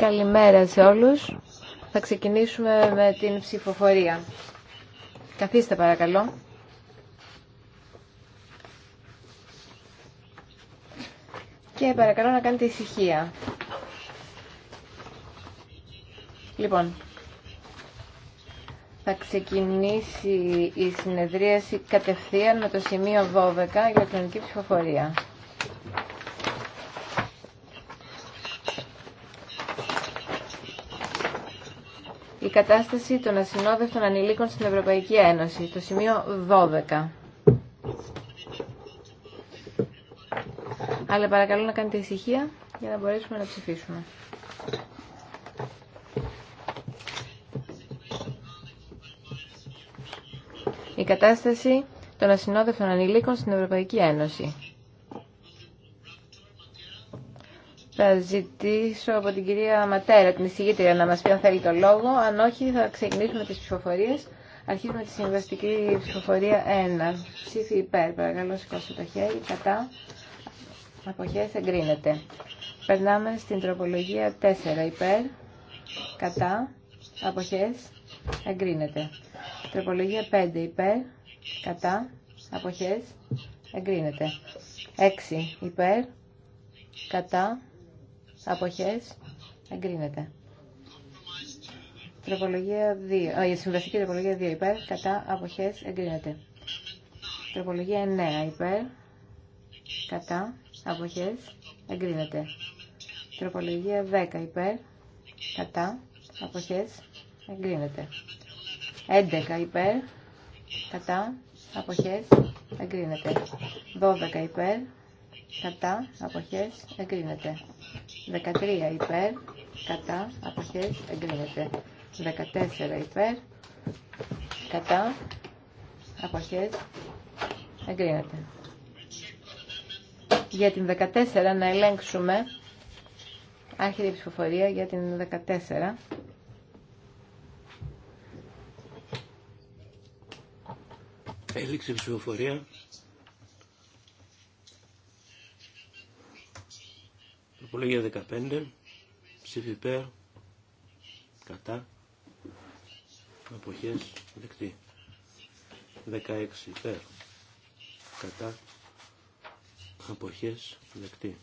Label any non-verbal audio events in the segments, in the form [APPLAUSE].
Καλημέρα σε όλους. Θα ξεκινήσουμε με την ψηφοφορία. Καθίστε παρακαλώ. Και παρακαλώ να κάνετε ησυχία. Λοιπόν, θα ξεκινήσει η συνεδρίαση κατευθείαν με το σημείο 12 ηλεκτρονική ψηφοφορία. Η κατάσταση των ασυνόδευτων ανηλίκων στην Ευρωπαϊκή Ένωση. Το σημείο 12. Αλλά παρακαλώ να κάνετε ησυχία για να μπορέσουμε να ψηφίσουμε. Η κατάσταση των ασυνόδευτων ανηλίκων στην Ευρωπαϊκή Ένωση. Θα ζητήσω από την κυρία Ματέρα, την εισηγήτρια, να μας πει αν θέλει το λόγο. Αν όχι, θα ξεκινήσουμε τις ψηφοφορίες. Αρχίζουμε τη συμβαστική ψηφοφορία 1. Ψήφι υπέρ, παρακαλώ σηκώστε το χέρι. Κατά, αποχές εγκρίνεται. Περνάμε στην τροπολογία 4. Υπέρ, κατά, αποχές εγκρίνεται. Τροπολογία 5. Υπέρ, κατά, αποχές εγκρίνεται. 6. Υπέρ, κατά, Αποχές. Εγκρίνεται. Τροπολογία 2. Ε, η συμβαστική τροπολογία 2 υπέρ. Κατά. Αποχές. Εγκρίνεται. Τροπολογία 9 υπέρ. Κατά. Αποχές. Εγκρίνεται. Τροπολογία 10 υπέρ. Κατά. Αποχές. Εγκρίνεται. 11 υπέρ. Κατά. Αποχές. Εγκρίνεται. 12 υπέρ κατά, αποχές, εγκρίνεται. 13 υπέρ, κατά, αποχές, εγκρίνεται. 14 υπέρ, κατά, αποχές, εγκρίνεται. Για την 14 να ελέγξουμε άρχιτη ψηφοφορία για την 14. Έληξε ψηφοφορία. Απολογία 15. Ψήφι υπέρ. Κατά. Αποχές. Δεκτή. 16 υπέρ. Κατά. Αποχές. Δεκτή.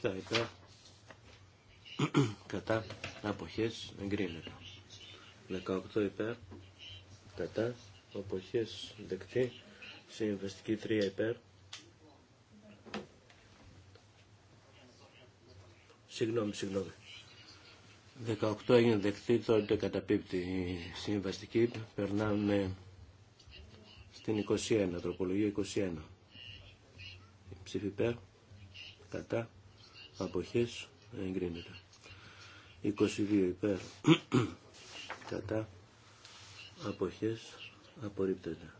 17 υπέρ. Κατά. Αποχές. Εγκρίνεται. 18 υπέρ. Κατά. Αποχές. Δεκτή. Συμβεστική 3 υπέρ Συγγνώμη, συγγνώμη. 18 έγινε δεκτή, τότε καταπίπτει η συμβαστική. Περνάμε στην 21, τροπολογία 21. Ψήφι υπέρ, κατά, αποχές, εγκρίνεται. 22 υπέρ, [CLEARS THROAT] κατά, αποχές, απορρίπτεται.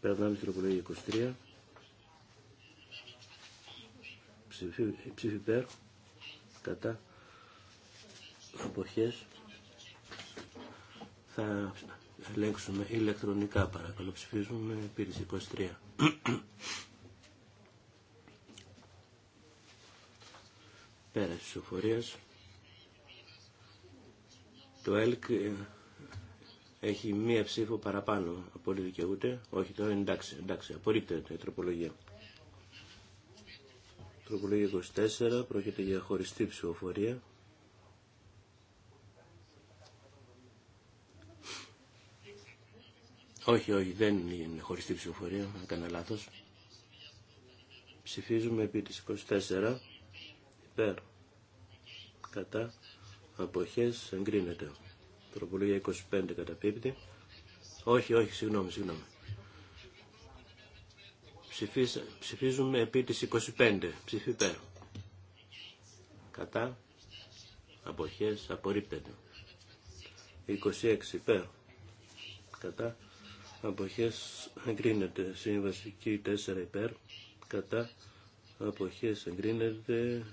Περνάμε στην τροπολογία 23. ψήφι, κατά αποχές θα ελέγξουμε ηλεκτρονικά παρακαλώ ψηφίζουμε πύρις 23 πέρας της το ΕΛΚ ε, έχει μία ψήφο παραπάνω από ό,τι δικαιούται όχι τώρα εντάξει, εντάξει απορρίπτεται η τροπολογία Τροπολογία 24 πρόκειται για χωριστή ψηφοφορία. Όχι, όχι, δεν είναι χωριστή ψηφοφορία, αν κάνω λάθος. Ψηφίζουμε επί της 24 υπέρ κατά αποχές εγκρίνεται. Τροπολογία 25 καταπίπτει. Όχι, όχι, συγγνώμη, συγγνώμη. Ψηφίζουμε επί της 25. Ψήφι Κατά. Αποχές. Απορρίπτεται. 26 υπέρ. Κατά. Αποχές. Εγκρίνεται. Συμβαστική 4 υπέρ. Κατά. Αποχές. Εγκρίνεται.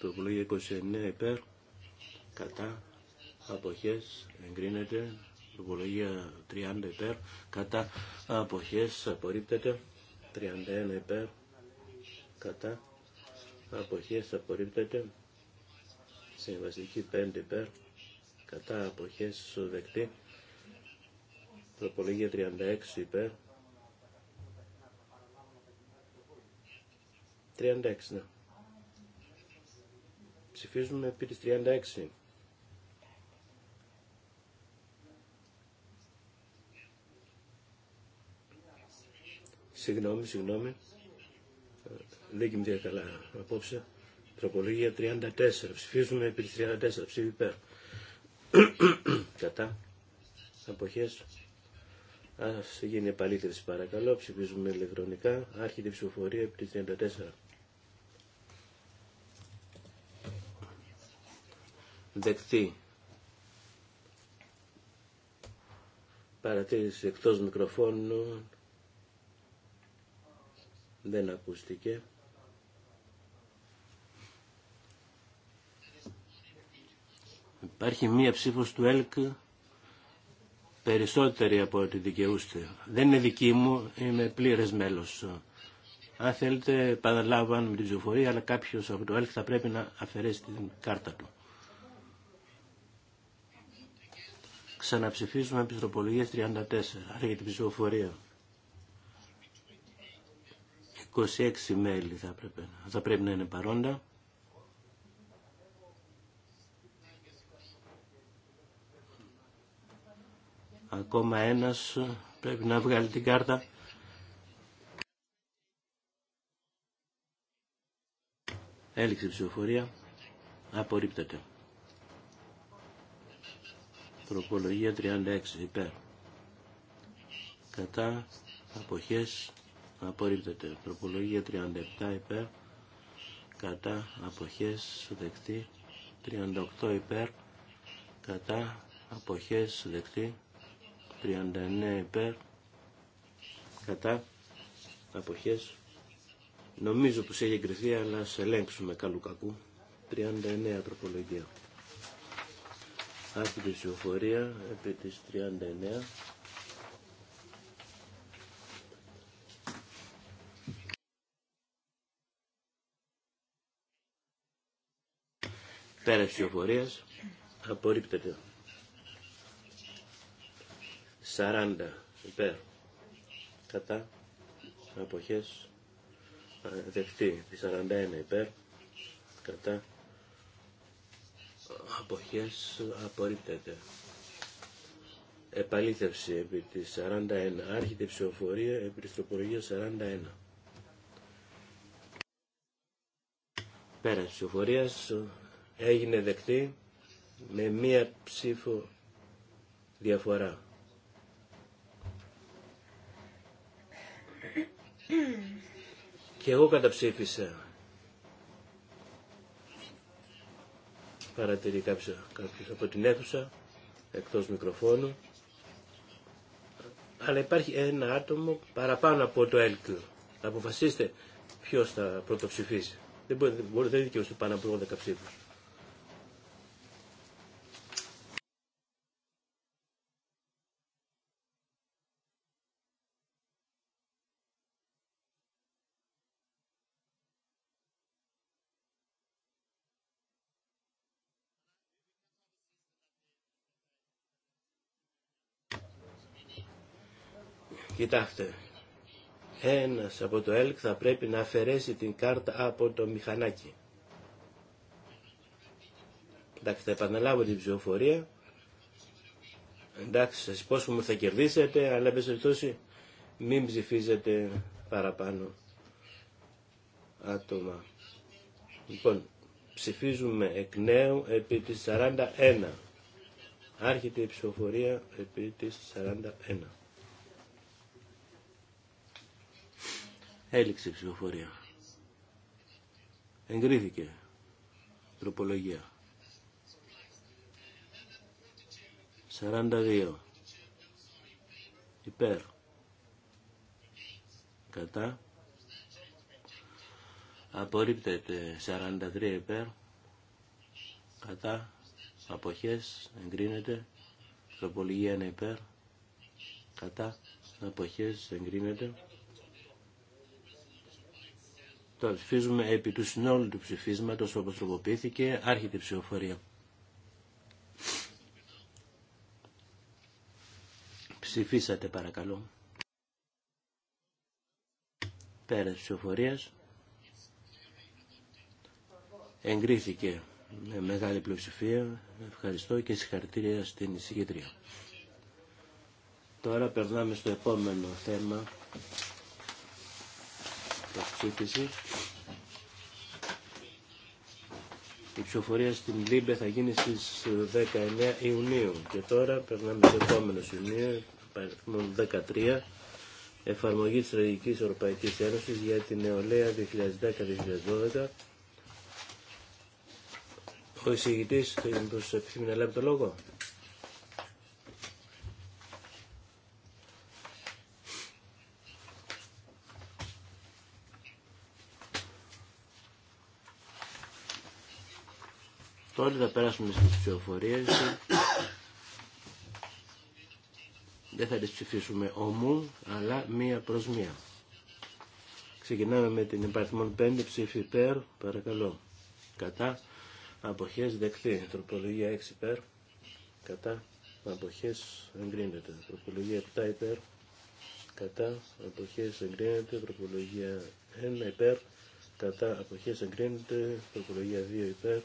Το 29 υπέρ. Κατά. Αποχές. Εγκρίνεται. Υπολογία 30 υπέρ. Κατά. Αποχές. Απορρίπτεται. 31 υπέρ κατά αποχές απορρίπτεται συμβαστική 5 υπέρ κατά αποχές δεκτή τροπολογία 36 υπέρ 36 ναι. ψηφίζουμε επί της 36 Συγγνώμη, συγγνώμη. Δεν κοιμηθεί καλά απόψε. Τροπολογία 34. Ψηφίζουμε επί 34. Ψήφι υπέρ. [COUGHS] Κατά. Αποχές. Ας γίνει επαλήθευση παρακαλώ. Ψηφίζουμε ηλεκτρονικά. Άρχεται η ψηφοφορία επί τη 34. Δεκτή. Παρατήρηση εκτός μικροφώνου δεν ακούστηκε. Υπάρχει μία ψήφος του ΕΛΚ περισσότερη από ό,τι δικαιούστε. Δεν είναι δική μου, είμαι πλήρες μέλος. Αν θέλετε, παραλάβαν με την ψηφοφορία, αλλά κάποιος από το ΕΛΚ θα πρέπει να αφαιρέσει την κάρτα του. Ξαναψηφίσουμε επιστροπολογίες 34, άρα για την ψηφοφορία. 26 μέλη θα πρέπει, θα πρέπει να είναι παρόντα. Ακόμα ένας πρέπει να βγάλει την κάρτα. Έληξε ψηφοφορία. Απορρίπτεται. Τροπολογία 36 υπέρ. Κατά αποχές απορρίπτεται. Τροπολογία 37 υπέρ κατά αποχές δεκτή. 38 υπέρ κατά αποχές δεκτή. 39 υπέρ κατά αποχές νομίζω πως έχει εγκριθεί αλλά σε ελέγξουμε καλού κακού 39 τροπολογία άρχιτη ψηφοφορία επί της 39 Πέρα ψηφοφορία. Απορρίπτεται. 40 υπέρ. Κατά. Αποχές. Δεκτή. 41 υπέρ. Κατά. Αποχές. Απορρίπτεται. Επαλήθευση επί τη 41. Άρχεται η ψηφοφορία επί της 41. Πέρα ψηφοφορίας έγινε δεκτή με μία ψήφο διαφορά. Και εγώ καταψήφισα. Παρατηρεί κάποιος, κάποιος από την αίθουσα, εκτός μικροφώνου. Αλλά υπάρχει ένα άτομο παραπάνω από το έλκυο. Αποφασίστε ποιος θα πρωτοψηφίσει. Δεν μπορεί, δεν μπορεί, δικαιούστε πάνω από 12 ψήφους. Κοιτάξτε, ένας από το ΕΛΚ θα πρέπει να αφαιρέσει την κάρτα από το μηχανάκι. Εντάξει, θα επαναλάβω την ψηφοφορία. Εντάξει, σας υπόσχομαι θα κερδίσετε, αλλά τόση μην ψηφίζετε παραπάνω άτομα. Λοιπόν, ψηφίζουμε εκ νέου επί της 41. Άρχεται η ψηφοφορία επί της 41. Έληξε η ψηφοφορία. Εγκρίθηκε. Τροπολογία. 42. Υπέρ. Κατά. Απορρίπτεται. 43 υπέρ. Κατά. Αποχές. Εγκρίνεται. Τροπολογία είναι υπέρ. Κατά. Αποχές. Εγκρίνεται. Τώρα ψηφίζουμε επί του συνόλου του ψηφίσματος όπως τροποποιήθηκε, άρχεται η ψηφοφορία. Ψηφίσατε παρακαλώ. της ψηφοφορίας. Εγκρίθηκε με μεγάλη πλειοψηφία. Ευχαριστώ και συγχαρητήρια στην εισηγήτρια. Τώρα περνάμε στο επόμενο θέμα η ψηφοφορία στην Λίμπε θα γίνει στις 19 ε, Ιουνίου. Και τώρα περνάμε στο επόμενο σημείο, παρελθόν 13, εφαρμογή της Ραγικής Ευρωπαϊκής Ένωσης για την νεολαία 2010-2012. Ο εισηγητής, θα επιθυμεί να λάβει το λόγο. Τώρα θα περάσουμε στις ψηφοφορίες. Δεν θα τις ψηφίσουμε ομού, αλλά μία προς μία. Ξεκινάμε με την υπαριθμόν 5 ψήφι υπέρ, παρακαλώ. Κατά, αποχές δεκτή. Τροπολογία 6 υπέρ, κατά, αποχές εγκρίνεται. Τροπολογία 7 υπέρ, κατά, αποχές εγκρίνεται. Τροπολογία 1 υπέρ, κατά, αποχές εγκρίνεται. Τροπολογία 2 υπέρ,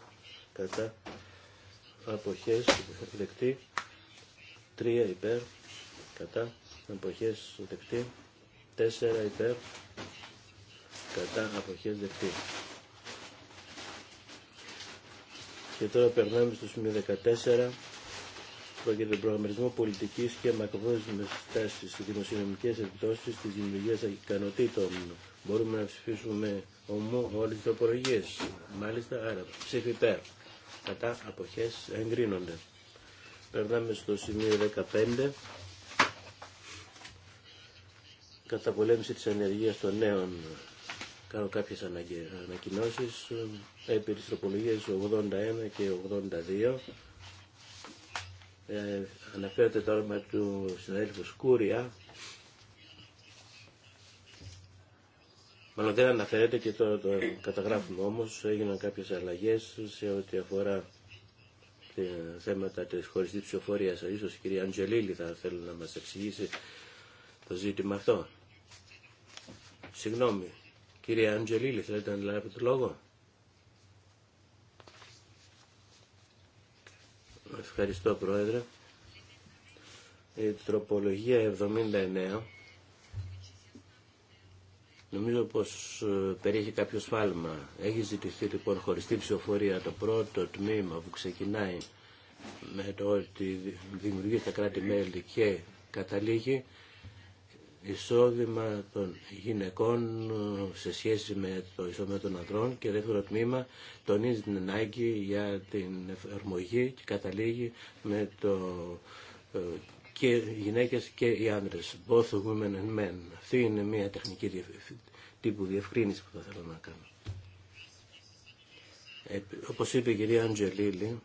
κατά αποχές δεκτή 3 υπέρ κατά αποχές δεκτή 4 υπέρ κατά αποχές δεκτή και τώρα περνάμε στο σημείο 14 για τον προγραμματισμό πολιτική και μακροπρόθεσμη στάση στι δημοσιονομικέ επιπτώσει τη δημιουργία ικανοτήτων. Μπορούμε να ψηφίσουμε ομού όλε τι Μάλιστα, άρα ψήφι υπέρ κατά αποχές εγκρίνονται. Περνάμε στο σημείο 15 καταπολέμηση της ενεργείας των νέων. Κάνω κάποιες ανακοινώσεις επί της 81 και 82. Ε, αναφέρεται το όνομα του συναδέλφου Σκούρια Μάλλον δεν αναφέρεται και το, το καταγράφουμε όμως, έγιναν κάποιες αλλαγές σε ό,τι αφορά θέματα της χωριστή ψηφοφορίας. Ίσως η κυρία Αντζελίλη θα θέλει να μας εξηγήσει το ζήτημα αυτό. Συγγνώμη, κυρία Αντζελίλη, θέλετε να λάβετε το λόγο. Ευχαριστώ, Πρόεδρε. Η τροπολογία 79 Νομίζω πως ε, περιέχει κάποιο σφάλμα. Έχει ζητηθεί λοιπόν χωριστή ψηφοφορία το πρώτο τμήμα που ξεκινάει με το ότι δημιουργεί τα κράτη-μέλη και καταλήγει εισόδημα των γυναικών ε, σε σχέση με το εισόδημα των ανδρών και δεύτερο τμήμα τονίζει την ανάγκη για την εφαρμογή και καταλήγει με το ε, και οι γυναίκες και οι άντρες. Both women and men. Αυτή είναι μια τεχνική τύπου διευκρίνηση που θα θέλω να κάνω. Ε, όπως είπε η κυρία Αντζελίλη,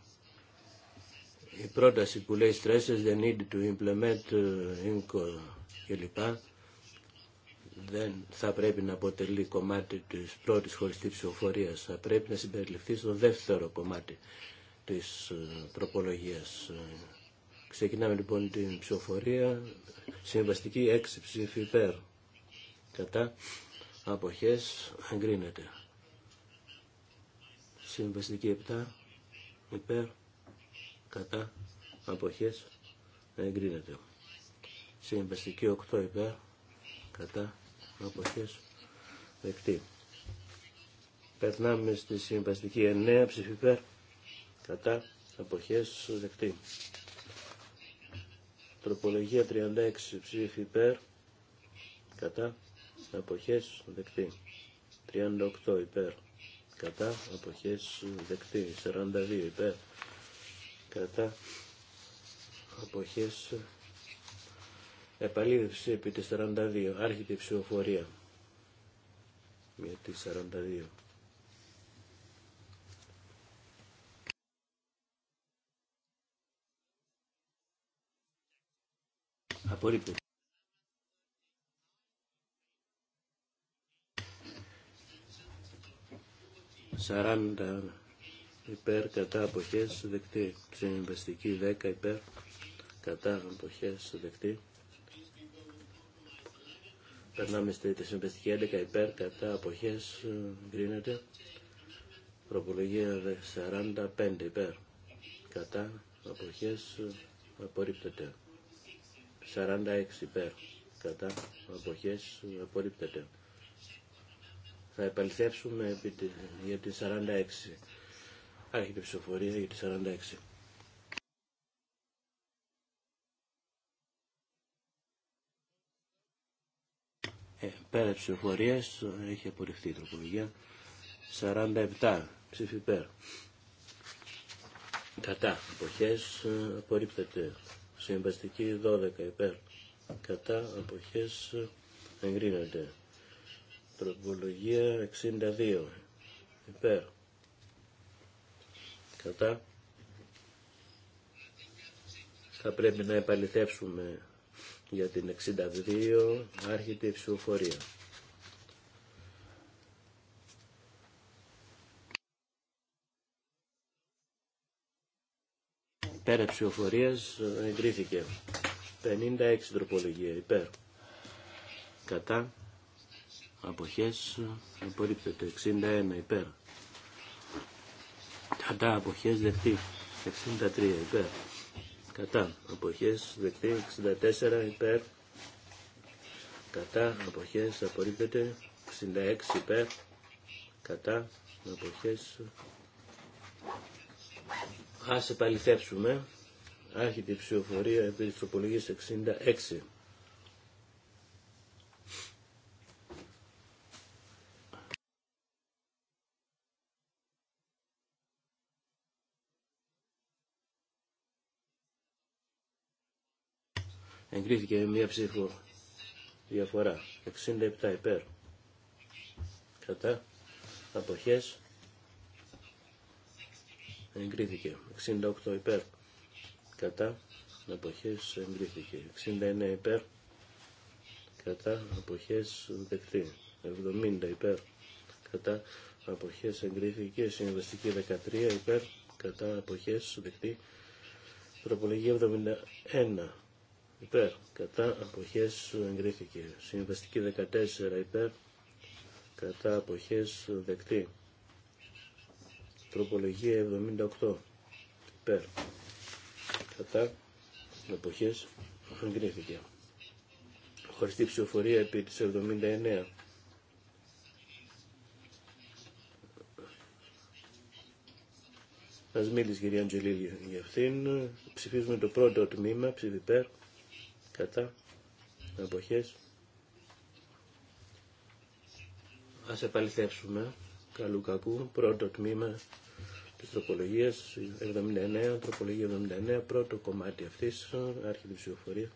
η πρόταση που λέει stresses, the need to implement, INCO ε, κλπ. Δεν θα πρέπει να αποτελεί κομμάτι της πρώτης χωριστή ψηφοφορίας. Θα πρέπει να συμπεριληφθεί στο δεύτερο κομμάτι της ε, τροπολογίας ε, Ξεκινάμε λοιπόν την ψηφοφορία. Συμβαστική 6 ψήφι υπέρ. Κατά αποχές εγκρίνεται. Συμβαστική 7 υπέρ. Κατά αποχές εγκρίνεται. Συμβαστική 8 υπέρ. Κατά αποχές δεκτή. Περνάμε στη συμβαστική 9 υπερ κατά αποχές δεκτή. Τροπολογία 36 ψήφι υπέρ κατά αποχές δεκτή. 38 υπέρ κατά αποχές δεκτή. 42 υπέρ κατά αποχές επαλήθευση επί τη 42. Άρχεται η ψηφοφορία με τη 42. Απορρίπτεται. 40 υπέρ κατά αποχές δεκτή. Συμβαστική 10 υπέρ κατά αποχές δεκτή. Περνάμε στη συμβαστική 11 υπέρ κατά αποχές γκρίνεται. Προπολογία 45 υπέρ κατά αποχές απορρίπτεται. 46 υπέρ κατά αποχές απορρίπτεται. Θα επαληθεύσουμε για τη 46. Άρχεται ψηφοφορία για τη 46. Ε, πέρα ψηφοφορίας έχει απορριφθεί η τροπολογία. 47 ψήφι υπέρ. Κατά εποχέ απορρίπτεται. Συμβαστική 12 υπέρ. Κατά αποχές εγκρίνονται. Τροπολογία 62 υπέρ. Κατά. Θα πρέπει να επαληθεύσουμε για την 62 άρχεται ψηφοφορία. Πέρα ψηφοφορίας ε, εγκρίθηκε. 56 τροπολογία υπέρ. Κατά. Αποχές απορρίπτεται. 61 υπέρ. Κατά αποχές δεκτή. 63 υπέρ. Κατά αποχές δεκτή. 64 υπέρ. Κατά αποχές απορρίπτεται. 66 υπέρ. Κατά αποχές Ας επαληθεύσουμε. Άρχεται η ψηφοφορία επί της τροπολογίας 66. Εγκρίθηκε μία ψήφο διαφορά. 67 υπέρ. Κατά. Αποχές εγκρίθηκε. 68 υπέρ κατά αποχές εγκρίθηκε. 69 υπέρ κατά αποχές δεκτή. 70 υπέρ κατά αποχές εγκρίθηκε. Συνδεστική 13 υπέρ κατά αποχές δεκτή. Τροπολογία 71 υπέρ κατά αποχές εγκρίθηκε. Συνδεστική 14 υπέρ κατά αποχές δεκτή. Τροπολογία 78. πέρ. Κατά. Εποχές. Εγκρίθηκε. Χωριστή ψηφοφορία επί της 79. Α μίλησε κυρία Αντζελίλη για αυτήν. Ψηφίζουμε το πρώτο τμήμα, ψήφι υπέρ, κατά, εποχές. Ας επαληθεύσουμε καλού κακού, πρώτο τμήμα τη τροπολογίας 79, τροπολογία 79, πρώτο κομμάτι αυτή. άρχιτη ψηφοφορία.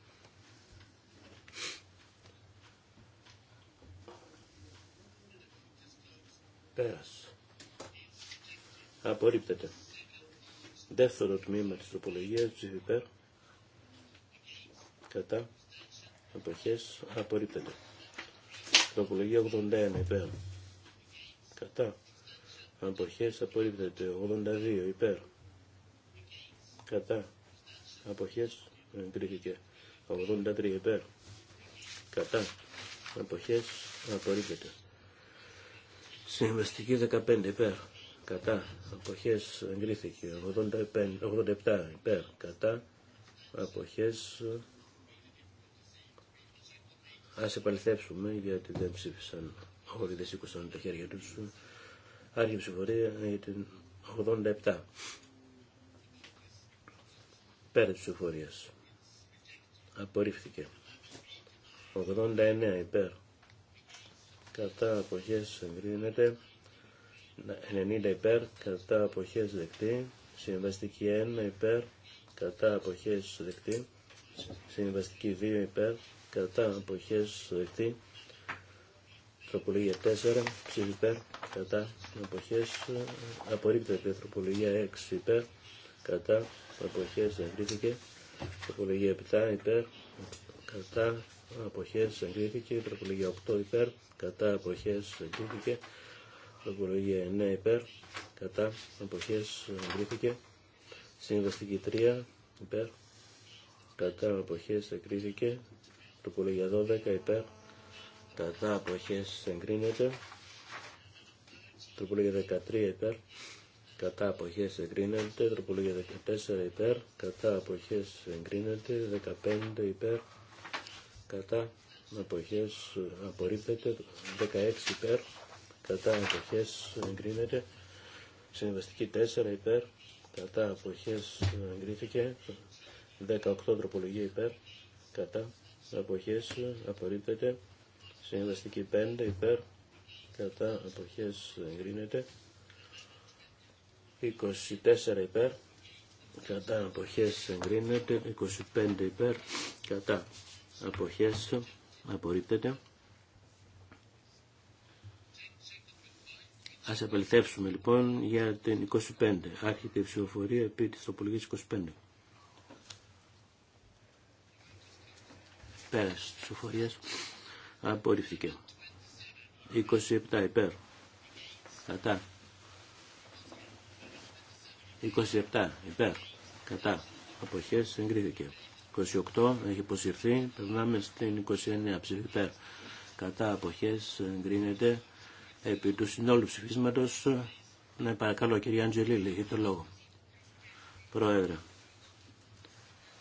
Πέρασε. Απορρίπτεται. Δεύτερο τμήμα της τροπολογίας, ψηφιπέρ, κατά, εποχές, απορρίπτεται. Τροπολογία 81, υπέρ κατά αποχές απορρίπτεται 82 υπέρ κατά αποχές εγκρίθηκε 83 υπέρ κατά αποχές απορρίπτεται συμβαστική 15 υπέρ κατά αποχές εγκρίθηκε 85, 87 υπέρ κατά αποχές ας επαληθεύσουμε γιατί δεν ψήφισαν δεν σήκωσαν τα χέρια του Άρχιε ψηφορία για την 87. Πέρα της ψηφορίας. Απορρίφθηκε. 89 υπέρ. Κατά αποχές εγκρίνεται. 90 υπέρ. Κατά αποχές δεκτή. Συμβαστική 1 υπέρ. Κατά αποχές δεκτή. Συμβαστική 2 υπέρ. Κατά αποχές δεκτή. Τροπολογία 4, ψήφι υπέρ, κατά, εποχές, απορρίπτεται. Τροπολογία 6, υπέρ, κατά, εποχές, εγκρίθηκε. Τροπολογία 7, υπέρ, κατά, αποχές, εγκρίθηκε. Τροπολογία 8, υπέρ, κατά, αποχές, εγκρίθηκε. Τροπολογία 9, υπέρ, κατά, εποχές, εγκρίθηκε. Συμβαστική 3, υπέρ, κατά, αποχές, εγκρίθηκε. Τροπολογία 12, υπέρ, κατά αποχές εγκρίνεται τροπολογία 13 υπέρ κατά αποχές εγκρίνεται τροπολογία 14 υπέρ κατά αποχές εγκρίνεται 15 υπέρ κατά αποχές απορρίπτεται 16 υπέρ κατά αποχές εγκρίνεται συμβαστική 4 υπέρ κατά αποχές εγκρίθηκε 18 τροπολογία υπέρ κατά αποχές απορρίπτεται Συνδεστική 5 υπέρ κατά αποχές εγκρίνεται. 24 υπέρ κατά αποχές εγκρίνεται. 25 υπέρ κατά αποχές απορρίπτεται. Ας απελθεύσουμε λοιπόν για την 25. Άρχεται η ψηφοφορία επί της τοπολογίας 25. Πέρας της ψηφοφορίας. Απορριφθήκε. 27 υπέρ. Κατά. 27 υπέρ. Κατά. Αποχές εγκρίθηκε. 28 έχει υποσυρθεί. Περνάμε στην 29 ψήφι υπέρ. Κατά αποχές εγκρίνεται. Επί του συνόλου ψηφίσματος. Ναι, παρακαλώ κυρία Αντζελίλη, έχει το λόγο. Πρόεδρε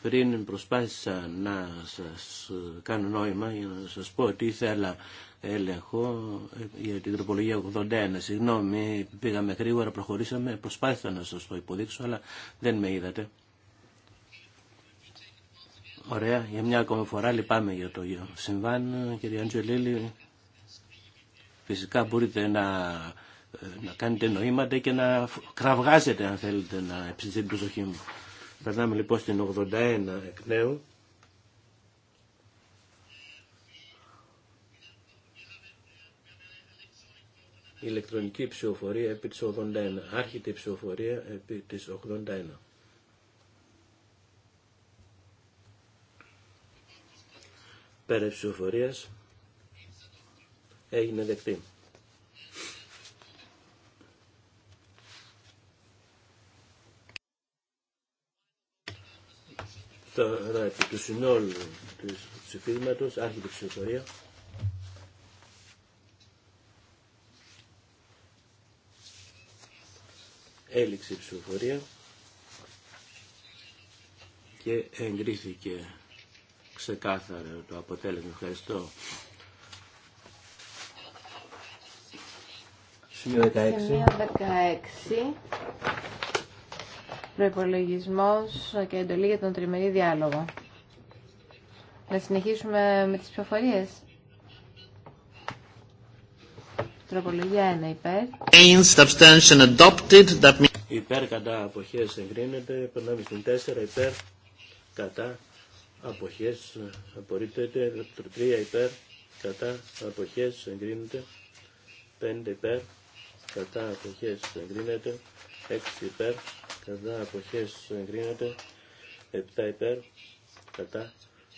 πριν προσπάθησα να σας κάνω νόημα για να σας πω ότι ήθελα έλεγχο για την τροπολογία 81. Συγγνώμη, πήγαμε γρήγορα, προχωρήσαμε, προσπάθησα να σας το υποδείξω, αλλά δεν με είδατε. Ωραία, για μια ακόμα φορά λυπάμαι για το συμβάν. Κύριε Αντζελίλη, φυσικά μπορείτε να, να κάνετε νοήματα και να κραυγάσετε, αν θέλετε να την προσοχή μου. Περνάμε λοιπόν στην 81 εκ νέου. Ηλεκτρονική ψηφοφορία επί της 81. άρχιτη ψηφοφορία επί της 81. Πέρα ψηφοφορίας έγινε δεκτή. Τώρα επί του συνόλου του ψηφίσματος, άρχιτε ψηφοφορία. Έληξε η ψηφοφορία και εγκρίθηκε ξεκάθαρα το αποτέλεσμα. Ευχαριστώ. Σημείο 16. 16 προπολογισμό και εντολή για τον τριμερή διάλογο. Να συνεχίσουμε με τις ψηφοφορίες. Τροπολογία 1 υπέρ. Υπέρ κατά αποχές εγκρίνεται. Περνάμε στην 4 υπέρ κατά αποχές απορρίπτεται. 3 υπέρ κατά αποχές εγκρίνεται. 5 υπέρ κατά αποχές εγκρίνεται. 6 υπέρ κατά αποχές εγκρίνεται 7 υπέρ κατά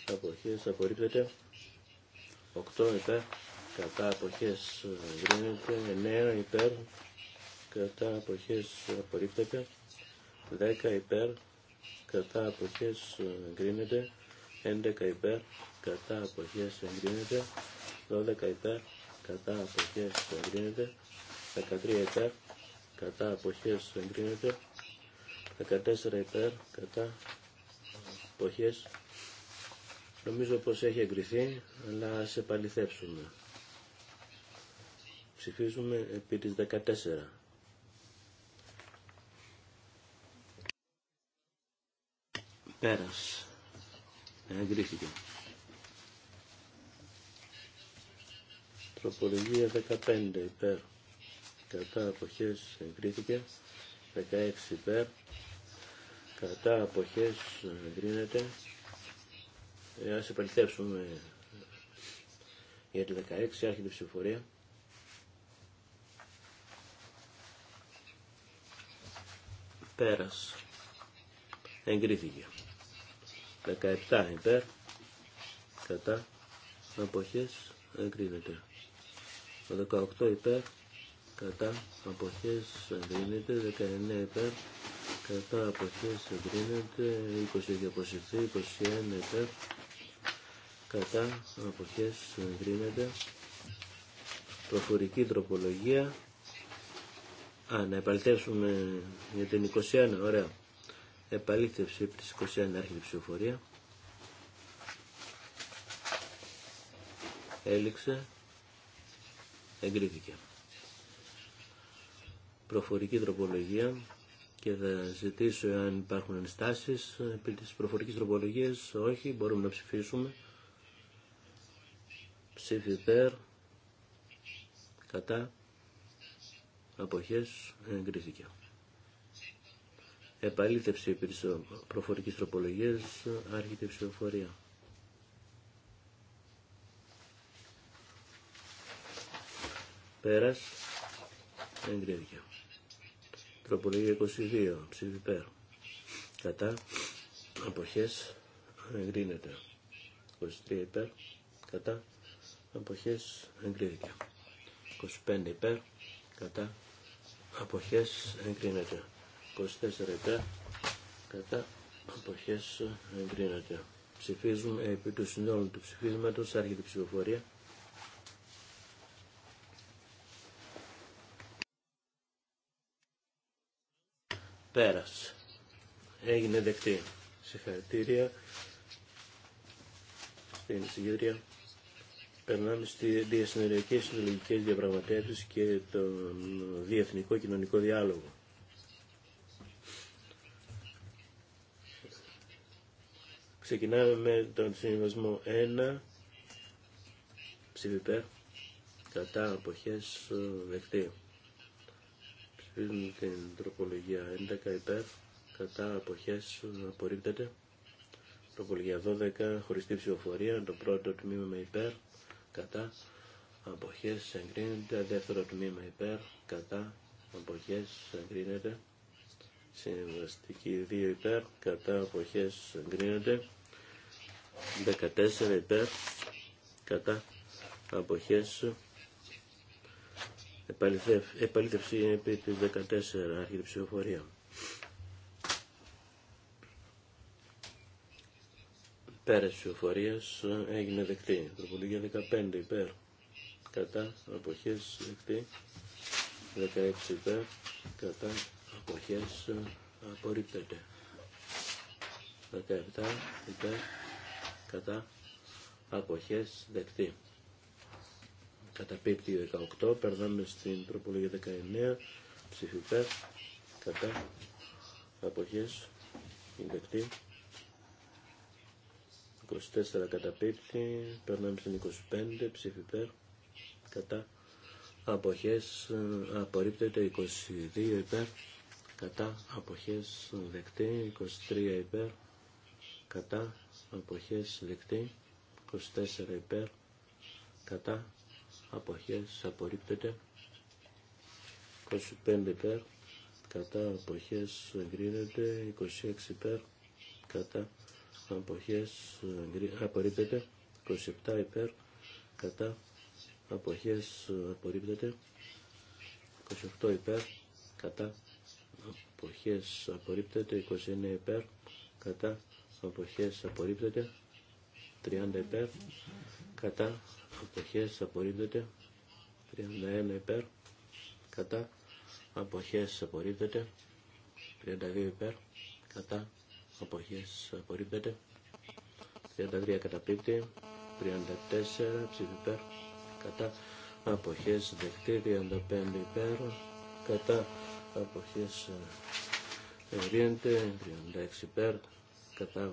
αποχές απορρίπτεται 8 υπέρ κατά αποχές εγκρίνεται 9 υπέρ κατά αποχές απορρίπτεται 10 υπέρ κατά αποχές εγκρίνεται 11 υπέρ κατά αποχές εγκρίνεται 12 υπέρ κατά αποχές εγκρίνεται 13 υπέρ κατά αποχές εγκρίνεται 14 υπέρ, κατά, εποχές. Νομίζω πως έχει εγκριθεί, αλλά ας επαληθεύσουμε. Ψηφίζουμε επί της 14. Πέρας. Εγκρίθηκε. Τροπολογία 15 υπέρ. Κατά αποχές εγκρίθηκε. 16 υπέρ κατά αποχές εγκρίνεται ε, ας επαληθεύσουμε για τη 16 άρχεται ψηφορία πέρας εγκρίθηκε 17 υπέρ κατά αποχές εγκρίνεται 18 υπέρ κατά αποχές εγκρίνεται 19 υπέρ κατά αποχές εγκρίνεται 20 έχει 21 υπέρ κατά αποχές εγκρίνεται προφορική τροπολογία Α, να επαληθεύσουμε για την 21, ωραία. Επαλήθευση της 21 άρχιτη ψηφοφορία. Έληξε. Εγκρίθηκε. Προφορική τροπολογία και θα ζητήσω αν υπάρχουν ενστάσεις επί της προφορικής τροπολογίας. Όχι, μπορούμε να ψηφίσουμε. Ψήφι κατά, αποχές, εγκρίθηκε. Επαλήθευση επί της προφορικής τροπολογίας, άρχεται η ψηφοφορία. Πέρας, εγκρίθηκε. Τροπολογία 22. Ψήφι υπέρ. Κατά. Αποχές. Εγκρίνεται. 23 υπέρ. Κατά. Αποχές. Εγκρίνεται. 25 υπέρ. Κατά. Αποχές. Εγκρίνεται. 24 υπέρ. Κατά. Αποχές. Εγκρίνεται. Ψηφίζουμε επί του συνόλου του ψηφίσματος. Άρχεται ψηφοφορία. Πέρας. Έγινε δεκτή. Συγχαρητήρια στην συγκεντρία. Περνάμε στι διασυνοριακέ συλλογικέ διαπραγματεύσει και τον διεθνικό κοινωνικό διάλογο. Ξεκινάμε με τον συμβασμό 1, ψηφιπέ, κατά αποχές δεκτή την τροπολογία 11 υπέρ, κατά αποχές απορρίπτεται. Τροπολογία 12, χωριστή ψηφοφορία, το πρώτο τμήμα με υπέρ, κατά αποχές εγκρίνεται, δεύτερο τμήμα υπέρ, κατά αποχές εγκρίνεται. Συμβαστική 2 υπέρ, κατά αποχές εγκρίνεται. 14 υπέρ, κατά αποχές Επαλήθευση επί της 14 άρχεται ψηφοφορία. Πέρα ψηφοφορίας έγινε δεκτή. Τροπολογία 15 υπέρ. Κατά αποχές δεκτή. 16 υπέρ. Κατά αποχές απορρίπτεται. 17 υπέρ. Κατά αποχές δεκτή καταπίπτει 18, περνάμε στην τροπολογία 19, ψηφιπέρ, κατά, αποχές, δεκτή. 24 καταπίπτει, περνάμε στην 25, ψηφιπέρ, κατά, αποχές, απορρίπτεται 22 υπέρ, κατά, αποχές, δεκτή, 23 υπέρ, κατά, αποχές, δεκτή, 24 υπέρ, κατά, αποχές απορρίπτεται 25 υπέρ κατά αποχές εγκρίνεται 26 υπέρ κατά αποχές απορρίπτεται 27 υπέρ κατά αποχές απορρίπτεται 28 υπέρ κατά αποχές απορρίπτεται 29 υπέρ κατά αποχές απορρίπτεται 30 υπέρ κατά αποχές απορρίπτεται 31 υπέρ κατά αποχές απορρίπτεται 32 υπέρ κατά αποχές απορρίπτεται 33 καταπίπτει 34 ψήφι υπέρ κατά αποχές δεκτή 35 υπέρ κατά αποχές ευρύνεται 36 υπέρ κατά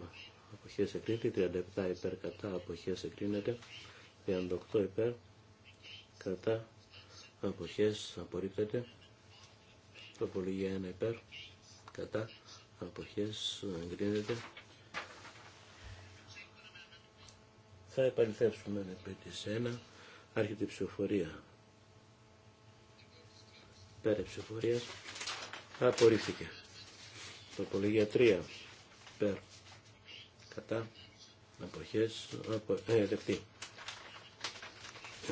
αποχέ εγκρίνεται, 37 υπέρ κατά αποχέ εγκρίνεται, 38 υπέρ κατά αποχέ απορρίπτεται, Τοπολογία 1 υπέρ κατά αποχέ εγκρίνεται. Θα επαληθεύσουμε επί τη 1, άρχεται η ψηφοφορία. Πέρα ψηφοφορία. απορρίφθηκε. Τοπολογία 3 υπέρ κατά αποχές ε,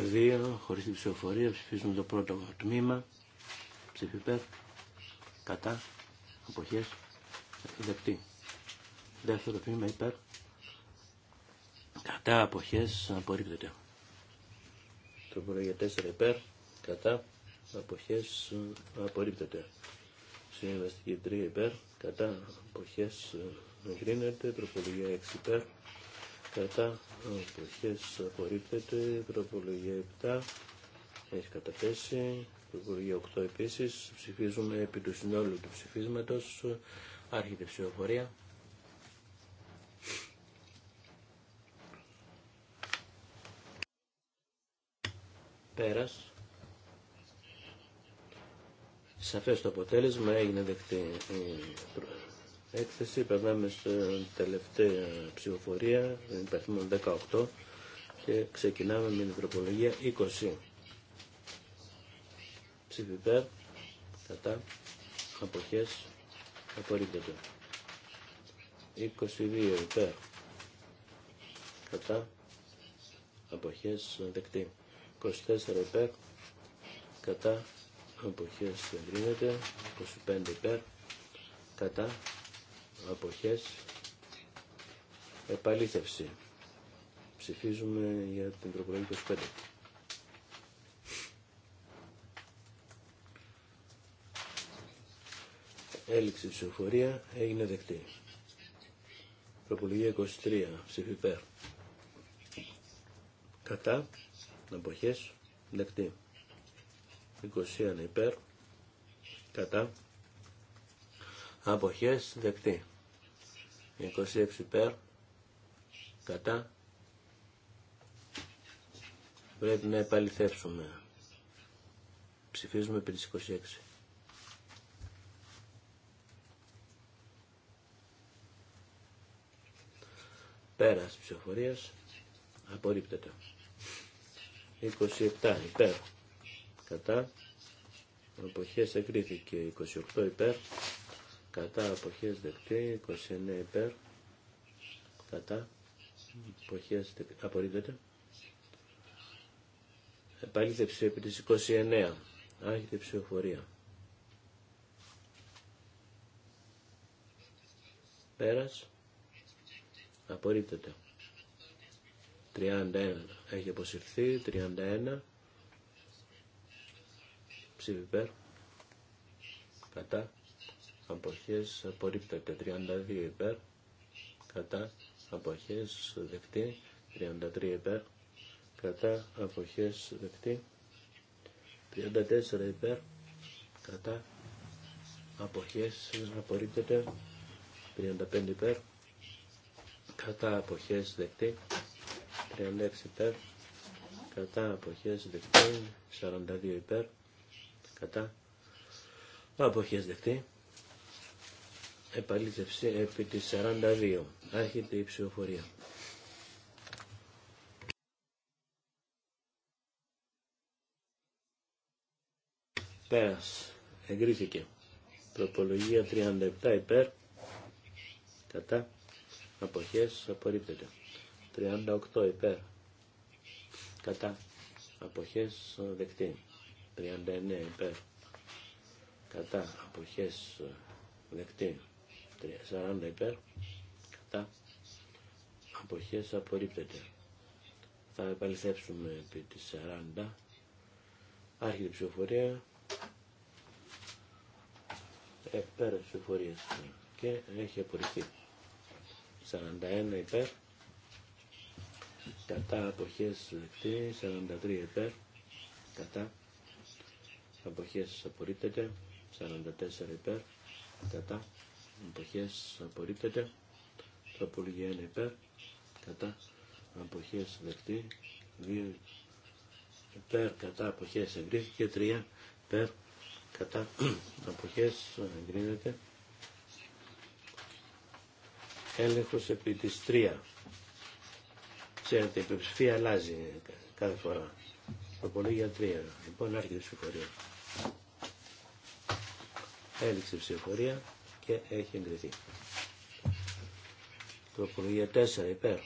Δύο χωρίς την ψηφοφορία ψηφίζουμε το πρώτο τμήμα ψηφιπέρ κατά αποχές δεκτή. Δεύτερο τμήμα υπέρ κατά αποχές απορρίπτεται. Το πρώτο για τέσσερα υπέρ κατά αποχές απορρίπτεται. Συνεργαστική 3 υπέρ κατά εποχές ε, εγκρίνεται, τροπολογία 6 υπέρ, κατά εποχές απορρίπτεται, τροπολογία 7 έχει καταθέσει, τροπολογία 8 επίσης, ψηφίζουμε επί του συνόλου του ψηφίσματος, άρχεται ψηφοφορία. Πέρας. Σαφές το αποτέλεσμα, έγινε δεκτή η έκθεση. Περνάμε στην τελευταία ψηφοφορία, υπερθυμών 18 και ξεκινάμε με την τροπολογία 20. Ψήφι κατά, αποχές, απορρίπτεται. 22 υπέρ, κατά, αποχές, δεκτή. 24 υπέρ, κατά, αποχές εγκρίνεται 25 υπέρ κατά αποχές επαλήθευση ψηφίζουμε για την προπολογή 25 Έληξη ψηφοφορία έγινε δεκτή. Προπολογία 23, ψήφι υπέρ. Κατά, αποχές, δεκτή. 21 υπέρ κατά αποχές δεκτή 26 υπέρ κατά πρέπει να επαληθεύσουμε ψηφίζουμε επί 26 26 πέρας ψηφοφορίας απορρίπτεται 27 υπέρ κατά αποχές εγκρίθηκε 28 υπέρ κατά αποχές δεκτή 29 υπέρ κατά αποχές απορρίπτεται επαλήθευση επί της 29 άρχεται ψηφοφορία πέρας απορρίπτεται 31 έχει αποσυρθεί 31 ψήφι υπέρ, κατά, αποχές απορρίπτεται 32 υπέρ, κατά, αποχές δεκτή 33 υπέρ, κατά, αποχές δεκτή 34 υπέρ, κατά, αποχές απορρίπτεται 35 υπέρ, κατά αποχές δεκτή 36 υπέρ, κατά αποχές δεκτή 42 υπέρ, κατά αποχές δεκτή επαλήθευση επί τη 42 άρχεται η ψηφοφορία πέρας εγκρίθηκε Προπολογία 37 υπέρ κατά αποχές απορρίπτεται 38 υπέρ κατά αποχές δεκτή 39 υπέρ κατά αποχές ε, δεκτή 40 υπέρ κατά αποχές απορρίπτεται θα επαληθεύσουμε επί τη 40 άρχιτη ψηφοφορία ε, πέρα ψηφοφορίας και έχει απορριφθεί 41 υπέρ κατά αποχές δεκτή 43 υπέρ κατά αποχές απορρίπτεται 44 υπέρ κατά αποχές απορρίπτεται τροπολογία 1 υπέρ κατά αποχές δεκτή 2 υπέρ κατά αποχές εγκρίθηκε 3 υπέρ κατά αποχές εγκρίνεται έλεγχος επί της 3 ξέρετε η υποψηφία αλλάζει κάθε φορά τροπολογία 3 λοιπόν άρχισε η συγχωρία Έληξε η ψηφοφορία και έχει εγκριθεί. Προπολογία 4 υπέρ.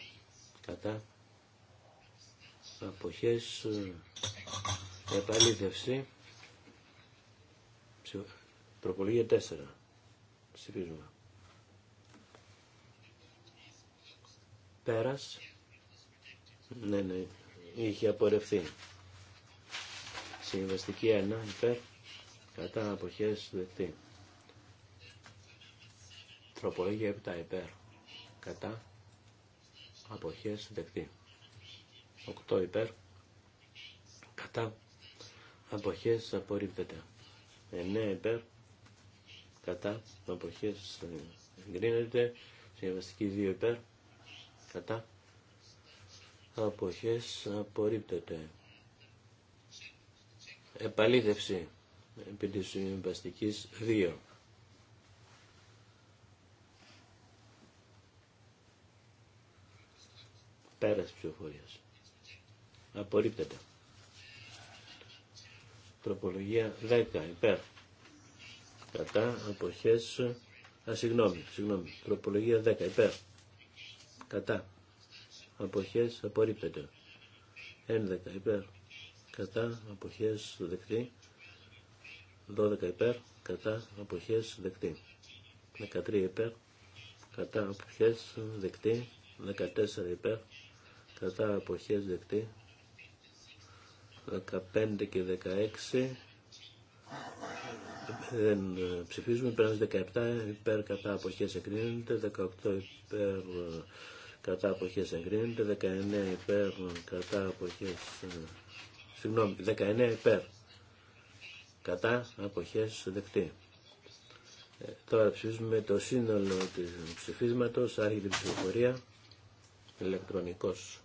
Κατά. Αποχές. Ε, επαλήθευση. Προπολογία 4. Ψηφίζουμε. Πέρας. Ναι, ναι. Είχε απορρευθεί. Συμβαστική 1 υπέρ. Κατά αποχές δεκτή. Τροπολογία 7 υπέρ. Κατά. Αποχές δεκτή. 8 υπέρ. Κατά. Αποχές απορρίπτεται. 9 υπέρ. Κατά. Αποχές εγκρίνεται. Συμβαστική 2 υπέρ. Κατά. Αποχές απορρίπτεται. Επαλήθευση επί της συμβαστικής 2. Πέρας ψηφοφορίας. Απορρίπτεται. Τροπολογία 10 υπέρ. Κατά αποχές. Α, συγγνώμη, συγγνώμη. Τροπολογία 10 υπέρ. Κατά. Αποχές απορρίπτεται. 11 υπέρ. Κατά αποχές δεκτή. 12 υπέρ. Κατά αποχές δεκτή. 13 υπέρ. Κατά αποχές δεκτή. 14 υπέρ κατά αποχές δεκτή 15 και 16 δεν ε, ψηφίζουμε πέραν 17 υπέρ κατά αποχές εγκρίνεται 18 υπέρ κατά αποχές εγκρίνεται 19 υπέρ κατά αποχές ε, συγγνώμη 19 υπέρ κατά αποχές δεκτή ε, τώρα ψηφίζουμε το σύνολο του ψηφίσματος άρχιτη ψηφοφορία ηλεκτρονικός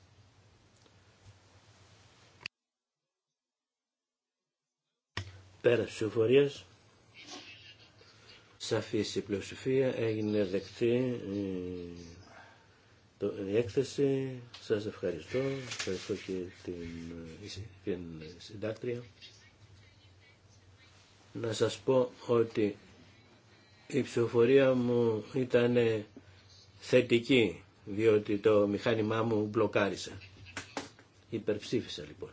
Πέρα της ψηφοφορίας, σαφής η έγινε δεκτή ε, η έκθεση. Σας ευχαριστώ, ευχαριστώ και την, ε, την συντάκτρια. Να σας πω ότι η ψηφοφορία μου ήταν θετική, διότι το μηχάνημά μου μπλοκάρισε. Υπερψήφισα λοιπόν.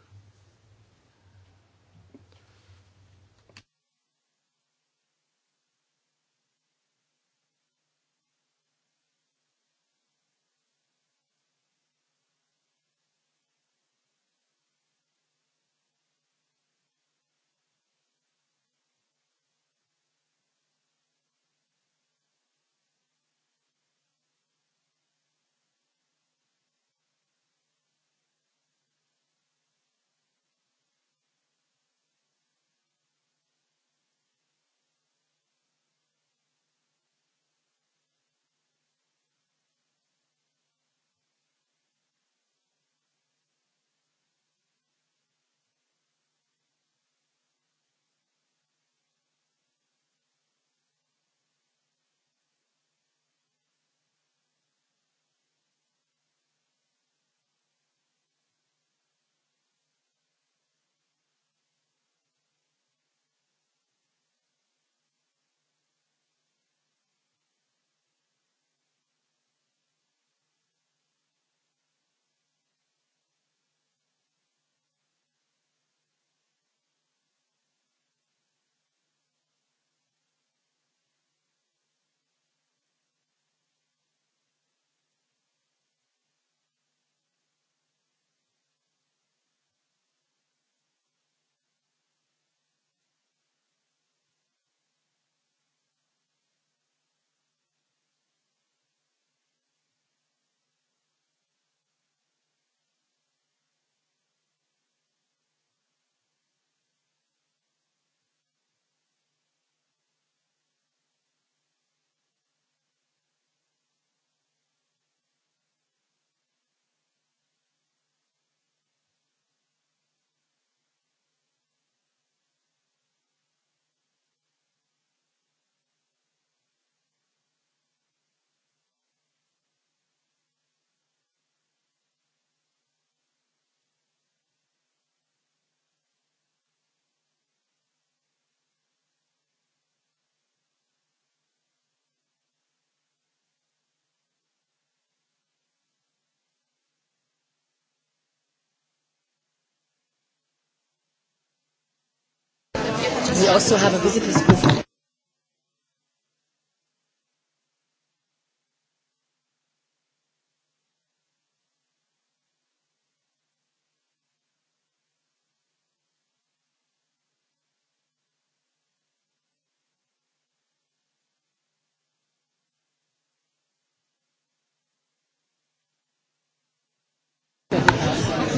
we also have a visitors booth.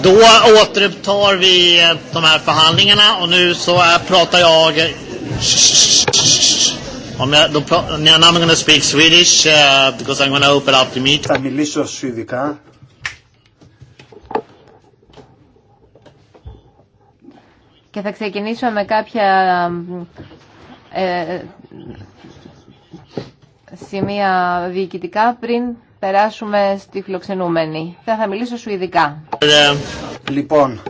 Då återupptar vi de här förhandlingarna och nu så är, pratar jag... Om jag då I'm not going speak Swedish uh, because I'm gonna open up the meeting. Θα μιλήσω σουηδικά. Και θα ξεκινήσω με κάποια ε, σημεία διοικητικά πριν περάσουμε στη φιλοξενούμενη. Θα, θα μιλήσω σου ειδικά. Λοιπόν,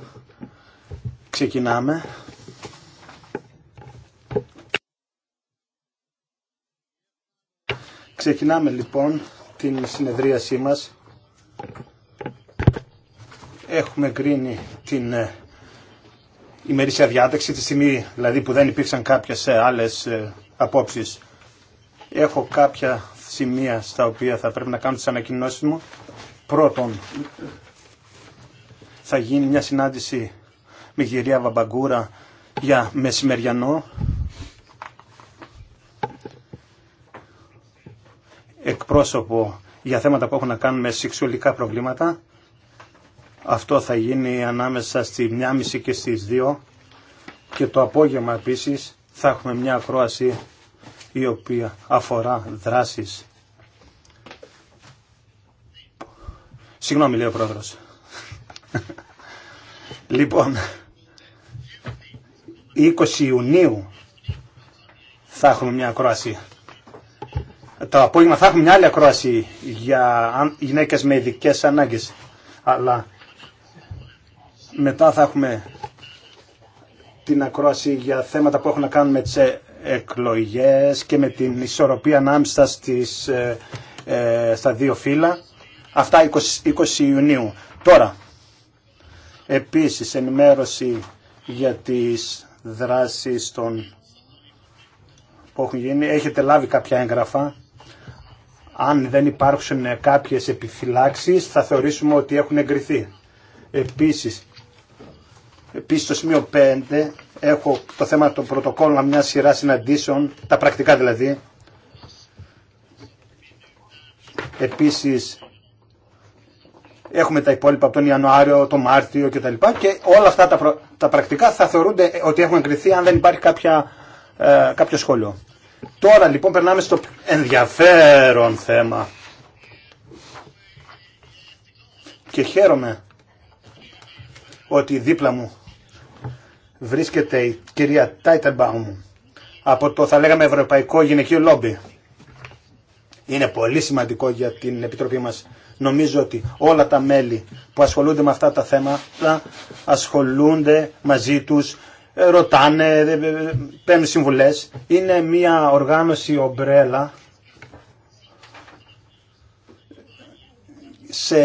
ξεκινάμε. Ξεκινάμε λοιπόν την συνεδρίασή μας. Έχουμε κρίνει την ε, ημερήσια διάταξη, τη στιγμή δηλαδή που δεν υπήρξαν κάποιες ε, άλλες ε, απόψεις. Έχω κάποια σημεία στα οποία θα πρέπει να κάνω τις ανακοινώσεις μου. Πρώτον, θα γίνει μια συνάντηση με κυρία Βαμπαγκούρα για μεσημεριανό εκπρόσωπο για θέματα που έχουν να κάνουν με σεξουαλικά προβλήματα. Αυτό θα γίνει ανάμεσα στη 1.30 και στις δύο. και το απόγευμα επίσης θα έχουμε μια ακρόαση η οποία αφορά δράσεις. Συγγνώμη, λέει ο πρόεδρος. λοιπόν, 20 Ιουνίου θα έχουμε μια ακρόαση. Το απόγευμα θα έχουμε μια άλλη ακρόαση για γυναίκες με ειδικέ ανάγκες. Αλλά μετά θα έχουμε την ακρόαση για θέματα που έχουν να κάνουν με τις ε, εκλογές και με την ισορροπία ανάμεσα ε, ε, στα δύο φύλλα. Αυτά 20, 20 Ιουνίου. Τώρα, επίσης ενημέρωση για τις δράσεις των που έχουν γίνει. Έχετε λάβει κάποια έγγραφα. Αν δεν υπάρχουν κάποιες επιφυλάξεις θα θεωρήσουμε ότι έχουν εγκριθεί. Επίσης, Επίση στο σημείο 5 έχω το θέμα των πρωτοκόλων μια σειρά συναντήσεων, τα πρακτικά δηλαδή. Επίση, έχουμε τα υπόλοιπα από τον Ιανουάριο, τον Μάρτιο κτλ. Και όλα αυτά τα, τα πρακτικά θα θεωρούνται ε, ότι έχουν εγκριθεί αν δεν υπάρχει κάποια, ε, κάποιο σχόλιο. Τώρα λοιπόν περνάμε στο ενδιαφέρον θέμα. Και χαίρομαι ότι δίπλα μου βρίσκεται η κυρία Τάιτεμπαουμ από το θα λέγαμε Ευρωπαϊκό Γυναικείο Λόμπι. Είναι πολύ σημαντικό για την Επιτροπή μας. Νομίζω ότι όλα τα μέλη που ασχολούνται με αυτά τα θέματα ασχολούνται μαζί τους, ρωτάνε, παίρνουν συμβουλές. Είναι μια οργάνωση ομπρέλα σε,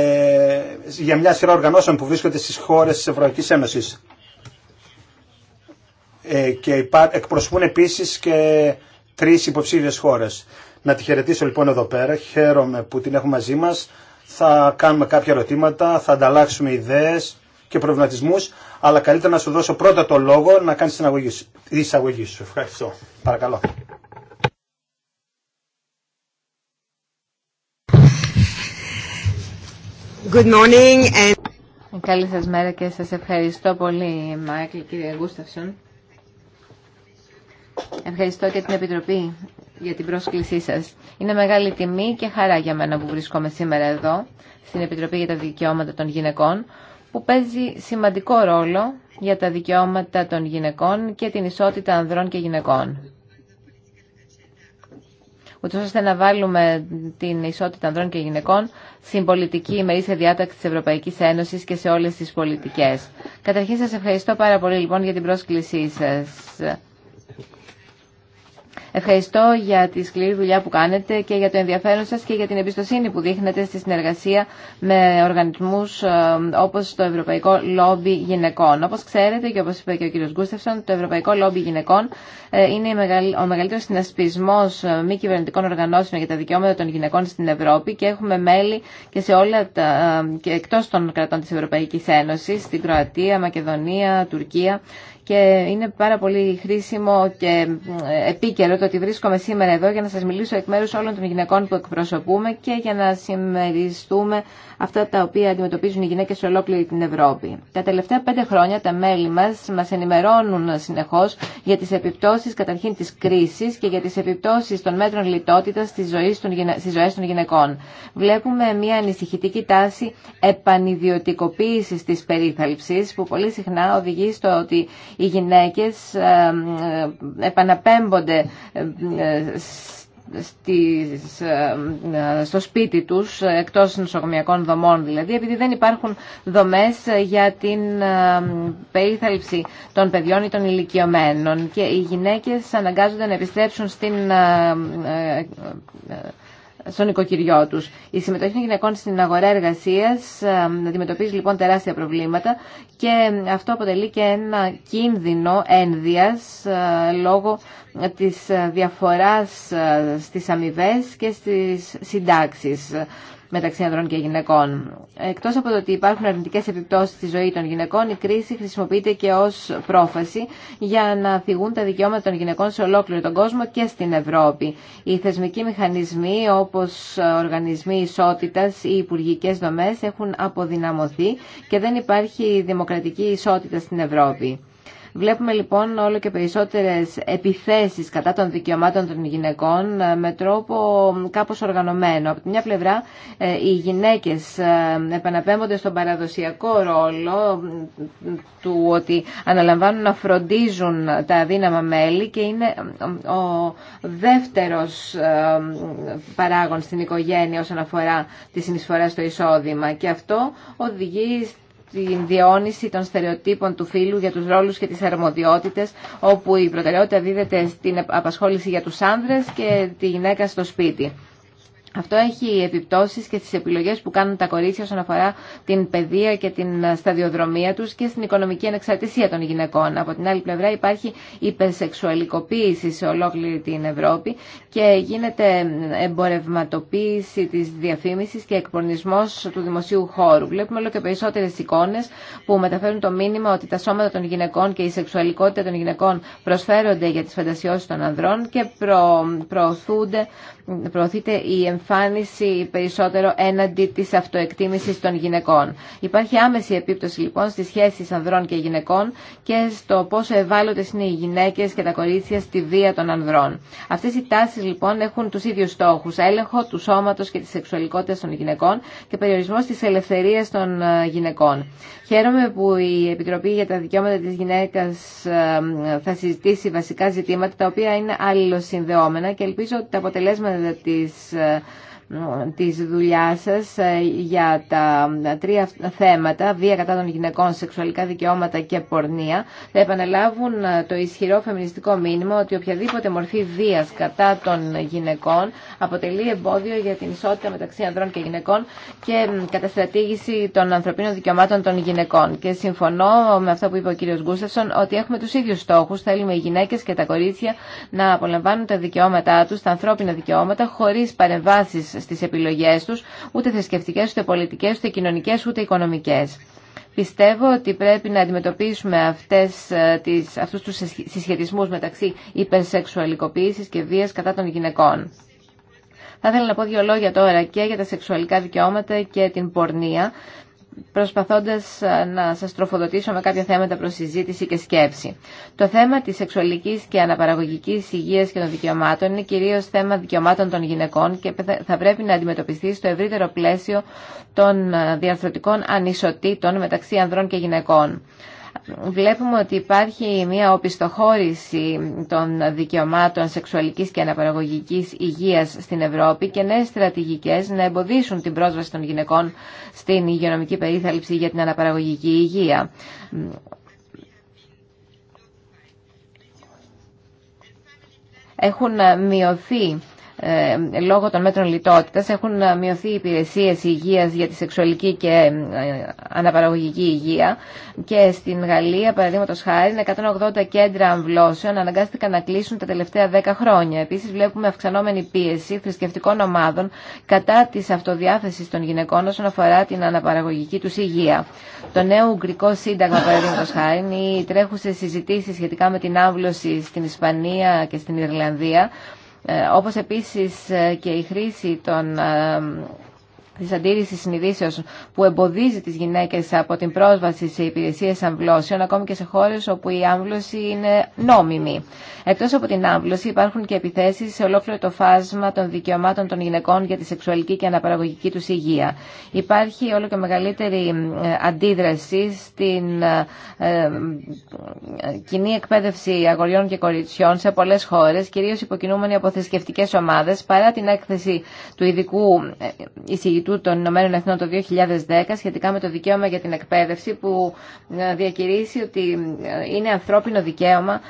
για μια σειρά οργανώσεων που βρίσκονται στις χώρες της Ευρωπαϊκής Ένωσης. Ε, και εκπροσωπούν επίσης και τρεις υποψήφιες χώρες. Να τη χαιρετήσω λοιπόν εδώ πέρα, χαίρομαι που την έχουμε μαζί μας, θα κάνουμε κάποια ερωτήματα, θα ανταλλάξουμε ιδέες και προβληματισμούς, αλλά καλύτερα να σου δώσω πρώτα το λόγο να κάνεις την εισαγωγή σου. Ευχαριστώ. Παρακαλώ. Good morning and... Καλή σας μέρα και σας ευχαριστώ πολύ, Μάικλ, κύριε Γκούσταυσον. Ευχαριστώ και την Επιτροπή για την πρόσκλησή σας. Είναι μεγάλη τιμή και χαρά για μένα που βρίσκομαι σήμερα εδώ, στην Επιτροπή για τα Δικαιώματα των Γυναικών, που παίζει σημαντικό ρόλο για τα δικαιώματα των γυναικών και την ισότητα ανδρών και γυναικών. Ούτως ώστε να βάλουμε την ισότητα ανδρών και γυναικών στην πολιτική σε διάταξη της Ευρωπαϊκής Ένωσης και σε όλες τις πολιτικές. Καταρχήν σας ευχαριστώ πάρα πολύ λοιπόν για την πρόσκλησή σας. Ευχαριστώ για τη σκληρή δουλειά που κάνετε και για το ενδιαφέρον σας και για την εμπιστοσύνη που δείχνετε στη συνεργασία με οργανισμούς ε, όπως το Ευρωπαϊκό Λόμπι Γυναικών. Όπως ξέρετε και όπως είπε και ο κ. Γκούστευσον, το Ευρωπαϊκό Λόμπι Γυναικών ε, είναι ο μεγαλύτερος συνασπισμός ε, μη κυβερνητικών οργανώσεων για τα δικαιώματα των γυναικών στην Ευρώπη και έχουμε μέλη και σε όλα τα, και εκτός των κρατών της Ευρωπαϊκής Ένωσης, στην Κροατία, Μακεδονία, Τουρκία και είναι πάρα πολύ χρήσιμο και ε, επίκαιρο το ότι βρίσκομαι σήμερα εδώ για να σας μιλήσω εκ μέρους όλων των γυναικών που εκπροσωπούμε και για να συμμεριστούμε αυτά τα οποία αντιμετωπίζουν οι γυναίκες σε ολόκληρη την Ευρώπη. Τα τελευταία πέντε χρόνια τα μέλη μας μας ενημερώνουν συνεχώς για τις επιπτώσεις καταρχήν της κρίσης και για τις επιπτώσεις των μέτρων λιτότητας στις ζωές των, στις ζωές των γυναικών. Βλέπουμε μια ανησυχητική τάση επανιδιωτικοποίησης της περίθαλψης που πολύ συχνά οδηγεί στο ότι οι γυναίκες ε, ε, επαναπέμπονται ε, στο σπίτι τους, εκτός νοσοκομιακών δομών δηλαδή, επειδή δεν υπάρχουν δομές για την περίθαλψη των παιδιών ή των ηλικιωμένων και οι γυναίκες αναγκάζονται να επιστρέψουν στην στο νοικοκυριό του. Η συμμετοχή των γυναικών στην αγορά εργασίας αντιμετωπίζει λοιπόν τεράστια προβλήματα και αυτό αποτελεί και ένα κίνδυνο ένδυα ε, λόγω της διαφοράς ε, στις αμοιβέ και στις συντάξεις μεταξύ ανδρών και γυναικών. Εκτός από το ότι υπάρχουν αρνητικές επιπτώσεις στη ζωή των γυναικών, η κρίση χρησιμοποιείται και ως πρόφαση για να φυγούν τα δικαιώματα των γυναικών σε ολόκληρο τον κόσμο και στην Ευρώπη. Οι θεσμικοί μηχανισμοί όπως οργανισμοί ισότητας ή υπουργικέ δομέ έχουν αποδυναμωθεί και δεν υπάρχει δημοκρατική ισότητα στην Ευρώπη. Βλέπουμε λοιπόν όλο και περισσότερες επιθέσεις κατά των δικαιωμάτων των γυναικών ε, με τρόπο κάπως οργανωμένο. Από τη μια πλευρά ε, οι γυναίκες ε, επαναπέμπονται στον παραδοσιακό ρόλο του ότι αναλαμβάνουν να φροντίζουν τα αδύναμα μέλη και είναι ο δεύτερος παράγων στην οικογένεια όσον αφορά τη συνεισφορά στο εισόδημα και αυτό οδηγεί την διαιώνιση των στερεοτύπων του φύλου για τους ρόλους και τις αρμοδιότητες, όπου η προτεραιότητα δίδεται στην απασχόληση για τους άνδρες και τη γυναίκα στο σπίτι. Αυτό έχει επιπτώσεις και στις επιλογές που κάνουν τα κορίτσια όσον αφορά την παιδεία και την σταδιοδρομία τους και στην οικονομική ανεξαρτησία των γυναικών. Από την άλλη πλευρά υπάρχει υπερσεξουαλικοποίηση σε ολόκληρη την Ευρώπη και γίνεται εμπορευματοποίηση της διαφήμισης και εκπορνισμός του δημοσίου χώρου. Βλέπουμε όλο και περισσότερες εικόνες που μεταφέρουν το μήνυμα ότι τα σώματα των γυναικών και η σεξουαλικότητα των γυναικών προσφέρονται για τις φαντασιώσεις των ανδρών και προωθούνται προωθείται η εμφάνιση περισσότερο έναντι της αυτοεκτίμησης των γυναικών. Υπάρχει άμεση επίπτωση λοιπόν στις σχέσεις ανδρών και γυναικών και στο πόσο ευάλωτες είναι οι γυναίκες και τα κορίτσια στη βία των ανδρών. Αυτές οι τάσεις λοιπόν έχουν τους ίδιους στόχους, έλεγχο του σώματος και της σεξουαλικότητας των γυναικών και περιορισμό της ελευθερία των ε, γυναικών. Χαίρομαι που η Επιτροπή για τα Δικαιώματα τη Γυναίκα ε, θα συζητήσει βασικά ζητήματα τα οποία είναι αλληλοσυνδεόμενα και ελπίζω ότι τα αποτελέσματα πέραν της δουλειάς σας ε, για τα ε, τρία θέματα, βία κατά των γυναικών, σεξουαλικά δικαιώματα και πορνεία, θα επανελάβουν ε, το ισχυρό φεμινιστικό μήνυμα ότι οποιαδήποτε μορφή βίας κατά των γυναικών αποτελεί εμπόδιο για την ισότητα μεταξύ ανδρών και γυναικών και καταστρατήγηση των ανθρωπίνων δικαιωμάτων των γυναικών. Και συμφωνώ με αυτό που είπε ο κύριος Γκούστασον ότι έχουμε τους ίδιους στόχους. Θέλουμε οι γυναίκες και τα κορίτσια να απολαμβάνουν τα δικαιώματά τους, τα ανθρώπινα δικαιώματα, χωρίς παρεμβάσεις στις επιλογές τους, ούτε θρησκευτικέ, ούτε πολιτικές, ούτε κοινωνικές, ούτε οικονομικές. Πιστεύω ότι πρέπει να αντιμετωπίσουμε αυτές ε, τις, αυτούς τους συσχετισμούς μεταξύ υπερσεξουαλικοποίησης και βίας κατά των γυναικών. Θα ήθελα να πω δύο λόγια τώρα και για τα σεξουαλικά δικαιώματα και την πορνεία προσπαθώντας ε, να σας τροφοδοτήσω με κάποια θέματα προς συζήτηση και σκέψη. Το θέμα της σεξουαλικής και αναπαραγωγικής υγείας και των δικαιωμάτων είναι κυρίως θέμα δικαιωμάτων των γυναικών και θα πρέπει να αντιμετωπιστεί στο ευρύτερο πλαίσιο των ε, διαρθρωτικών ανισοτήτων μεταξύ ανδρών και γυναικών βλέπουμε ότι υπάρχει μια οπισθοχώρηση των δικαιωμάτων σεξουαλικής και αναπαραγωγικής υγείας στην Ευρώπη και νέες στρατηγικές να εμποδίσουν την πρόσβαση των γυναικών στην υγειονομική περίθαλψη για την αναπαραγωγική υγεία. Έχουν μειωθεί ε, λόγω των μέτρων λιτότητας έχουν μειωθεί οι υπηρεσίες υγείας για τη σεξουαλική και ε, αναπαραγωγική υγεία και στην Γαλλία, παραδείγματος χάρη, 180 κέντρα αμβλώσεων αναγκάστηκαν να κλείσουν τα τελευταία 10 χρόνια. Επίσης βλέπουμε αυξανόμενη πίεση θρησκευτικών ομάδων κατά της αυτοδιάθεσης των γυναικών όσον αφορά την αναπαραγωγική τους υγεία. Το νέο Ουγγρικό Σύνταγμα, παραδείγματος χάρη, οι τρέχουσε συζητήσεις σχετικά με την άμβλωση στην Ισπανία και στην Ιρλανδία ε, όπως επίσης ε, και η χρήση των ε, Τη αντίρρηση συνειδήσεως που εμποδίζει τις γυναίκες από την πρόσβαση σε υπηρεσίες αμβλώσεων ακόμη και σε χώρες όπου η άμβλωση είναι νόμιμη. Εκτός από την άμβλωση υπάρχουν και επιθέσεις σε ολόκληρο το φάσμα των δικαιωμάτων των γυναικών για τη σεξουαλική και αναπαραγωγική τους υγεία. Υπάρχει όλο και μεγαλύτερη ε, αντίδραση στην ε, ε, κοινή εκπαίδευση αγοριών και κοριτσιών σε πολλές χώρες, κυρίως υποκινούμενοι από θρησκευτικέ ομάδες, παρά την έκθεση του ειδικού ε, του των Ηνωμένων Εθνών το 2010 σχετικά με το δικαίωμα για την εκπαίδευση που ε, διακηρύσει ότι ε, είναι ανθρώπινο δικαίωμα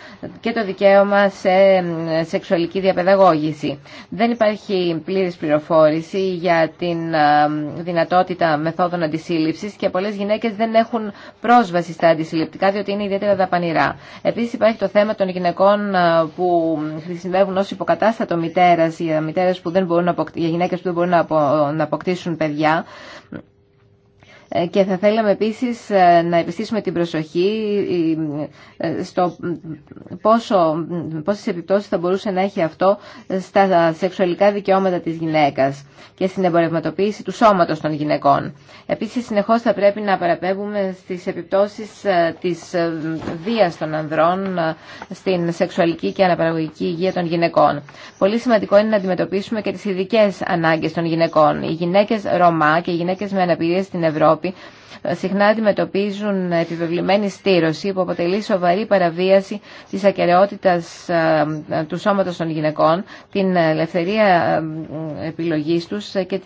και το δικαίωμα σε ε, σεξουαλική διαπαιδαγώγηση. Δεν υπάρχει πλήρης πληροφόρηση για την δυνατότητα μεθόδων αντισύλληψης και πολλές γυναίκες δεν έχουν πρόσβαση στα αντισυλληπτικά διότι είναι ιδιαίτερα δαπανηρά. Επίσης υπάρχει το θέμα των γυναικών που χρησιμεύουν ως υποκατάστατο μητέρας για, μητέρες που δεν μπορούν να για γυναίκες που δεν μπορούν να αποκτήσουν γεννήσουν παιδιά ε, και θα θέλαμε επίσης ε, να επιστήσουμε την προσοχή ε, στο πόσο, πόσες επιπτώσεις θα μπορούσε να έχει αυτό στα σεξουαλικά δικαιώματα της γυναίκας και στην εμπορευματοποίηση του σώματος των γυναικών. Επίσης συνεχώς θα πρέπει να παραπέμπουμε στις επιπτώσεις της βίας των ανδρών στην σεξουαλική και αναπαραγωγική υγεία των γυναικών. Πολύ σημαντικό είναι να αντιμετωπίσουμε και τις ειδικέ ανάγκες των γυναικών. Οι γυναίκες Ρωμά και οι γυναίκες με αναπηρία στην Ευρώπη άνθρωποι ε, συχνά αντιμετωπίζουν επιβεβλημένη στήρωση που αποτελεί σοβαρή παραβίαση της ακαιρεότητας ε, ε, του σώματος των γυναικών, την ελευθερία επιλογής τους και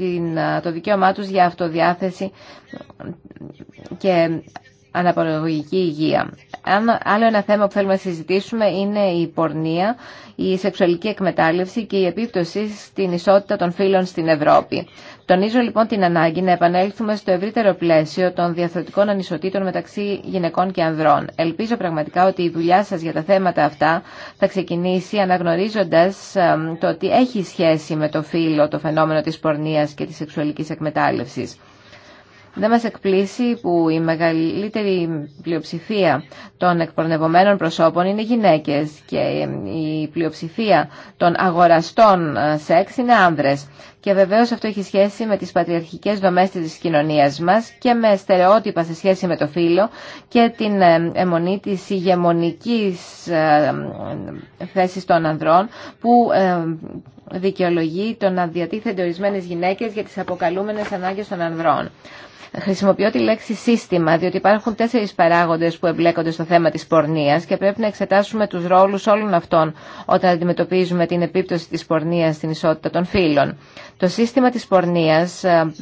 το δικαίωμά τους για αυτοδιάθεση και αναπαραγωγική υγεία. Άλλο ένα θέμα που θέλουμε να συζητήσουμε είναι η πορνεία, η σεξουαλική εκμετάλλευση και η επίπτωση στην ισότητα των φύλων στην Ευρώπη. Τονίζω λοιπόν την ανάγκη να επανέλθουμε στο ευρύτερο πλαίσιο των διαθροτικών ανισοτήτων μεταξύ γυναικών και ανδρών. Ελπίζω πραγματικά ότι η δουλειά σας για τα θέματα αυτά θα ξεκινήσει αναγνωρίζοντας το ότι έχει σχέση με το φύλλο, το φαινόμενο της πορνείας και της σεξουαλικής εκμετάλλευσης. Δεν μας εκπλήσει που η μεγαλύτερη πλειοψηφία των εκπορνευωμένων προσώπων είναι γυναίκες και η πλειοψηφία των αγοραστών σεξ είναι άνδρες. Και βεβαίως αυτό έχει σχέση με τις πατριαρχικές δομές της κοινωνίας μας και με στερεότυπα σε σχέση με το φύλλο και την ε, αιμονή της ηγεμονικής ε, θέσης των ανδρών που ε, δικαιολογεί το να διατίθενται ορισμένες γυναίκες για τις αποκαλούμενες ανάγκες των ανδρών. Χρησιμοποιώ τη λέξη σύστημα, διότι υπάρχουν τέσσερις παράγοντες που εμπλέκονται στο θέμα της πορνείας και πρέπει να εξετάσουμε τους ρόλους όλων αυτών όταν αντιμετωπίζουμε την επίπτωση της πορνείας στην ισότητα των φύλων. Το σύστημα της πορνείας ε,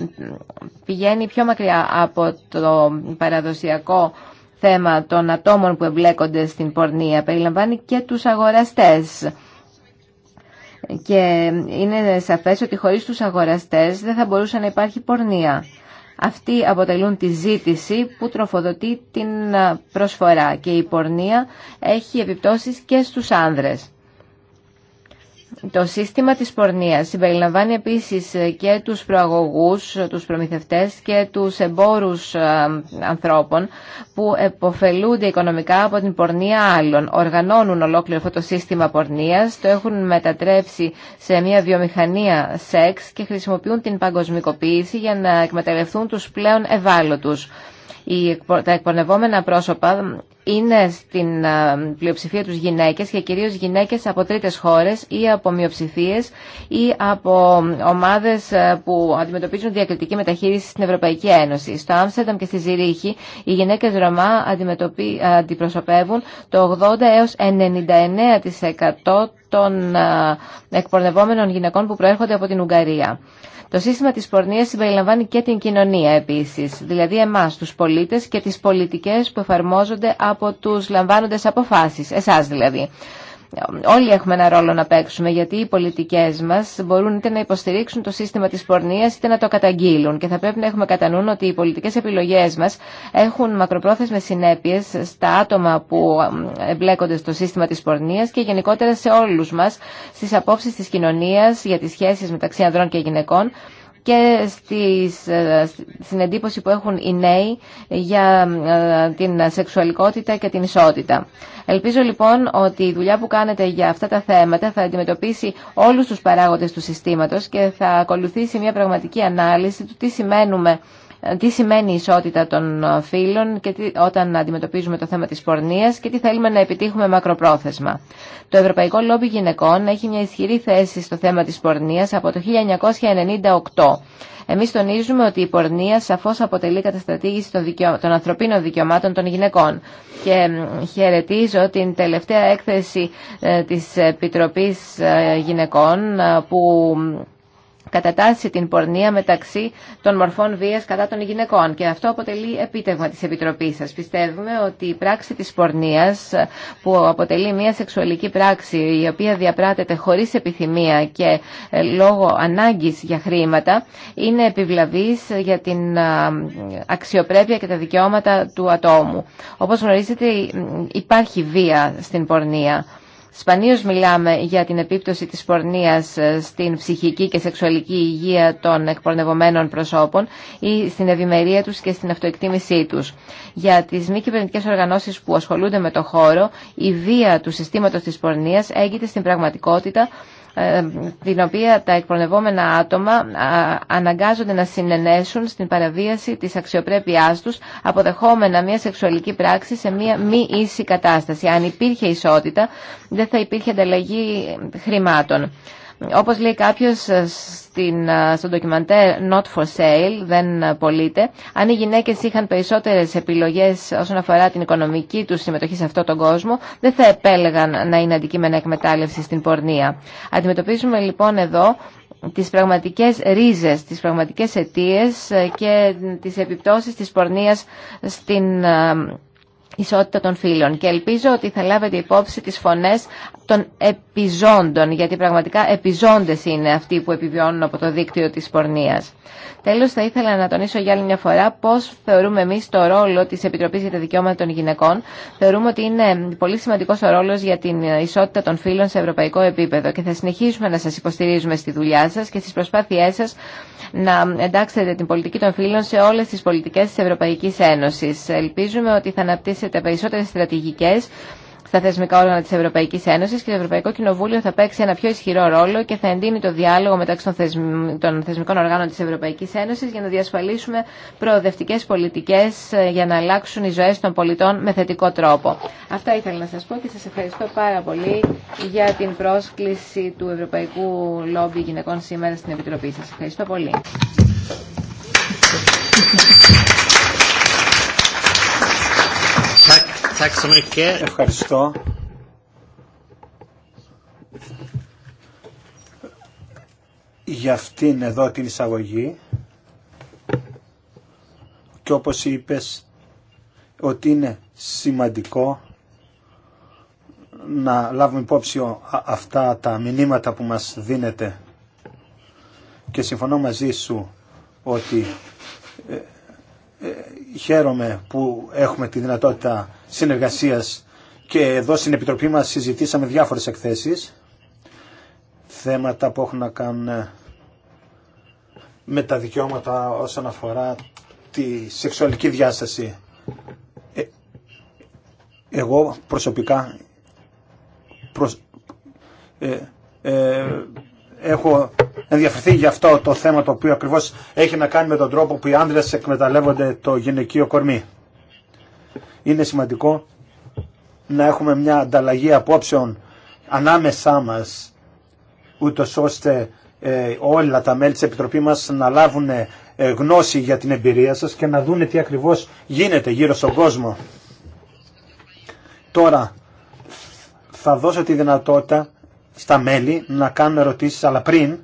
πηγαίνει πιο μακριά από το παραδοσιακό θέμα των ατόμων που εμπλέκονται στην πορνεία. Περιλαμβάνει και τους αγοραστές. Και είναι σαφές ότι χωρίς τους αγοραστές δεν θα μπορούσε να υπάρχει πορνεία. Αυτοί αποτελούν τη ζήτηση που τροφοδοτεί την ε, προσφορά και η πορνεία έχει επιπτώσεις και στους άνδρες. Το σύστημα της πορνείας συμπεριλαμβάνει επίσης ε, και τους προαγωγούς, ε, τους προμηθευτές και τους εμπόρους ε, ανθρώπων που εποφελούνται οικονομικά από την πορνεία άλλων. Οργανώνουν ολόκληρο αυτό το σύστημα πορνείας, το έχουν μετατρέψει σε μια βιομηχανία σεξ και χρησιμοποιούν την παγκοσμικοποίηση για να εκμεταλλευτούν τους πλέον ευάλωτους. Τα εκπονευόμενα πρόσωπα είναι στην ε, πλειοψηφία τους γυναίκες και κυρίως γυναίκες από τρίτες χώρες ή από μειοψηφίε ή από ομάδες ε, που αντιμετωπίζουν διακριτική μεταχείριση στην Ευρωπαϊκή Ένωση. Στο Άμστερνταμ και στη Ζηρίχη οι γυναίκες Ρωμά ε, αντιπροσωπεύουν το 80 έως 99% των εκπορνευόμενων γυναικών που προέρχονται από την Ουγγαρία. Το σύστημα της πορνείας συμπεριλαμβάνει και την κοινωνία επίσης, δηλαδή εμάς, τους πολίτες και τις πολιτικές που εφαρμόζονται από τους λαμβάνοντες αποφάσεις, εσάς δηλαδή όλοι έχουμε ένα ρόλο να παίξουμε γιατί οι πολιτικές μας μπορούν είτε να υποστηρίξουν το σύστημα της πορνείας είτε να το καταγγείλουν και θα πρέπει να έχουμε κατά νου ότι οι πολιτικές επιλογές μας έχουν μακροπρόθεσμες συνέπειες στα άτομα που εμπλέκονται στο σύστημα της πορνείας και γενικότερα σε όλους μας στις απόψεις της κοινωνίας για τις σχέσεις μεταξύ ανδρών και γυναικών και στις, ε, στην εντύπωση που έχουν οι νέοι για ε, την σεξουαλικότητα και την ισότητα. Ελπίζω λοιπόν ότι η δουλειά που κάνετε για αυτά τα θέματα θα αντιμετωπίσει όλους τους παράγοντες του συστήματος και θα ακολουθήσει μια πραγματική ανάλυση του τι σημαίνουμε τι σημαίνει η ισότητα των φύλων και όταν αντιμετωπίζουμε το θέμα της πορνείας και τι θέλουμε να επιτύχουμε μακροπρόθεσμα. Το Ευρωπαϊκό Λόμπι Γυναικών έχει μια ισχυρή θέση στο θέμα της πορνείας από το 1998. Εμείς τονίζουμε ότι η πορνεία σαφώς αποτελεί καταστρατήγηση των, δικαιω... των ανθρωπίνων δικαιωμάτων των γυναικών. Και χαιρετίζω την τελευταία έκθεση ε, της Επιτροπής ε, Γυναικών ε, που κατατάσσει την πορνεία μεταξύ των μορφών βία κατά των γυναικών. Και αυτό αποτελεί επίτευγμα τη επιτροπή σα. Πιστεύουμε ότι η πράξη τη πορνείας που αποτελεί μια σεξουαλική πράξη η οποία διαπράτεται χωρί επιθυμία και ε, λόγω ανάγκη για χρήματα είναι επιβλαβή για την αξιοπρέπεια και τα δικαιώματα του ατόμου. Όπω γνωρίζετε υπάρχει βία στην πορνεία. Σπανίως μιλάμε για την επίπτωση της πορνείας ε, στην ψυχική και σεξουαλική υγεία των εκπορνευομένων προσώπων ή στην ευημερία τους και στην αυτοεκτίμησή τους. Για τις μη κυβερνητικέ οργανώσεις που ασχολούνται με το χώρο, η βία του συστήματος της πορνείας έγινε στην πραγματικότητα ε, την οποία τα εκπρονευόμενα άτομα αναγκάζονται να συνενέσουν στην παραβίαση της αξιοπρέπειάς τους αποδεχόμενα μια σεξουαλική πράξη σε μια μη ίση κατάσταση. Αν υπήρχε ισότητα δεν θα υπήρχε ανταλλαγή χρημάτων. Όπως λέει κάποιος ε, στην, ε, στο ντοκιμαντέρ Not for Sale, δεν ε, πωλείται, αν οι γυναίκες είχαν περισσότερες επιλογές όσον αφορά την οικονομική τους συμμετοχή σε αυτόν τον κόσμο, δεν θα επέλεγαν να είναι αντικείμενα εκμετάλλευση στην πορνεία. Αντιμετωπίζουμε λοιπόν εδώ τις πραγματικές ρίζες, τις πραγματικές αιτίες και τις επιπτώσεις της πορνείας στην ισότητα των φύλων και ελπίζω ότι θα λάβετε υπόψη τις φωνές των επιζώντων, γιατί πραγματικά επιζώντες είναι αυτοί που επιβιώνουν από το δίκτυο της πορνείας. Τέλος, θα ήθελα να τονίσω για άλλη μια φορά πώς θεωρούμε εμείς το ρόλο της Επιτροπής για τα Δικαιώματα των Γυναικών. Θεωρούμε ότι είναι πολύ σημαντικός ο ρόλος για την ισότητα των φύλων σε ευρωπαϊκό επίπεδο και θα συνεχίσουμε να σας υποστηρίζουμε στη δουλειά σας και στις προσπάθειές σας να εντάξετε την πολιτική των φύλων σε όλες τις πολιτικές της Ευρωπαϊκής Ένωσης. Ελπίζουμε ότι θα αναπτύσσετε τα περισσότερες στρατηγικές στα θεσμικά όργανα της Ευρωπαϊκής Ένωσης και το Ευρωπαϊκό Κοινοβούλιο θα παίξει ένα πιο ισχυρό ρόλο και θα εντείνει το διάλογο μεταξύ των, θεσμικών οργάνων της Ευρωπαϊκής Ένωσης για να διασφαλίσουμε προοδευτικές πολιτικές ε, για να αλλάξουν οι ζωές των πολιτών με θετικό τρόπο. Αυτά ήθελα να σας πω και σας ευχαριστώ πάρα πολύ για την πρόσκληση του Ευρωπαϊκού Λόμπι Γυναικών σήμερα στην Επιτροπή σας. Ευχαριστώ πολύ. Ευχαριστώ. Για αυτήν εδώ την εισαγωγή και όπως είπες ότι είναι σημαντικό να λάβουμε υπόψη αυτά τα μηνύματα που μας δίνεται και συμφωνώ μαζί σου ότι ε, ε, χαίρομαι που έχουμε τη δυνατότητα συνεργασίας και εδώ στην Επιτροπή μας συζητήσαμε διάφορες εκθέσεις, θέματα που έχουν να κάνουν με τα δικαιώματα όσον αφορά τη σεξουαλική διάσταση. Ε, εγώ προσωπικά ε, ε, έχω ενδιαφερθεί για αυτό το θέμα το οποίο ακριβώς έχει να κάνει με τον τρόπο που οι άντρε εκμεταλλεύονται το γυναικείο κορμί. Είναι σημαντικό να έχουμε μια ανταλλαγή απόψεων ανάμεσά μας ούτως ώστε ε, όλα τα μέλη της Επιτροπής μας να λάβουν ε, γνώση για την εμπειρία σας και να δούνε τι ακριβώς γίνεται γύρω στον κόσμο. Τώρα θα δώσω τη δυνατότητα στα μέλη να κάνουν ερωτήσεις αλλά πριν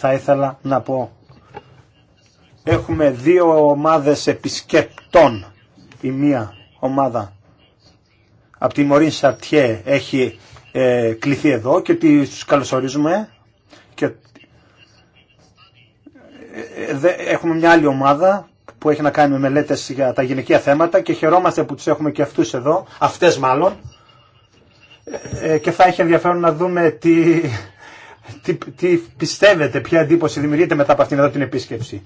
θα ήθελα να πω. Έχουμε δύο ομάδες επισκεπτών. Η μία ομάδα από τη Μωρή Σαρτιέ έχει ε, κληθεί εδώ και τους καλωσορίζουμε. Και, ε, έχουμε μια άλλη ομάδα που έχει να κάνει με μελέτες για τα γυναικεία θέματα και χαιρόμαστε που τους έχουμε και αυτούς εδώ, αυτές μάλλον, ε, ε, και θα έχει ενδιαφέρον να δούμε τι τι, πιστεύετε, ποια εντύπωση δημιουργείται μετά από αυτήν εδώ την επίσκεψη.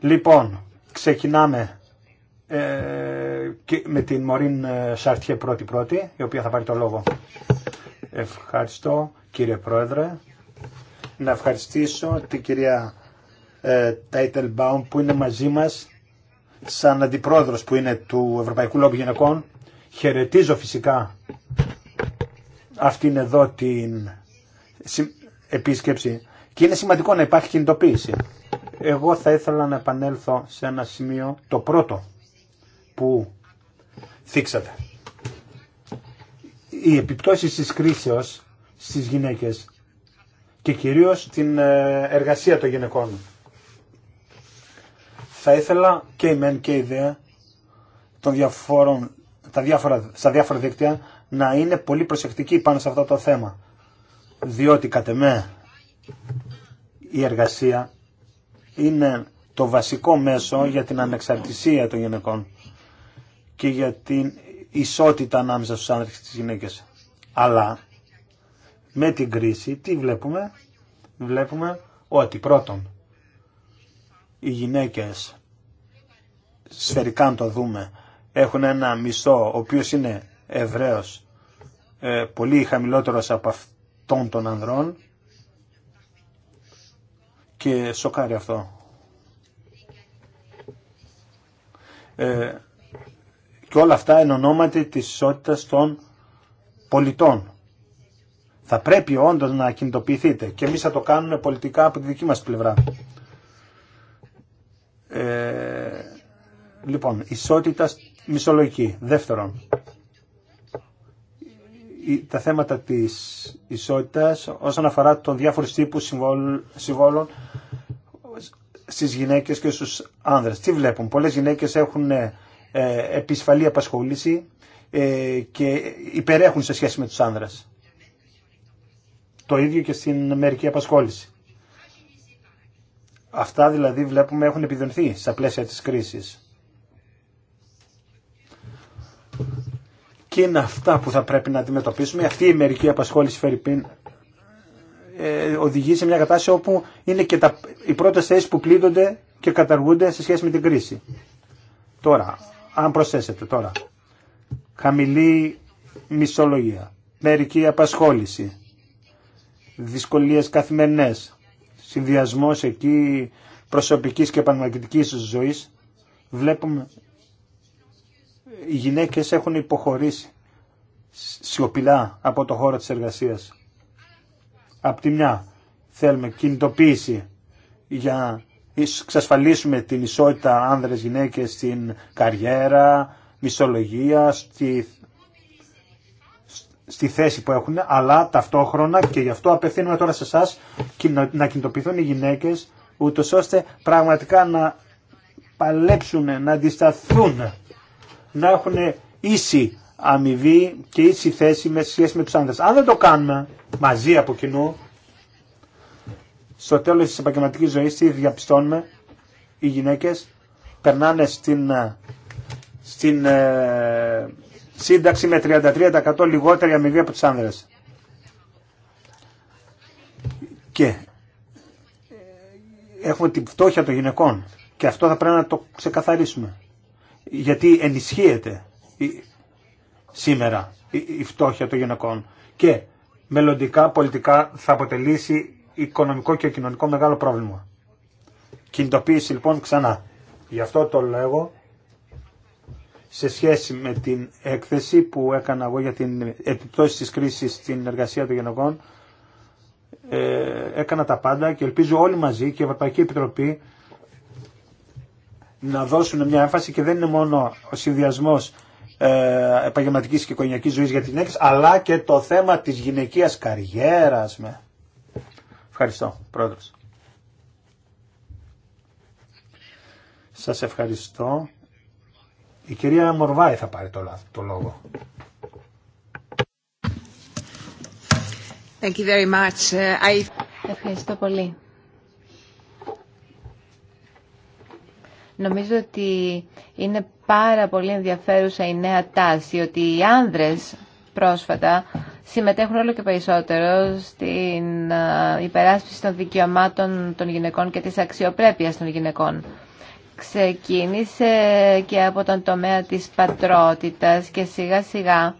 Λοιπόν, ξεκινάμε ε, με την Μωρίν ε, Σαρτιέ πρώτη-πρώτη, η οποία θα πάρει το λόγο. Ευχαριστώ κύριε Πρόεδρε. Να ευχαριστήσω την κυρία ε, Τάιτελμπάουμ που είναι μαζί μας σαν αντιπρόεδρος που είναι του Ευρωπαϊκού Λόγου Γυναικών. Χαιρετίζω φυσικά αυτήν εδώ την επίσκεψη και είναι σημαντικό να υπάρχει κινητοποίηση. Εγώ θα ήθελα να επανέλθω σε ένα σημείο, το πρώτο που θίξατε. Η επιπτώσεις της κρίσεως στις γυναίκες και κυρίως την ε, εργασία των γυναικών. Θα ήθελα και η μεν και η δε των διαφόρων, τα διάφορα, στα διάφορα δίκτυα να είναι πολύ προσεκτικοί πάνω σε αυτό το θέμα διότι κατ' εμέ η εργασία είναι το βασικό μέσο για την ανεξαρτησία των γυναικών και για την ισότητα ανάμεσα στους άνδρες και τις γυναίκες. Αλλά με την κρίση τι βλέπουμε. Βλέπουμε ότι πρώτον οι γυναίκες σφαιρικά αν το δούμε έχουν ένα μισό ο οποίος είναι ευρέως ε, πολύ χαμηλότερος από αυτό τον των ανδρών και σοκάρει αυτό. Ε, και όλα αυτά εν ονόματι της ισότητας των πολιτών. Θα πρέπει όντως να κινητοποιηθείτε και εμείς θα το κάνουμε πολιτικά από τη δική μας πλευρά. Ε, λοιπόν, ισότητα μισολογική. Δεύτερον, τα θέματα της ισότητας όσον αφορά τον διάφορους τύπους συμβόλων στις γυναίκες και στους άνδρες. Τι βλέπουν, πολλές γυναίκες έχουν ε, ε, επισφαλή απασχόληση ε, και υπερέχουν σε σχέση με τους άνδρες. Το ίδιο και στην μερική απασχόληση. Αυτά δηλαδή βλέπουμε έχουν επιδονθεί στα πλαίσια της κρίσης. Και είναι αυτά που θα πρέπει να αντιμετωπίσουμε. Αυτή η μερική απασχόληση Φερρυπίν ε, οδηγεί σε μια κατάσταση όπου είναι και τα, οι πρώτε θέσει που πλήττονται και καταργούνται σε σχέση με την κρίση. Τώρα, αν προσθέσετε τώρα, χαμηλή μισολογία, μερική απασχόληση, δυσκολίες καθημερινές, συνδυασμός εκεί προσωπικής και επαγγελματικής ζωής, βλέπουμε οι γυναίκες έχουν υποχωρήσει σιωπηλά από το χώρο της εργασίας. Απ' τη μια θέλουμε κινητοποίηση για να εξασφαλίσουμε την ισότητα άνδρες γυναίκες στην καριέρα, μισολογία, στη, στη θέση που έχουν, αλλά ταυτόχρονα και γι' αυτό απευθύνουμε τώρα σε εσά να κινητοποιηθούν οι γυναίκες ούτως ώστε πραγματικά να παλέψουν, να αντισταθούν να έχουν ίση αμοιβή και ίση θέση με σχέση με τους άνδρες. Αν δεν το κάνουμε μαζί από κοινού, στο τέλος της επαγγελματική ζωής τι διαπιστώνουμε, οι γυναίκες περνάνε στην, ε, στην ε, σύνταξη με 33% λιγότερη αμοιβή από τους άνδρες. Και έχουμε την φτώχεια των γυναικών και αυτό θα πρέπει να το ξεκαθαρίσουμε γιατί ενισχύεται σήμερα η φτώχεια των γυναικών και μελλοντικά πολιτικά θα αποτελήσει οικονομικό και κοινωνικό μεγάλο πρόβλημα. Κινητοποίηση λοιπόν ξανά. Γι' αυτό το λέγω σε σχέση με την έκθεση που έκανα εγώ για την επιπτώση της κρίσης στην εργασία των γυναικών ε, έκανα τα πάντα και ελπίζω όλοι μαζί και η Ευρωπαϊκή Επιτροπή να δώσουν μια έμφαση και δεν είναι μόνο ο συνδυασμό ε, επαγγελματικής και οικογενειακή ζωής για την γυναίκε, αλλά και το θέμα της γυναικείας καριέρας. Με. Ευχαριστώ, πρόεδρο. Σας ευχαριστώ. Η κυρία Μορβάη θα πάρει το, το λόγο. Thank you very much. Ε, I... Ευχαριστώ πολύ. Νομίζω ότι είναι πάρα πολύ ενδιαφέρουσα η νέα τάση ότι οι άνδρες πρόσφατα συμμετέχουν όλο και περισσότερο στην υπεράσπιση των δικαιωμάτων των γυναικών και της αξιοπρέπειας των γυναικών. Ξεκίνησε και από τον τομέα της πατρότητας και σιγά σιγά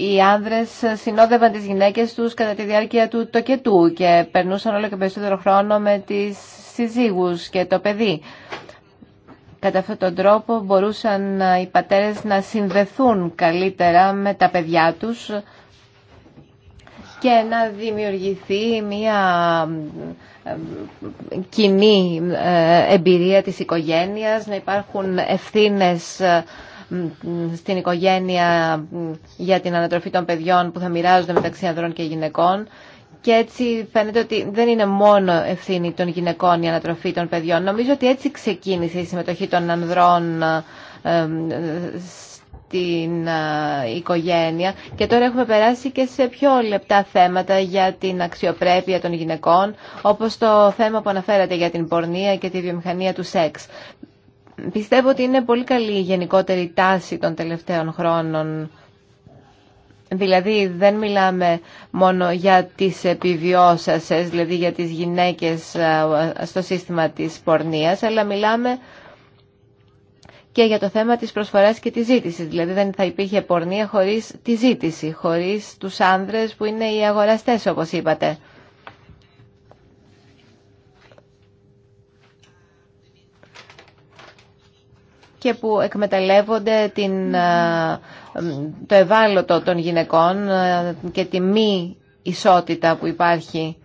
οι άνδρες συνόδευαν τις γυναίκες τους κατά τη διάρκεια του τοκετού και περνούσαν όλο και περισσότερο χρόνο με τις συζύγους και το παιδί. Κατά αυτόν τον τρόπο μπορούσαν οι πατέρες να συνδεθούν καλύτερα με τα παιδιά τους και να δημιουργηθεί μια κοινή ε, εμπειρία της οικογένειας, να υπάρχουν ευθύνες στην οικογένεια για την ανατροφή των παιδιών που θα μοιράζονται μεταξύ ανδρών και γυναικών. Και έτσι φαίνεται ότι δεν είναι μόνο ευθύνη των γυναικών η ανατροφή των παιδιών. Νομίζω ότι έτσι ξεκίνησε η συμμετοχή των ανδρών ε, στην ε, οικογένεια και τώρα έχουμε περάσει και σε πιο λεπτά θέματα για την αξιοπρέπεια των γυναικών όπως το θέμα που αναφέρατε για την πορνεία και τη βιομηχανία του σεξ. Πιστεύω ότι είναι πολύ καλή η γενικότερη τάση των τελευταίων χρόνων. Δηλαδή δεν μιλάμε μόνο για τις επιβιώσασες, δηλαδή για τις γυναίκες ε, στο σύστημα της πορνείας, αλλά μιλάμε και για το θέμα της προσφοράς και της ζήτησης. Δηλαδή δεν θα υπήρχε πορνεία χωρίς τη ζήτηση, χωρίς τους άνδρες που είναι οι αγοραστές όπως είπατε. και που εκμεταλλεύονται την, ε, το ευάλωτο των γυναικών ε, και τη μη ισότητα που υπάρχει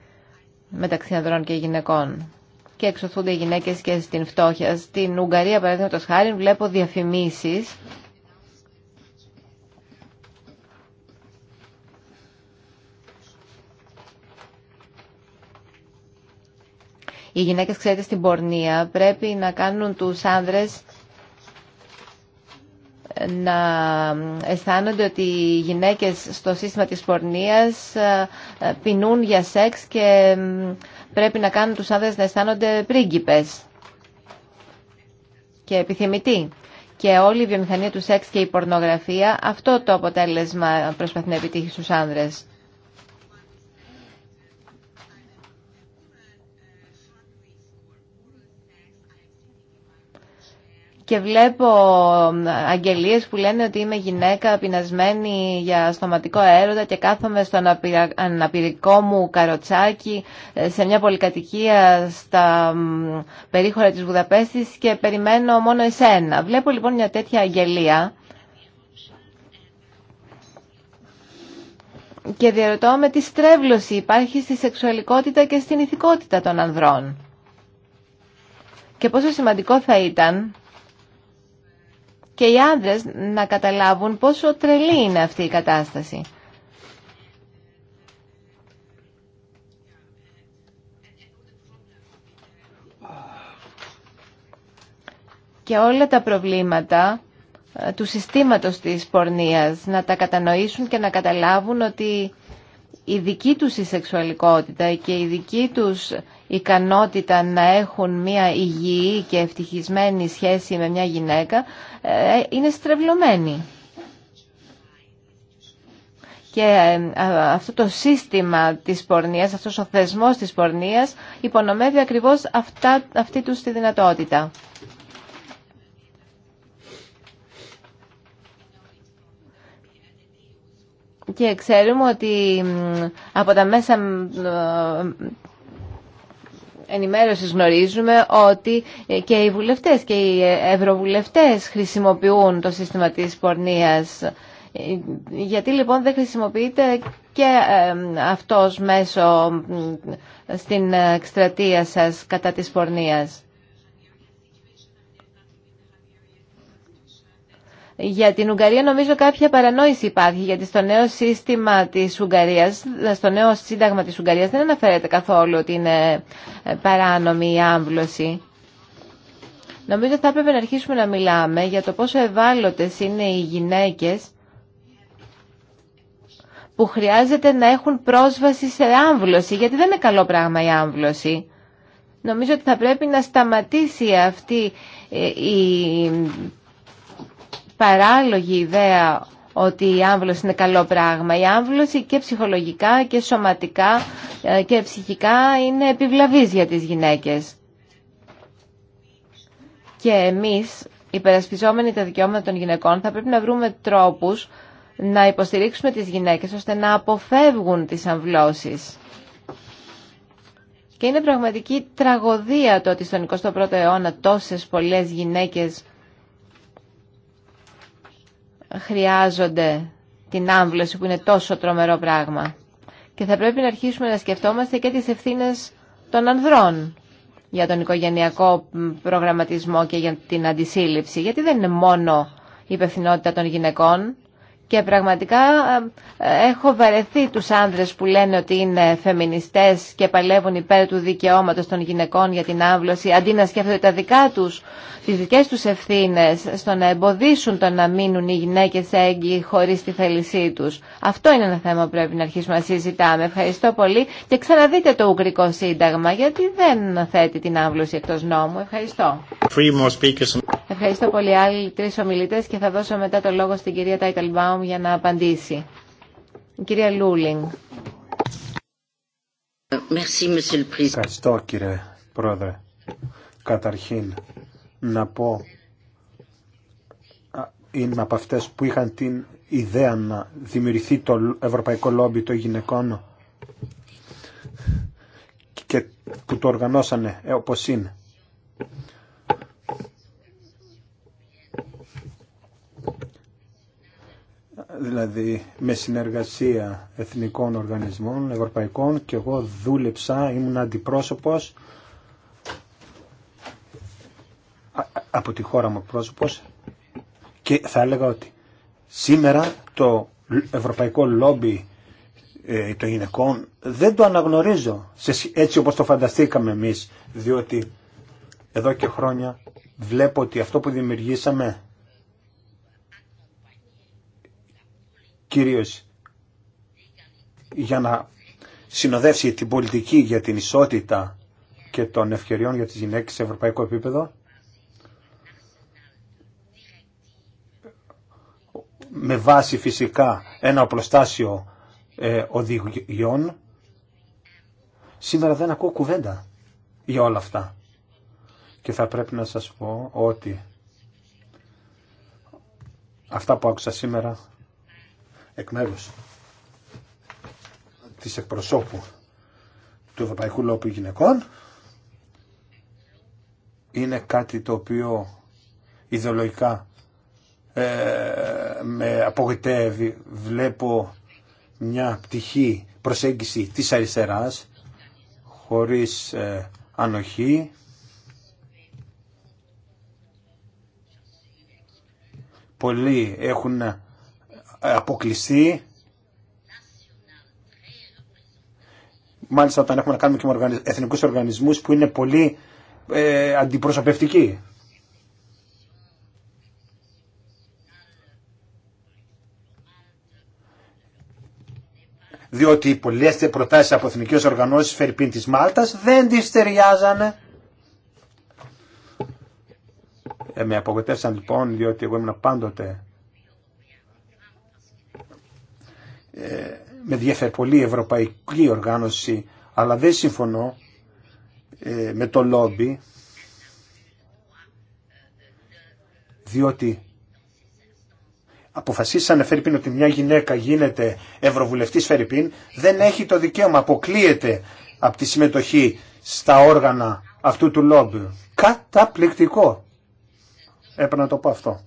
μεταξύ ανδρών και γυναικών. Και εξωθούνται οι γυναίκες και στην φτώχεια. Στην Ουγγαρία, παραδείγματο χάρη, βλέπω διαφημίσεις Οι γυναίκες, ξέρετε, στην πορνεία πρέπει να κάνουν τους άνδρες να αισθάνονται ότι οι γυναίκες στο σύστημα της πορνείας ε, πεινούν για σεξ και πρέπει να κάνουν τους άνδρες να αισθάνονται πρίγκιπες και επιθυμητοί. Και όλη η βιομηχανία του σεξ και η πορνογραφία αυτό το αποτέλεσμα προσπαθεί να επιτύχει στους άνδρες. και βλέπω αγγελίες που λένε ότι είμαι γυναίκα πεινασμένη για στοματικό έρωτα και κάθομαι στο αναπηρικό μου καροτσάκι ε, σε μια πολυκατοικία στα περίχωρα της Βουδαπέστης και περιμένω μόνο εσένα. Βλέπω λοιπόν μια τέτοια αγγελία και διαρωτώ με τι στρέβλωση υπάρχει στη σεξουαλικότητα και στην ηθικότητα των ανδρών. Και πόσο σημαντικό θα ήταν και οι άντρες να καταλάβουν πόσο τρελή είναι αυτή η κατάσταση. Και όλα τα προβλήματα ε, του συστήματος της πορνείας να τα κατανοήσουν και να καταλάβουν ότι η δική τους η σεξουαλικότητα και η δική τους ικανότητα να έχουν μια υγιή και ευτυχισμένη σχέση με μια γυναίκα ε, είναι στρεβλωμένη. Και ε, αυτό το σύστημα της πορνείας, αυτός ο θεσμός της πορνείας υπονομεύει ακριβώς αυτά, αυτή τους τη δυνατότητα. Και ξέρουμε ότι από τα μέσα ενημέρωσης γνωρίζουμε ότι και οι βουλευτές και οι ευρωβουλευτές χρησιμοποιούν το σύστημα της πορνείας. Γιατί λοιπόν δεν χρησιμοποιείται και αυτός μέσω στην εκστρατεία σας κατά της πορνείας. Για την Ουγγαρία νομίζω κάποια παρανόηση υπάρχει, γιατί στο νέο σύστημα της Ουγγαρίας, στο νέο σύνταγμα της Ουγγαρίας δεν αναφέρεται καθόλου ότι είναι ε, παράνομη η άμβλωση. Νομίζω θα έπρεπε να αρχίσουμε να μιλάμε για το πόσο ευάλωτες είναι οι γυναίκες που χρειάζεται να έχουν πρόσβαση σε άμβλωση, γιατί δεν είναι καλό πράγμα η άμβλωση. Νομίζω ότι θα πρέπει να σταματήσει αυτή ε, η παράλογη ιδέα ότι η άμβλωση είναι καλό πράγμα. Η άμβλωση και ψυχολογικά και σωματικά ε, και ψυχικά είναι επιβλαβής για τις γυναίκες. Και εμείς, υπερασπιζόμενοι τα δικαιώματα των γυναικών, θα πρέπει να βρούμε τρόπους να υποστηρίξουμε τις γυναίκες ώστε να αποφεύγουν τις αμβλώσεις. Και είναι πραγματική τραγωδία το ότι στον 21ο αιώνα τόσες πολλές γυναίκες χρειάζονται την άμβλωση που είναι τόσο τρομερό πράγμα. Και θα πρέπει να αρχίσουμε να σκεφτόμαστε και τις ευθύνες των ανδρών για τον οικογενειακό προγραμματισμό και για την αντισύλληψη. Γιατί δεν είναι μόνο η υπευθυνότητα των γυναικών. Και πραγματικά ε, ε, έχω βαρεθεί τους άνδρες που λένε ότι είναι φεμινιστές και παλεύουν υπέρ του δικαιώματος των γυναικών για την άμβλωση αντί να σκέφτονται τα δικά τους, τις δικές τους ευθύνες στο να εμποδίσουν το να μείνουν οι γυναίκες έγκυοι χωρίς τη θέλησή τους. Αυτό είναι ένα θέμα που πρέπει να αρχίσουμε να συζητάμε. Ευχαριστώ πολύ και ξαναδείτε το Ουγγρικό Σύνταγμα γιατί δεν θέτει την άμβλωση εκτός νόμου. Ευχαριστώ. Ευχαριστώ πολύ άλλοι τρεις ομιλητές και θα δώσω μετά το λόγο στην κυρία για να απαντήσει. κυρία Λούλινγκ. Ευχαριστώ κύριε Πρόεδρε. Καταρχήν να πω είναι από αυτές που είχαν την ιδέα να δημιουργηθεί το Ευρωπαϊκό Λόμπι των Γυναικών και που το οργανώσανε ε, όπως είναι δηλαδή με συνεργασία εθνικών οργανισμών, ευρωπαϊκών και εγώ δούλεψα, ήμουν αντιπρόσωπος από τη χώρα μου πρόσωπος και θα έλεγα ότι σήμερα το ευρωπαϊκό λόμπι ε, των γυναικών δεν το αναγνωρίζω έτσι όπως το φανταστήκαμε εμείς διότι εδώ και χρόνια βλέπω ότι αυτό που δημιουργήσαμε κυρίως για να συνοδεύσει την πολιτική για την ισότητα και των ευκαιριών για τις γυναίκες σε ευρωπαϊκό επίπεδο με βάση φυσικά ένα οπλοστάσιο ε, οδηγιών σήμερα δεν ακούω κουβέντα για όλα αυτά και θα πρέπει να σας πω ότι αυτά που άκουσα σήμερα εκ μέρου τη εκπροσώπου του Ευρωπαϊκού Λόπου Γυναικών είναι κάτι το οποίο ιδεολογικά ε, με απογοητεύει βλέπω μια πτυχή προσέγγιση της αριστεράς χωρίς ε, ανοχή πολλοί έχουν αποκλειστεί. Μάλιστα όταν έχουμε να κάνουμε και με εθνικούς οργανισμούς που είναι πολύ ε, αντιπροσωπευτικοί. διότι πολλές προτάσεις από εθνικές οργανώσεις Φερπίν της Μάλτας δεν τις ταιριάζανε. Ε, με απογοητεύσαν λοιπόν διότι εγώ ήμουν πάντοτε Ε, με ενδιαφέρει πολύ η ευρωπαϊκή οργάνωση, αλλά δεν συμφωνώ ε, με το λόμπι, διότι αποφασίσανε Φερρυπίν ότι μια γυναίκα γίνεται ευρωβουλευτής Φερρυπίν, δεν έχει το δικαίωμα, αποκλείεται από τη συμμετοχή στα όργανα αυτού του λόμπι. Καταπληκτικό. Έπρεπε να το πω αυτό.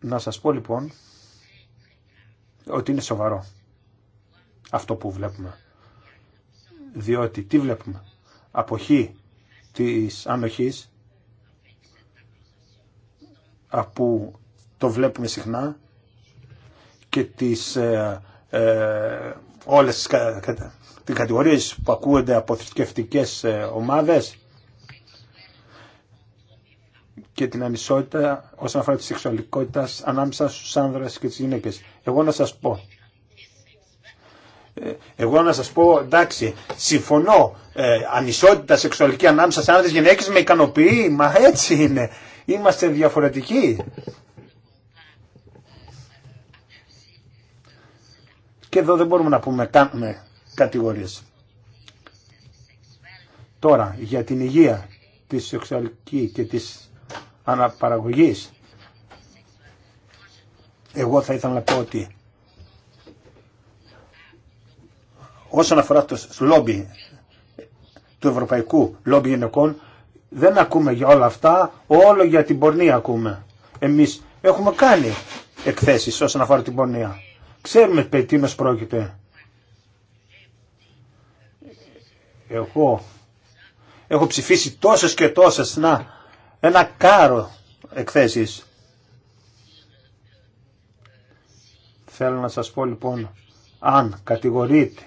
Να σας πω λοιπόν ότι είναι σοβαρό αυτό που βλέπουμε. Διότι τι βλέπουμε. Αποχή της ανοχής που το βλέπουμε συχνά και τις ε, ε, όλες τις κατηγορίες που ακούγονται από θρησκευτικές ε, ομάδες και την ανισότητα όσον αφορά τη σεξουαλικότητα ανάμεσα στους άνδρες και τις γυναίκες. Εγώ να σας πω. Ε, εγώ να σας πω, εντάξει, συμφωνώ, ε, ανισότητα σεξουαλική ανάμεσα σε άντρες γυναίκες με ικανοποιεί, μα έτσι είναι. Είμαστε διαφορετικοί. Και εδώ δεν μπορούμε να πούμε με κατηγορίες. Τώρα, για την υγεία, τη σεξουαλική και της αναπαραγωγής, εγώ θα ήθελα να πω ότι όσον αφορά το λόμπι του ευρωπαϊκού λόμπι γυναικών δεν ακούμε για όλα αυτά, όλο για την πορνεία ακούμε. Εμείς έχουμε κάνει εκθέσεις όσον αφορά την πορνεία. Ξέρουμε περί μας πρόκειται. Εγώ έχω ψηφίσει τόσες και τόσες, να, ένα κάρο εκθέσεις. Θέλω να σας πω λοιπόν, αν κατηγορείτε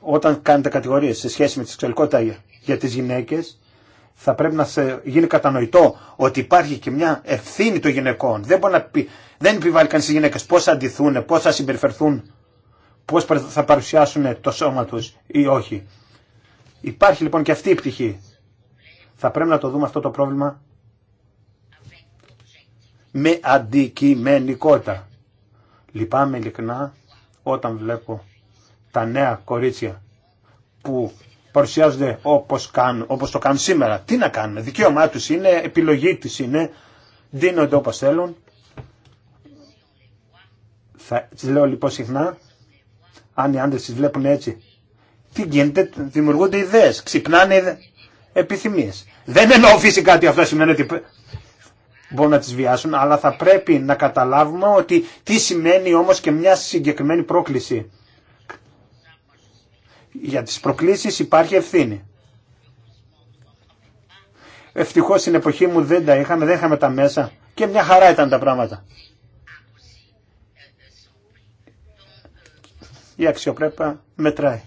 όταν κάνετε κατηγορίες σε σχέση με τη σεξουαλικότητα για τις γυναίκες, θα πρέπει να γίνει κατανοητό ότι υπάρχει και μια ευθύνη των γυναικών. Δεν, μπορεί να δεν επιβάλλει κανείς στις γυναίκες πώς θα αντιθούν, πώς θα συμπεριφερθούν, πώς θα παρουσιάσουν το σώμα τους ή όχι. Υπάρχει λοιπόν και αυτή η πτυχή. Θα πρέπει να το δούμε αυτό το πρόβλημα με αντικειμενικότητα. Λυπάμαι ειλικρινά όταν βλέπω τα νέα κορίτσια που παρουσιάζονται όπως, κάνουν, όπως το κάνουν σήμερα. Τι να κάνουν, δικαίωμά του είναι, επιλογή τους είναι, δίνονται όπως θέλουν. Θα, τις λέω λοιπόν συχνά, αν οι άντρες τις βλέπουν έτσι, τι γίνεται, δημιουργούνται ιδέες, ξυπνάνε επιθυμίες. Δεν εννοώ φυσικά ότι αυτό σημαίνει ότι μπορούν να τι βιάσουν, αλλά θα πρέπει να καταλάβουμε ότι τι σημαίνει όμως και μια συγκεκριμένη πρόκληση. Για τι προκλήσει υπάρχει ευθύνη. Ευτυχώ στην εποχή μου δεν τα είχαμε, δεν είχαμε τα μέσα και μια χαρά ήταν τα πράγματα. Η αξιοπρέπεια μετράει.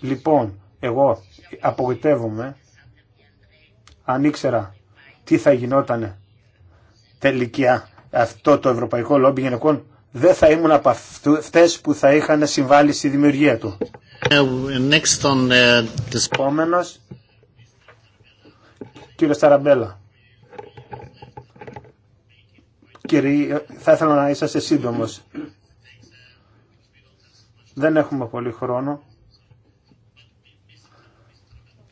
Λοιπόν, εγώ απογοητεύομαι αν ήξερα τι θα γινόταν τελικά αυτό το Ευρωπαϊκό Λόμπι Γυναικών, δεν θα ήμουν από αυτές που θα είχαν συμβάλει στη δημιουργία του. Ε, ε, Επόμενος, κύριε Σταραμπέλα. Κύριε, θα ήθελα να είσαστε σύντομος. Δεν έχουμε πολύ χρόνο.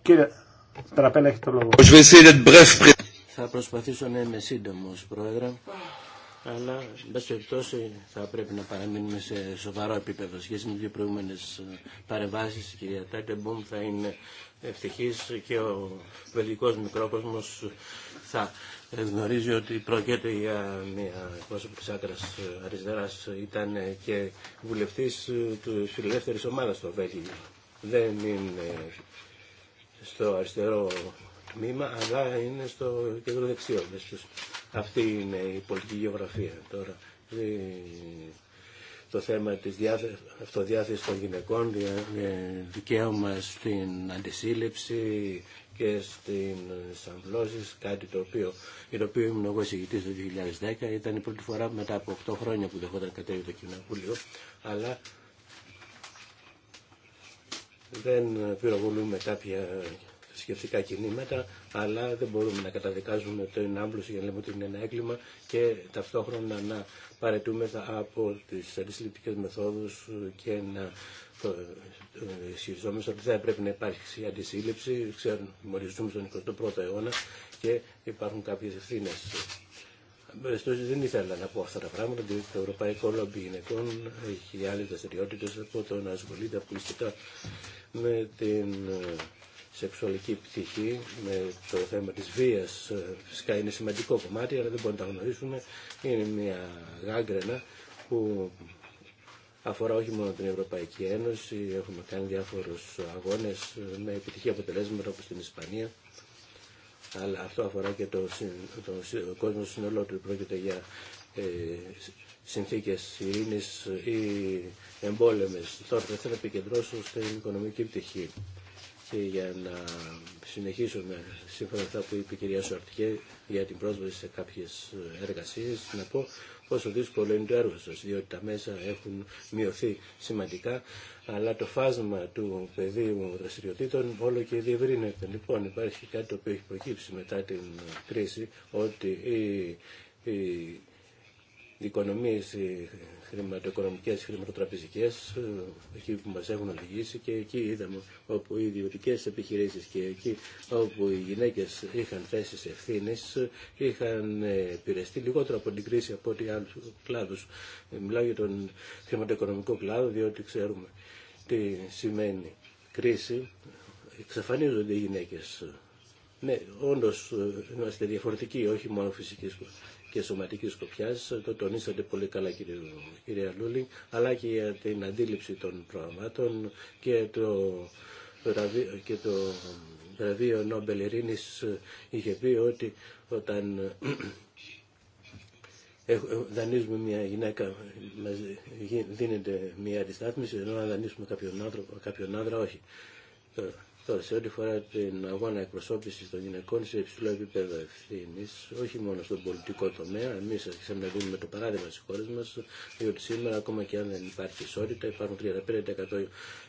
Κύριε θα προσπαθήσω να είμαι σύντομο, Πρόεδρε. Αλλά, εν πάση περιπτώσει, θα πρέπει να παραμείνουμε σε σοβαρό επίπεδο. Σχέση με τι δύο προηγούμενε παρεμβάσει, η κυρία Τάκεμπομ θα είναι ευτυχή και ο βελγικό μικρόκοσμο θα ε, γνωρίζει ότι πρόκειται για μια πρόσωπη τη άκρα ε, αριστερά. Ήταν ε, και βουλευτή τη φιλελεύθερη ομάδα στο Βέλγιο. Δεν είναι στο αριστερό τμήμα, αλλά είναι στο κέντρο δεξιό. Αυτή είναι η πολιτική γεωγραφία τώρα. Το θέμα της αυτοδιάθεσης των γυναικών, ε, δικαίωμα στην αντισύλληψη και στην ε, αμβλώσεις, κάτι το οποίο, για το οποίο ήμουν εγώ εισηγητής το 2010, ήταν η πρώτη φορά μετά από 8 χρόνια που δεχόταν κατέβει το Κοινοβούλιο, αλλά δεν πυροβολούμε κάποια θρησκευτικά κινήματα, αλλά δεν μπορούμε να καταδικάζουμε το ενάμπλωση για να λέμε ότι είναι ένα έγκλημα και ταυτόχρονα να παρετούμε από τις αντισυλληπτικές μεθόδους και να ε, ε, ισχυριζόμαστε ότι θα πρέπει να υπάρχει αντισύλληψη. Ξέρουμε, μοριστούμε στον 21ο αιώνα και υπάρχουν κάποιες ευθύνε. Ε, δεν ήθελα να πω αυτά τα πράγματα, διότι το Ευρωπαϊκό Λόμπι Γυναικών έχει άλλε δραστηριότητε από το να ασχολείται αποκλειστικά με την ε, σεξουαλική πτυχή, με το θέμα της βίας. Ε, φυσικά είναι σημαντικό κομμάτι, αλλά δεν μπορούμε να τα γνωρίσουμε. Είναι μια γάγκρενα που αφορά όχι μόνο την Ευρωπαϊκή Ένωση, έχουμε κάνει διάφορους αγώνες ε, με επιτυχή αποτελέσματα όπως στην Ισπανία, αλλά αυτό αφορά και το, το κόσμο συνολό του. Πρόκειται για συνθήκες ειρήνης ή εμπόλεμες. Τώρα θα ήθελα να επικεντρώσω στην οικονομική πτυχή. Και για να συνεχίσουμε σύμφωνα με αυτά που είπε η κυρία Σορτιέ για την πρόσβαση σε κάποιες εργασίες, να πω πόσο δύσκολο είναι το έργο σας, διότι τα μέσα έχουν μειωθεί σημαντικά, αλλά το φάσμα του πεδίου δραστηριοτήτων όλο και διευρύνεται. Λοιπόν, υπάρχει κάτι το οποίο έχει προκύψει μετά την κρίση, ότι η, οικονομίες, οι χρηματοοικονομικές, χρηματοτραπεζικές, ε, εκεί που μας έχουν οδηγήσει και εκεί είδαμε όπου οι ιδιωτικέ επιχειρήσεις και εκεί όπου οι γυναίκες είχαν θέσεις ευθύνης, είχαν ε, πειραστεί λιγότερο από την κρίση από ό,τι άλλους κλάδους. Ε, μιλάω για τον χρηματοοικονομικό κλάδο, διότι ξέρουμε τι σημαίνει κρίση. Εξαφανίζονται οι γυναίκες. Ναι, όντως είμαστε διαφορετικοί, όχι μόνο φυσική και σωματική σκοπιά. το τονίσατε πολύ καλά κύριε, κύριε αλλά και για την αντίληψη των προγραμμάτων και το, και το βραβείο Νόμπελ Ειρήνη είχε πει ότι όταν [CLEARS THROAT] ε, δανείζουμε μια γυναίκα, μας δίνεται μια αντιστάθμιση, ενώ αν δανείσουμε κάποιον άνδρα, κάποιον άνδρα όχι. Τώρα, σε ό,τι φορά την αγώνα εκπροσώπηση των γυναικών σε υψηλό επίπεδο ευθύνη, όχι μόνο στον πολιτικό τομέα, εμεί δίνουμε το παράδειγμα στι χώρε μα, διότι σήμερα, ακόμα και αν δεν υπάρχει ισότητα, υπάρχουν 35%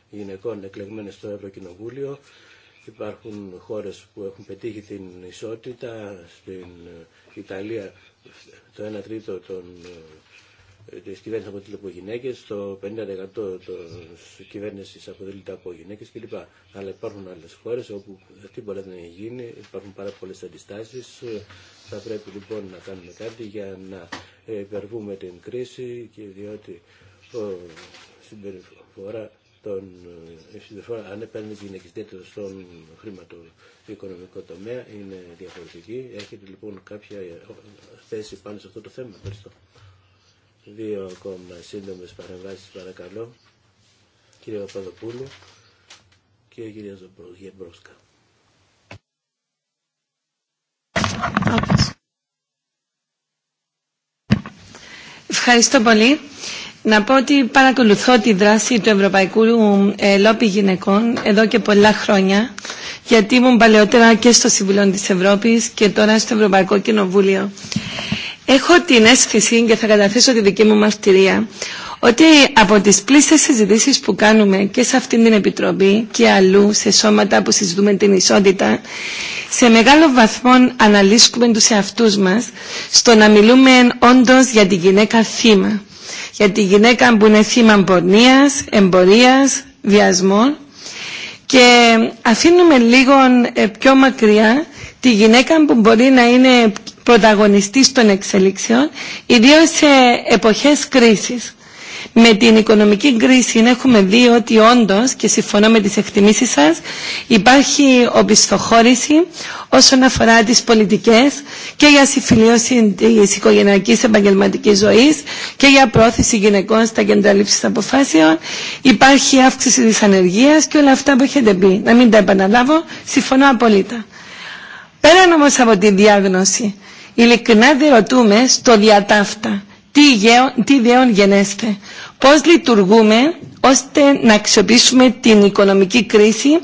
γυναικών εκλεγμένε στο Ευρωκοινοβούλιο. Υπάρχουν χώρε που έχουν πετύχει την ισότητα. Στην Ιταλία το 1 τρίτο των ε, της κυβέρνησης αποτελείται από γυναίκες, το 50% της κυβέρνησης αποτελείται από γυναίκες κλπ. Αλλά υπάρχουν άλλες χώρες όπου αυτή μπορεί να γίνει, υπάρχουν πάρα πολλές αντιστάσεις. Θα πρέπει λοιπόν να κάνουμε κάτι για να υπερβούμε την κρίση και διότι ο συμπεριφορά τον ε, συμπεριφορά αν επένδυνε γυναίκες τέτοιο στον χρηματοοικονομικό τομέα είναι διαφορετική. Έχετε λοιπόν κάποια ε, θέση πάνω σε αυτό το θέμα. Ευχαριστώ. Δύο ακόμα σύντομες παρεμβάσεις παρακαλώ. Κύριε Παπαδοπούλου και κύριε κυρία Ευχαριστώ πολύ. Να πω ότι παρακολουθώ τη δράση του Ευρωπαϊκού ε, Λόπι Γυναικών εδώ και πολλά χρόνια, γιατί ήμουν παλαιότερα και στο Συμβουλίο της Ευρώπης και τώρα στο Ευρωπαϊκό Κοινοβούλιο. Έχω την αίσθηση και θα καταθέσω τη δική μου μαρτυρία ότι από τις πλήστες συζητήσεις που κάνουμε και σε αυτήν την Επιτροπή και αλλού σε σώματα που συζητούμε την ισότητα σε μεγάλο βαθμό αναλύσκουμε τους εαυτούς μας στο να μιλούμε όντως για τη γυναίκα θύμα για τη γυναίκα που είναι θύμα πορνείας, εμπορίας, βιασμών και αφήνουμε λίγο ε, πιο μακριά τη γυναίκα που μπορεί να είναι πρωταγωνιστής των εξελίξεων, ιδίως σε εποχές κρίσης. Με την οικονομική κρίση έχουμε δει ότι όντω και συμφωνώ με τις εκτιμήσεις σας υπάρχει οπισθοχώρηση όσον αφορά τις πολιτικές και για συμφιλίωση της οικογενειακής επαγγελματικής ζωής και για πρόθεση γυναικών στα κέντρα λήψης αποφάσεων. Υπάρχει αύξηση της ανεργίας και όλα αυτά που έχετε πει. Να μην τα επαναλάβω, συμφωνώ απολύτω. Πέραν όμως από τη διάγνωση, Ειλικρινά ρωτούμε στο διατάφτα τι, τι ιδέων γενέστε, πώς λειτουργούμε ώστε να αξιοποιήσουμε την οικονομική κρίση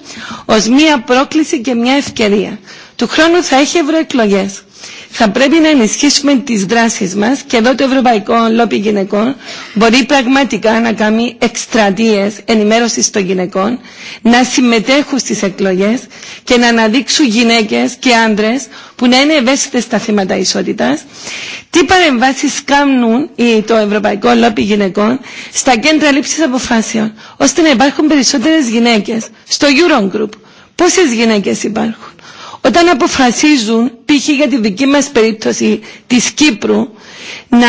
ως μία πρόκληση και μία ευκαιρία. Του χρόνου θα έχει ευρωεκλογές. Θα πρέπει να ενισχύσουμε τις δράσεις μας και εδώ το Ευρωπαϊκό Λόπι Γυναικών μπορεί πραγματικά να κάνει εκστρατείε ενημέρωσης των γυναικών, να συμμετέχουν στις εκλογές και να αναδείξουν γυναίκες και άντρες που να είναι ευαίσθητες στα θέματα ισότητας. Τι παρεμβάσεις κάνουν το Ευρωπαϊκό Λόπι Γυναικών στα κέντρα λήψης αποφάσεων, ώστε να υπάρχουν περισσότερες γυναίκες στο Eurogroup. Πόσες γυναίκες υπάρχουν. Όταν αποφασίζουν, π.χ. για τη δική μας περίπτωση της Κύπρου, να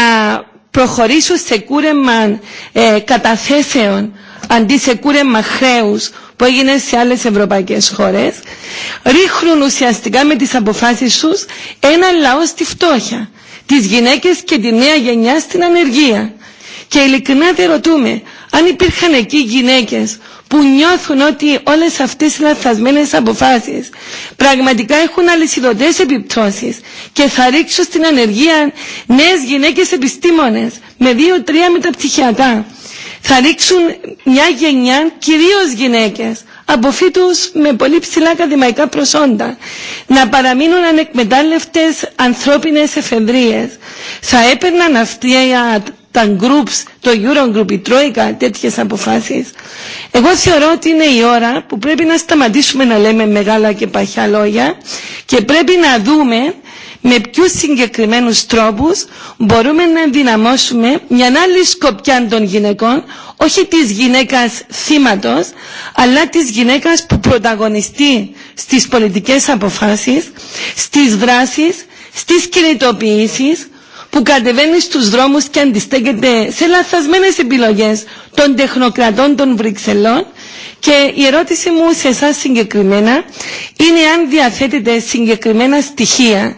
προχωρήσουν σε κούρεμα ε, καταθέσεων αντί σε κούρεμα χρέου που έγινε σε άλλες ευρωπαϊκές χώρες, ρίχνουν ουσιαστικά με τις αποφάσεις τους ένα λαό στη φτώχεια, τις γυναίκες και τη νέα γενιά στην ανεργία. Και ειλικρινά δεν ρωτούμε αν υπήρχαν εκεί γυναίκες που νιώθουν ότι όλες αυτές οι λαθασμένες αποφάσεις πραγματικά έχουν αλυσιδωτές επιπτώσεις και θα ρίξουν στην ανεργία νέες γυναίκες επιστήμονες με δύο-τρία μεταπτυχιακά. Θα ρίξουν μια γενιά κυρίως γυναίκες από φύτους με πολύ ψηλά ακαδημαϊκά προσόντα να παραμείνουν ανεκμετάλλευτες ανθρώπινες εφεδρίες. Θα έπαιρναν αυτοί τα groups, το Eurogroup, η Τρόικα, τέτοιε αποφάσει. Εγώ θεωρώ ότι είναι η ώρα που πρέπει να σταματήσουμε να λέμε μεγάλα και παχιά λόγια και πρέπει να δούμε με ποιου συγκεκριμένου τρόπου μπορούμε να ενδυναμώσουμε μια άλλη σκοπιά των γυναικών, όχι τη γυναίκα θύματο, αλλά τη γυναίκα που πρωταγωνιστεί στι πολιτικέ αποφάσει, στι δράσει, στι κινητοποιήσεις που κατεβαίνει στους δρόμους και αντιστέκεται σε λαθασμένες επιλογές των τεχνοκρατών των Βρυξελών και η ερώτηση μου σε εσά συγκεκριμένα είναι αν διαθέτετε συγκεκριμένα στοιχεία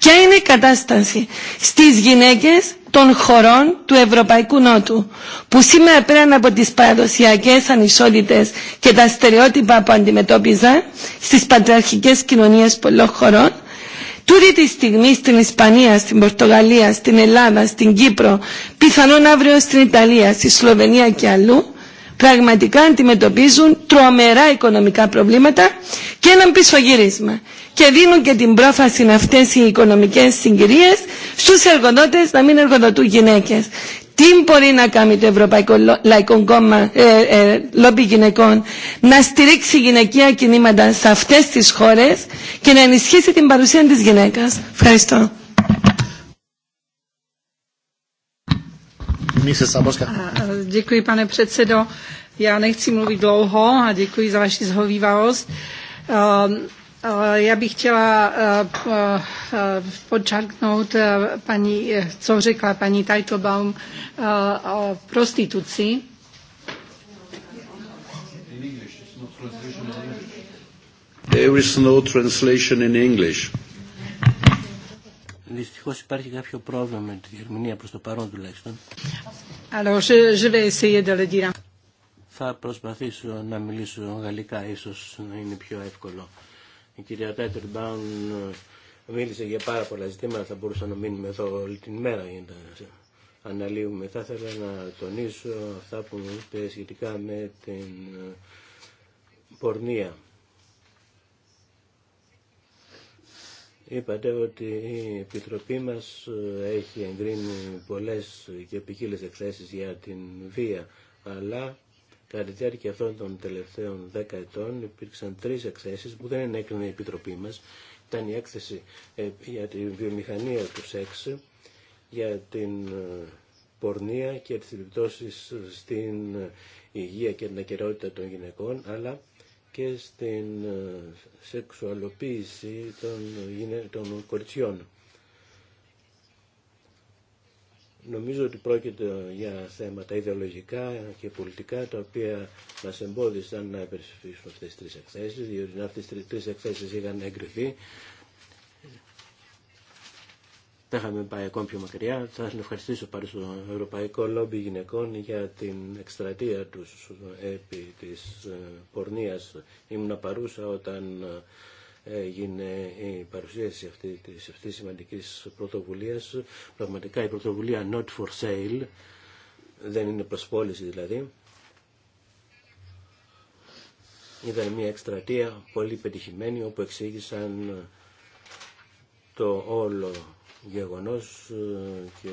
ποια είναι η κατάσταση στις γυναίκες των χωρών του Ευρωπαϊκού Νότου που σήμερα πέραν από τις παραδοσιακές ανισότητες και τα στερεότυπα που αντιμετώπιζαν στις πατριαρχικές κοινωνίες πολλών χωρών Τούτη τη στιγμή στην Ισπανία, στην Πορτογαλία, στην Ελλάδα, στην Κύπρο, πιθανόν αύριο στην Ιταλία, στη Σλοβενία και αλλού, πραγματικά αντιμετωπίζουν τρομερά οικονομικά προβλήματα και έναν πισωγύρισμα. Και δίνουν και την πρόφαση αυτέ οι οικονομικέ συγκυρίε στου εργοδότε να μην εργοδοτούν γυναίκε. Τι μπορεί να κάνει το Ευρωπαϊκό Λαϊκό Κόμμα, ε, ε, Λόμπι Γυναικών, να στηρίξει γυναικεία κινήματα σε αυτές τις χώρες και να ενισχύσει την παρουσία της γυναίκας. Ευχαριστώ. Děkuji, pane předsedo. Já nechci mluvit dlouho a děkuji za vaši zhovývavost. Ehm, Já bych chtěla podčarknout, paní, co řekla paní Teitelbaum o prostituci. There is no translation in English. Δυστυχώς υπάρχει κάποιο πρόβλημα με τη διερμηνία προς το παρόν τουλάχιστον. Alors, je, je vais essayer de le dire. Θα προσπαθήσω να μιλήσω γαλλικά, ίσως να είναι πιο εύκολο. Η κυρία Μπάουν ε, μίλησε για πάρα πολλά ζητήματα, θα μπορούσαμε να μείνουμε εδώ όλη την μέρα για να τα αναλύουμε. Θα ήθελα να τονίσω αυτά που μου είπε σχετικά με την ε, πορνεία. Είπατε ότι η Επιτροπή μας ε, έχει εγκρίνει πολλές και ποικίλε εκθέσεις για την βία, αλλά Κατά τη διάρκεια αυτών των τελευταίων δέκα ετών υπήρξαν τρεις εκθέσεις που δεν ενέκρινε η Επιτροπή μας. Ήταν η έκθεση ε, για τη βιομηχανία του σεξ, για την ε, πορνεία και τι επιπτώσει στην ε, υγεία και την ακαιρεότητα των γυναικών, αλλά και στην σεξουαλοποίηση των, των κοριτσιών. Νομίζω ότι πρόκειται για θέματα ιδεολογικά και πολιτικά τα οποία μας εμπόδισαν να υπερσυφίσουμε αυτές τις τρεις εκθέσεις, διότι αυτές τις τρεις εκθέσεις είχαν εγκριθεί. Τα είχαμε πάει ακόμη πιο μακριά. Θα σα ευχαριστήσω πάλι στο Ευρωπαϊκό Λόμπι Γυναικών για την εκστρατεία τους επί της ε, πορνείας. Ήμουν παρούσα όταν ε, έγινε η παρουσίαση αυτή της αυτής σημαντικής πρωτοβουλίας. Πραγματικά η πρωτοβουλία Not for Sale δεν είναι προσπόληση δηλαδή. Ήταν μια εκστρατεία πολύ πετυχημένη όπου εξήγησαν το όλο γεγονός ε, και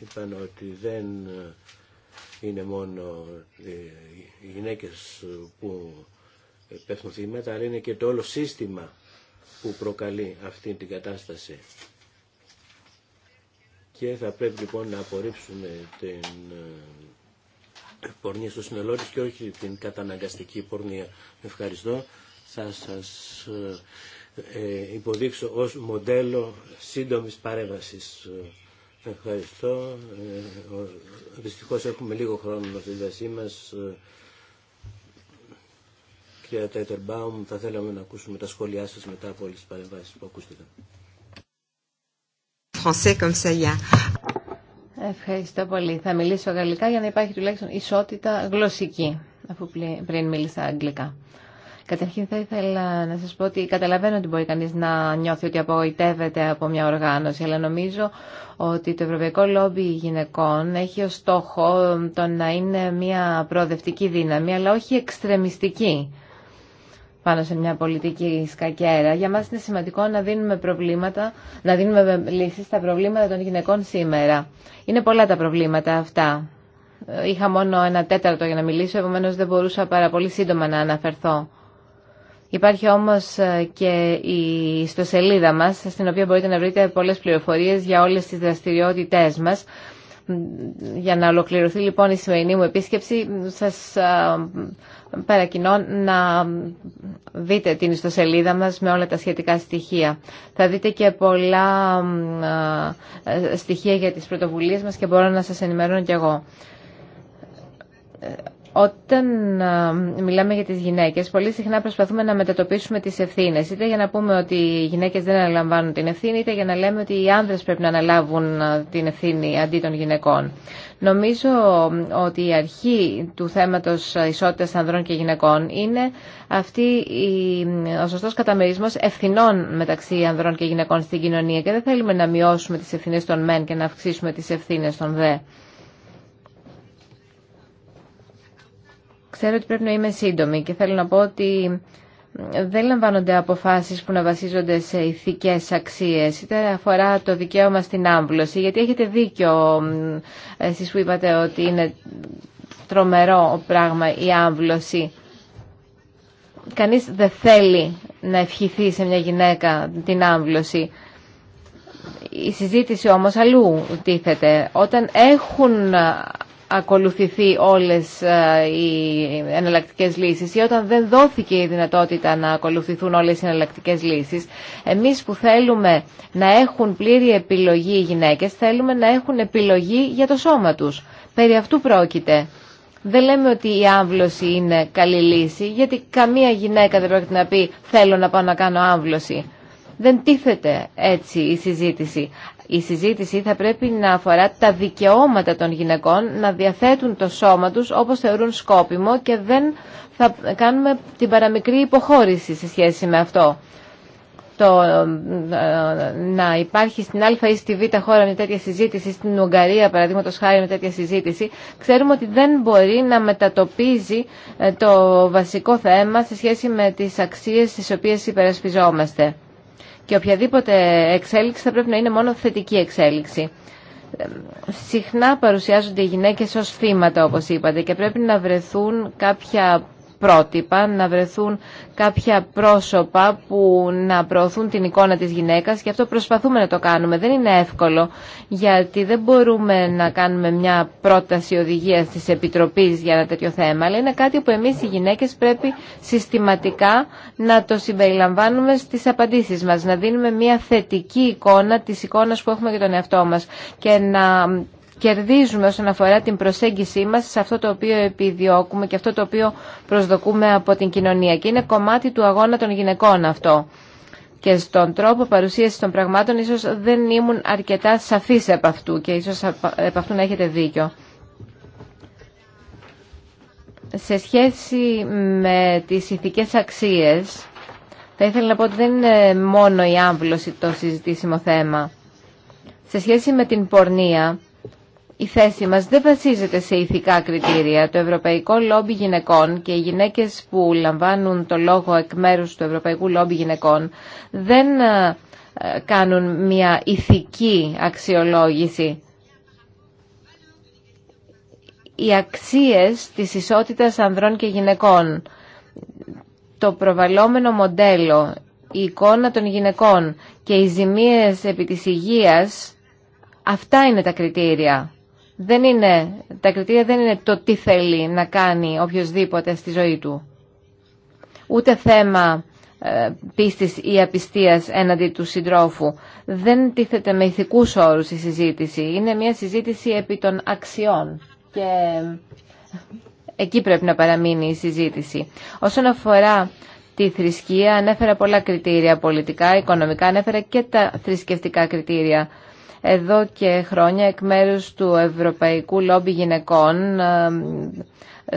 είπαν ότι δεν είναι μόνο ε, οι γυναίκες που πέφτουν θύματα, αλλά είναι και το όλο σύστημα που προκαλεί αυτή την κατάσταση. Και θα πρέπει λοιπόν να απορρίψουμε την ε, πορνεία στο συνολό της και όχι την καταναγκαστική πορνεία. Ευχαριστώ. Θα σας ε, ε, υποδείξω ως μοντέλο σύντομης παρέμβασης. Ευχαριστώ. Δυστυχώς έχουμε λίγο χρόνο στη διδασή μας κυρία Τέτερμπαουμ, θα θέλαμε να ακούσουμε τα σχόλιά σας μετά από όλες τις παρεμβάσεις που ακούστηκαν. Ευχαριστώ πολύ. Θα μιλήσω γαλλικά για να υπάρχει τουλάχιστον ισότητα γλωσσική, αφού πριν μίλησα αγγλικά. Καταρχήν θα ήθελα να σας πω ότι καταλαβαίνω ότι μπορεί κανείς να νιώθει ότι απογοητεύεται από μια οργάνωση, αλλά νομίζω ότι το Ευρωπαϊκό Λόμπι Γυναικών έχει ως στόχο το να είναι μια προοδευτική δύναμη, αλλά όχι εξτρεμιστική πάνω σε μια πολιτική σκακέρα. Για μας είναι σημαντικό να δίνουμε, προβλήματα, να δίνουμε λύσεις στα προβλήματα των γυναικών σήμερα. Είναι πολλά τα προβλήματα αυτά. Είχα μόνο ένα τέταρτο για να μιλήσω, επομένω δεν μπορούσα πάρα πολύ σύντομα να αναφερθώ. Υπάρχει όμως ε, και η σελίδα μας, στην οποία μπορείτε να βρείτε πολλές πληροφορίες για όλες τις δραστηριότητές μας, για να ολοκληρωθεί λοιπόν η σημερινή μου επίσκεψη, σας παρακινώ να δείτε την ιστοσελίδα μας με όλα τα σχετικά στοιχεία. Θα δείτε και πολλά στοιχεία για τις πρωτοβουλίες μας και μπορώ να σας ενημερώνω κι εγώ. Όταν ε, μιλάμε για τις γυναίκες, πολύ συχνά προσπαθούμε να μετατοπίσουμε τις ευθύνες, είτε για να πούμε ότι οι γυναίκες δεν αναλαμβάνουν την ευθύνη, είτε για να λέμε ότι οι άνδρες πρέπει να αναλάβουν ε, την ευθύνη αντί των γυναικών. Νομίζω ε, ότι η αρχή του θέματος ισότητας ανδρών και γυναικών είναι αυτή η, ο σωστός καταμερισμό ευθυνών μεταξύ ανδρών και γυναικών στην κοινωνία και δεν θέλουμε να μειώσουμε τις ευθύνες των μεν και να αυξήσουμε τις ευθύνε των δε. Ξέρω ότι πρέπει να είμαι σύντομη και θέλω να πω ότι δεν λαμβάνονται αποφάσεις που να βασίζονται σε ηθικές αξίες είτε αφορά το δικαίωμα στην άμβλωση γιατί έχετε δίκιο εσείς που είπατε ότι είναι τρομερό πράγμα η άμβλωση κανείς δεν θέλει να ευχηθεί σε μια γυναίκα την άμβλωση η συζήτηση όμως αλλού τίθεται όταν έχουν ακολουθηθεί όλες ε, οι εναλλακτικέ λύσεις ή όταν δεν δόθηκε η δυνατότητα να ακολουθηθούν όλες οι εναλλακτικέ λύσεις, εμείς που θέλουμε να έχουν πλήρη επιλογή οι γυναίκες, θέλουμε να έχουν επιλογή για το σώμα τους. Περί αυτού πρόκειται. Δεν λέμε ότι η άμβλωση είναι καλή λύση, γιατί καμία γυναίκα δεν πρόκειται να πει θέλω να πάω να κάνω άμβλωση. Δεν τίθεται έτσι η συζήτηση. Η συζήτηση θα πρέπει να αφορά τα δικαιώματα των γυναικών να διαθέτουν το σώμα τους όπως θεωρούν σκόπιμο και δεν θα κάνουμε την παραμικρή υποχώρηση σε σχέση με αυτό. Το ε, να υπάρχει στην Α ή στη Β χώρα μια τέτοια συζήτηση, στην Ουγγαρία παραδείγματο χάρη μια τέτοια συζήτηση, ξέρουμε ότι δεν μπορεί να μετατοπίζει ε, το βασικό θέμα σε σχέση με τις αξίες τις οποίες υπερασπιζόμαστε και οποιαδήποτε εξέλιξη θα πρέπει να είναι μόνο θετική εξέλιξη. Συχνά παρουσιάζονται οι γυναίκες ως θύματα, όπως είπατε, και πρέπει να βρεθούν κάποια πρότυπα, να βρεθούν κάποια πρόσωπα που να προωθούν την εικόνα της γυναίκας και αυτό προσπαθούμε να το κάνουμε. Δεν είναι εύκολο γιατί δεν μπορούμε να κάνουμε μια πρόταση οδηγίας της Επιτροπής για ένα τέτοιο θέμα, αλλά είναι κάτι που εμείς οι γυναίκες πρέπει συστηματικά να το συμπεριλαμβάνουμε στις απαντήσεις μας, να δίνουμε μια θετική εικόνα της εικόνας που έχουμε για τον εαυτό μας και να κερδίζουμε όσον αφορά την προσέγγιση μας σε αυτό το οποίο επιδιώκουμε και αυτό το οποίο προσδοκούμε από την κοινωνία. Και είναι κομμάτι του αγώνα των γυναικών αυτό. Και στον τρόπο παρουσίαση των πραγμάτων ίσως δεν ήμουν αρκετά σαφής επ' αυτού και ίσως επ' αυτού να έχετε δίκιο. Σε σχέση με τις ηθικές αξίες, θα ήθελα να πω ότι δεν είναι μόνο η άμβλωση το συζητήσιμο θέμα. Σε σχέση με την πορνεία, η θέση μας δεν βασίζεται σε ηθικά κριτήρια. Το Ευρωπαϊκό Λόμπι Γυναικών και οι γυναίκες που λαμβάνουν το λόγο εκ μέρους του Ευρωπαϊκού Λόμπι Γυναικών δεν ε, κάνουν μια ηθική αξιολόγηση. Οι αξίες της ισότητας ανδρών και γυναικών, το προβαλλόμενο μοντέλο, η εικόνα των γυναικών και οι ζημίες επί της υγείας, αυτά είναι τα κριτήρια. Δεν είναι, τα κριτήρια δεν είναι το τι θέλει να κάνει οποιοδήποτε στη ζωή του. Ούτε θέμα ε, πίστης ή απιστίας έναντι του συντρόφου. Δεν τίθεται με ηθικούς όρους η συζήτηση. Είναι μια συζήτηση επί των αξιών. Και ε, εκεί πρέπει να παραμείνει η συζήτηση. Όσον αφορά τη θρησκεία, ανέφερα πολλά κριτήρια πολιτικά, οικονομικά, ανέφερα και τα θρησκευτικά κριτήρια εδώ και χρόνια εκ μέρους του Ευρωπαϊκού Λόμπι Γυναικών ε,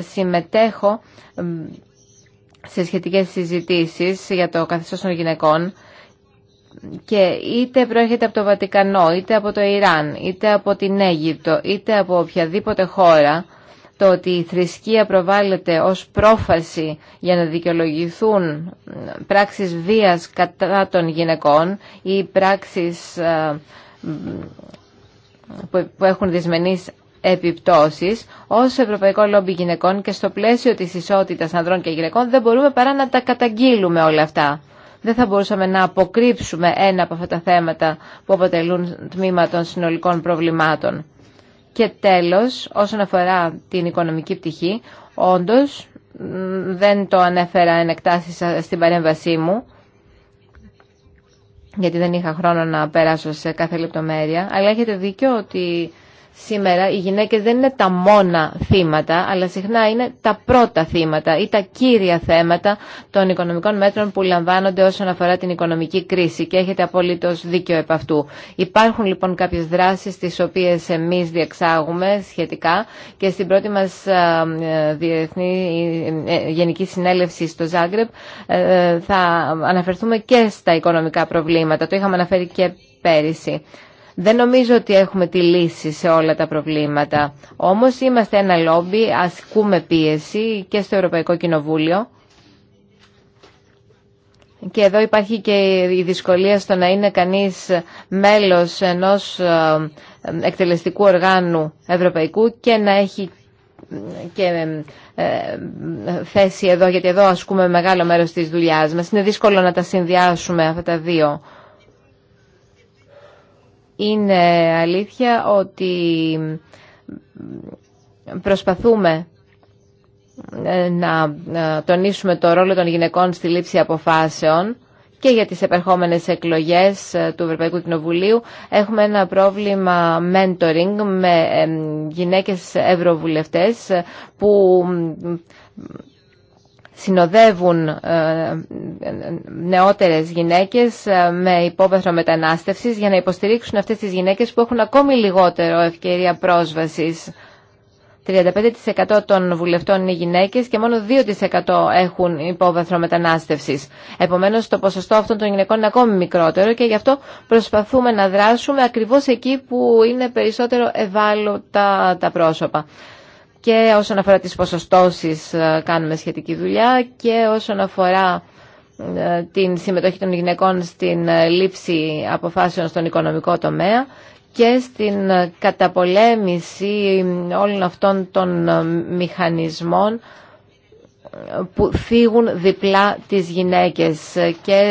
συμμετέχω ε, σε σχετικές συζητήσεις για το καθεστώς των γυναικών και είτε προέρχεται από το Βατικανό, είτε από το Ιράν, είτε από την Αίγυπτο, είτε από οποιαδήποτε χώρα, το ότι η θρησκεία προβάλλεται ως πρόφαση για να δικαιολογηθούν πράξεις βίας κατά των γυναικών ή πράξεις ε, που έχουν δυσμενείς επιπτώσεις ως Ευρωπαϊκό Λόμπι Γυναικών και στο πλαίσιο της ισότητας ανδρών και γυναικών δεν μπορούμε παρά να τα καταγγείλουμε όλα αυτά. Δεν θα μπορούσαμε να αποκρύψουμε ένα από αυτά τα θέματα που αποτελούν τμήμα των συνολικών προβλημάτων. Και τέλος, όσον αφορά την οικονομική πτυχή, όντως δεν το ανέφερα εν εκτάσεις στην παρέμβασή μου, γιατί δεν είχα χρόνο να περάσω σε κάθε λεπτομέρεια, αλλά έχετε δίκιο ότι Σήμερα οι γυναίκες δεν είναι τα μόνα θύματα, αλλά συχνά είναι τα πρώτα θύματα ή τα κύρια θέματα των οικονομικών μέτρων που λαμβάνονται όσον αφορά την οικονομική κρίση και έχετε απολύτω δίκιο επ' αυτού. Υπάρχουν λοιπόν κάποιες δράσεις τις οποίες εμείς διεξάγουμε σχετικά και στην πρώτη μας διεθνή ε, ε, Γενική Συνέλευση στο Ζάγκρεπ ε, θα αναφερθούμε και στα οικονομικά προβλήματα. Το είχαμε αναφέρει και πέρυσι. Δεν νομίζω ότι έχουμε τη λύση σε όλα τα προβλήματα. Όμως είμαστε ένα λόμπι, ασκούμε πίεση και στο Ευρωπαϊκό Κοινοβούλιο. Και εδώ υπάρχει και η δυσκολία στο να είναι κανείς μέλος ενός ε, εκτελεστικού οργάνου ευρωπαϊκού και να έχει και ε, θέση εδώ, γιατί εδώ ασκούμε μεγάλο μέρος της δουλειάς μας. Είναι δύσκολο να τα συνδυάσουμε αυτά τα δύο. Είναι αλήθεια ότι προσπαθούμε ε, να ε, τονίσουμε το ρόλο των γυναικών στη λήψη αποφάσεων και για τις επερχόμενες εκλογές ε, του Ευρωπαϊκού Κοινοβουλίου έχουμε ένα πρόβλημα mentoring με γυναίκες ευρωβουλευτές που συνοδεύουν ε, νεότερες γυναίκες ε, με υπόβαθρο μετανάστευσης για να υποστηρίξουν αυτές τις γυναίκες που έχουν ακόμη λιγότερο ευκαιρία πρόσβασης. 35% των βουλευτών είναι γυναίκες και μόνο 2% έχουν υπόβαθρο μετανάστευσης. Επομένως το ποσοστό αυτών των γυναικών είναι ακόμη μικρότερο και γι' αυτό προσπαθούμε να δράσουμε ακριβώς εκεί που είναι περισσότερο ευάλωτα τα πρόσωπα και όσον αφορά τις ποσοστώσεις ε, κάνουμε σχετική δουλειά και όσον αφορά ε, την συμμετοχή των γυναικών στην ε, λήψη αποφάσεων στον οικονομικό τομέα και στην καταπολέμηση όλων αυτών των μηχανισμών που φύγουν διπλά τις γυναίκες και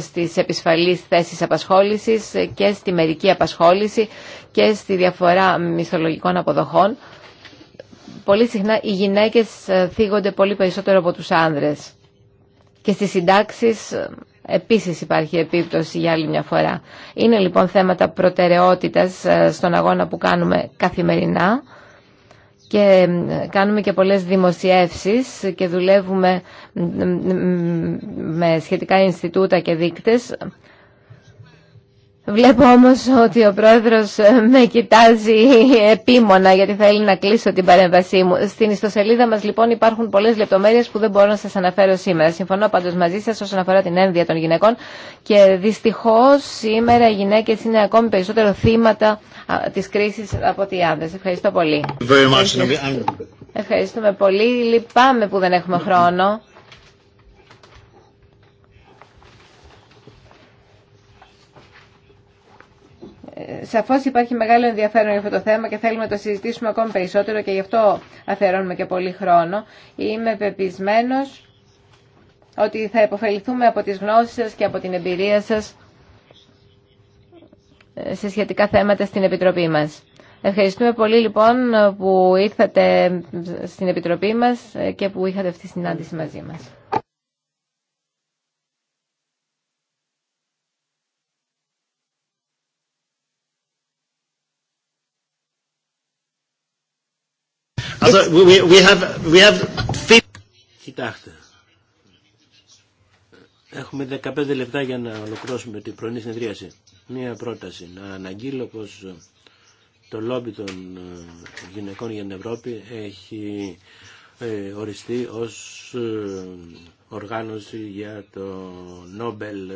στις επισφαλείς θέσεις απασχόλησης και στη μερική απασχόληση και στη διαφορά μισθολογικών αποδοχών πολύ συχνά οι γυναίκες ε, θίγονται πολύ περισσότερο από τους άνδρες. Και στις συντάξεις ε, επίσης υπάρχει επίπτωση για άλλη μια φορά. Είναι λοιπόν θέματα προτεραιότητας ε, στον αγώνα που κάνουμε καθημερινά και κάνουμε και πολλές δημοσιεύσεις και δουλεύουμε με σχετικά Ινστιτούτα και δείκτες Βλέπω όμως ότι ο πρόεδρος ε, με κοιτάζει επίμονα γιατί θέλει να κλείσω την παρέμβασή μου. Στην ιστοσελίδα μας λοιπόν υπάρχουν πολλές λεπτομέρειες που δεν μπορώ να σας αναφέρω σήμερα. Συμφωνώ πάντως μαζί σας όσον αφορά την ένδυα των γυναικών και δυστυχώς σήμερα οι γυναίκες είναι ακόμη περισσότερο θύματα της κρίσης από ότι οι Ευχαριστώ πολύ. Ευχαριστούμε πολύ. Λυπάμαι που δεν έχουμε χρόνο. Σαφώς υπάρχει μεγάλο ενδιαφέρον για αυτό το θέμα και θέλουμε να το συζητήσουμε ακόμη περισσότερο και γι' αυτό αφαιρώνουμε και πολύ χρόνο. Είμαι πεπισμένο ότι θα υποφεληθούμε από τις γνώσεις σας και από την εμπειρία σας ε, σε σχετικά θέματα στην Επιτροπή μας. Ευχαριστούμε πολύ λοιπόν που ήρθατε στην Επιτροπή μας και που είχατε αυτή τη συνάντηση μαζί μας. Also, we, we have, we have... Κοιτάξτε. Έχουμε 15 λεπτά για να ολοκληρώσουμε την πρωινή συνεδρίαση. Μία πρόταση. Να αναγγείλω πως ε, το λόμπι των ε, γυναικών για την Ευρώπη έχει ε, οριστεί ως οργάνωση για το Νόμπελ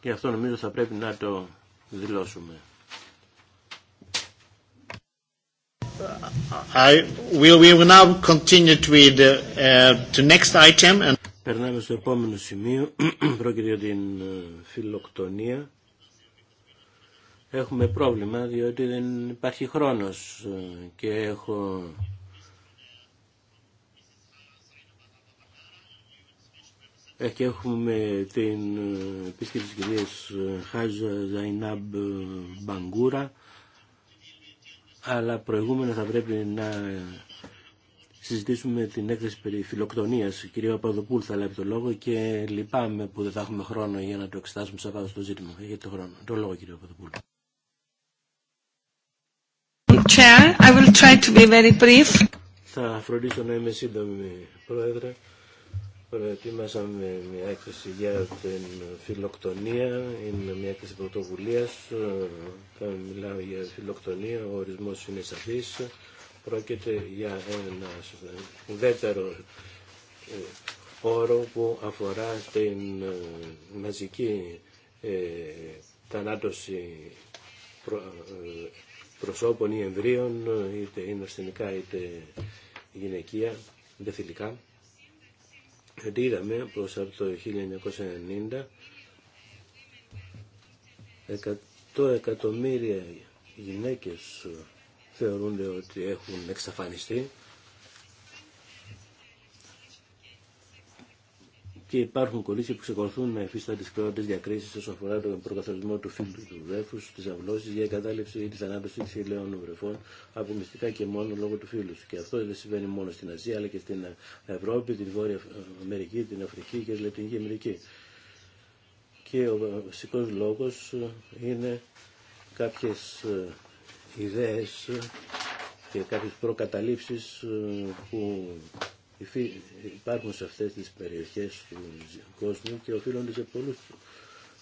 και αυτό νομίζω θα πρέπει να το δηλώσουμε. Περνάμε στο επόμενο σημείο. [CLEARS THROAT] Πρόκειται για την ε, φιλοκτονία. Έχουμε πρόβλημα διότι δεν υπάρχει χρόνος ε, και έχω ε, και έχουμε την επίσκεψη της κυρίας Χάζα Ζαϊνάμπ Μπαγκούρα αλλά προηγούμενα θα πρέπει να συζητήσουμε την έκθεση περί φιλοκτονίας. Η κυρία Παδοπούλ θα λάβει το λόγο και λυπάμαι που δεν θα έχουμε χρόνο για να το εξετάσουμε σαν πάνω στο ζήτημα. Έχετε το χρόνο. Το λόγο κύριε Παδοπούλ. Chair, I will try to be very brief. Θα φροντίσω να είμαι σύντομη, Πρόεδρε. Προετοίμασαμε μια έκθεση για την φιλοκτονία, είναι μια έκθεση πρωτοβουλία. Μιλάω για φιλοκτονία, ο ορισμό είναι σαφή. Πρόκειται για ένα ουδέτερο ε, όρο που αφορά την ε, μαζική ε, θανάτωση προσώπων ή εμβρίων, είτε είναι ασθενικά είτε γυναικεία, δεν γιατί είδαμε από το 1990 Εκατό εκατομμύρια γυναίκες θεωρούνται ότι έχουν εξαφανιστεί και υπάρχουν κολλήσει που ξεκολουθούν με φύστα τι πρώτε διακρίσει όσον αφορά τον προκαθορισμό του φίλου του βρέφου, τι αυλώσει για εγκατάλειψη ή τη ανάπτυξη τη ηλαιών βρεφών μυστικά και μόνο λόγω του φίλου. Και αυτό δεν συμβαίνει μόνο στην Ασία αλλά και στην Ευρώπη, την Βόρεια Αμερική, την Αφρική και τη Λατινική Αμερική. Και ο βασικό λόγο είναι κάποιε ε, ιδέε και κάποιε προκαταλήψει ε, που υπάρχουν σε αυτές τις περιοχές του κόσμου και οφείλονται σε πολλούς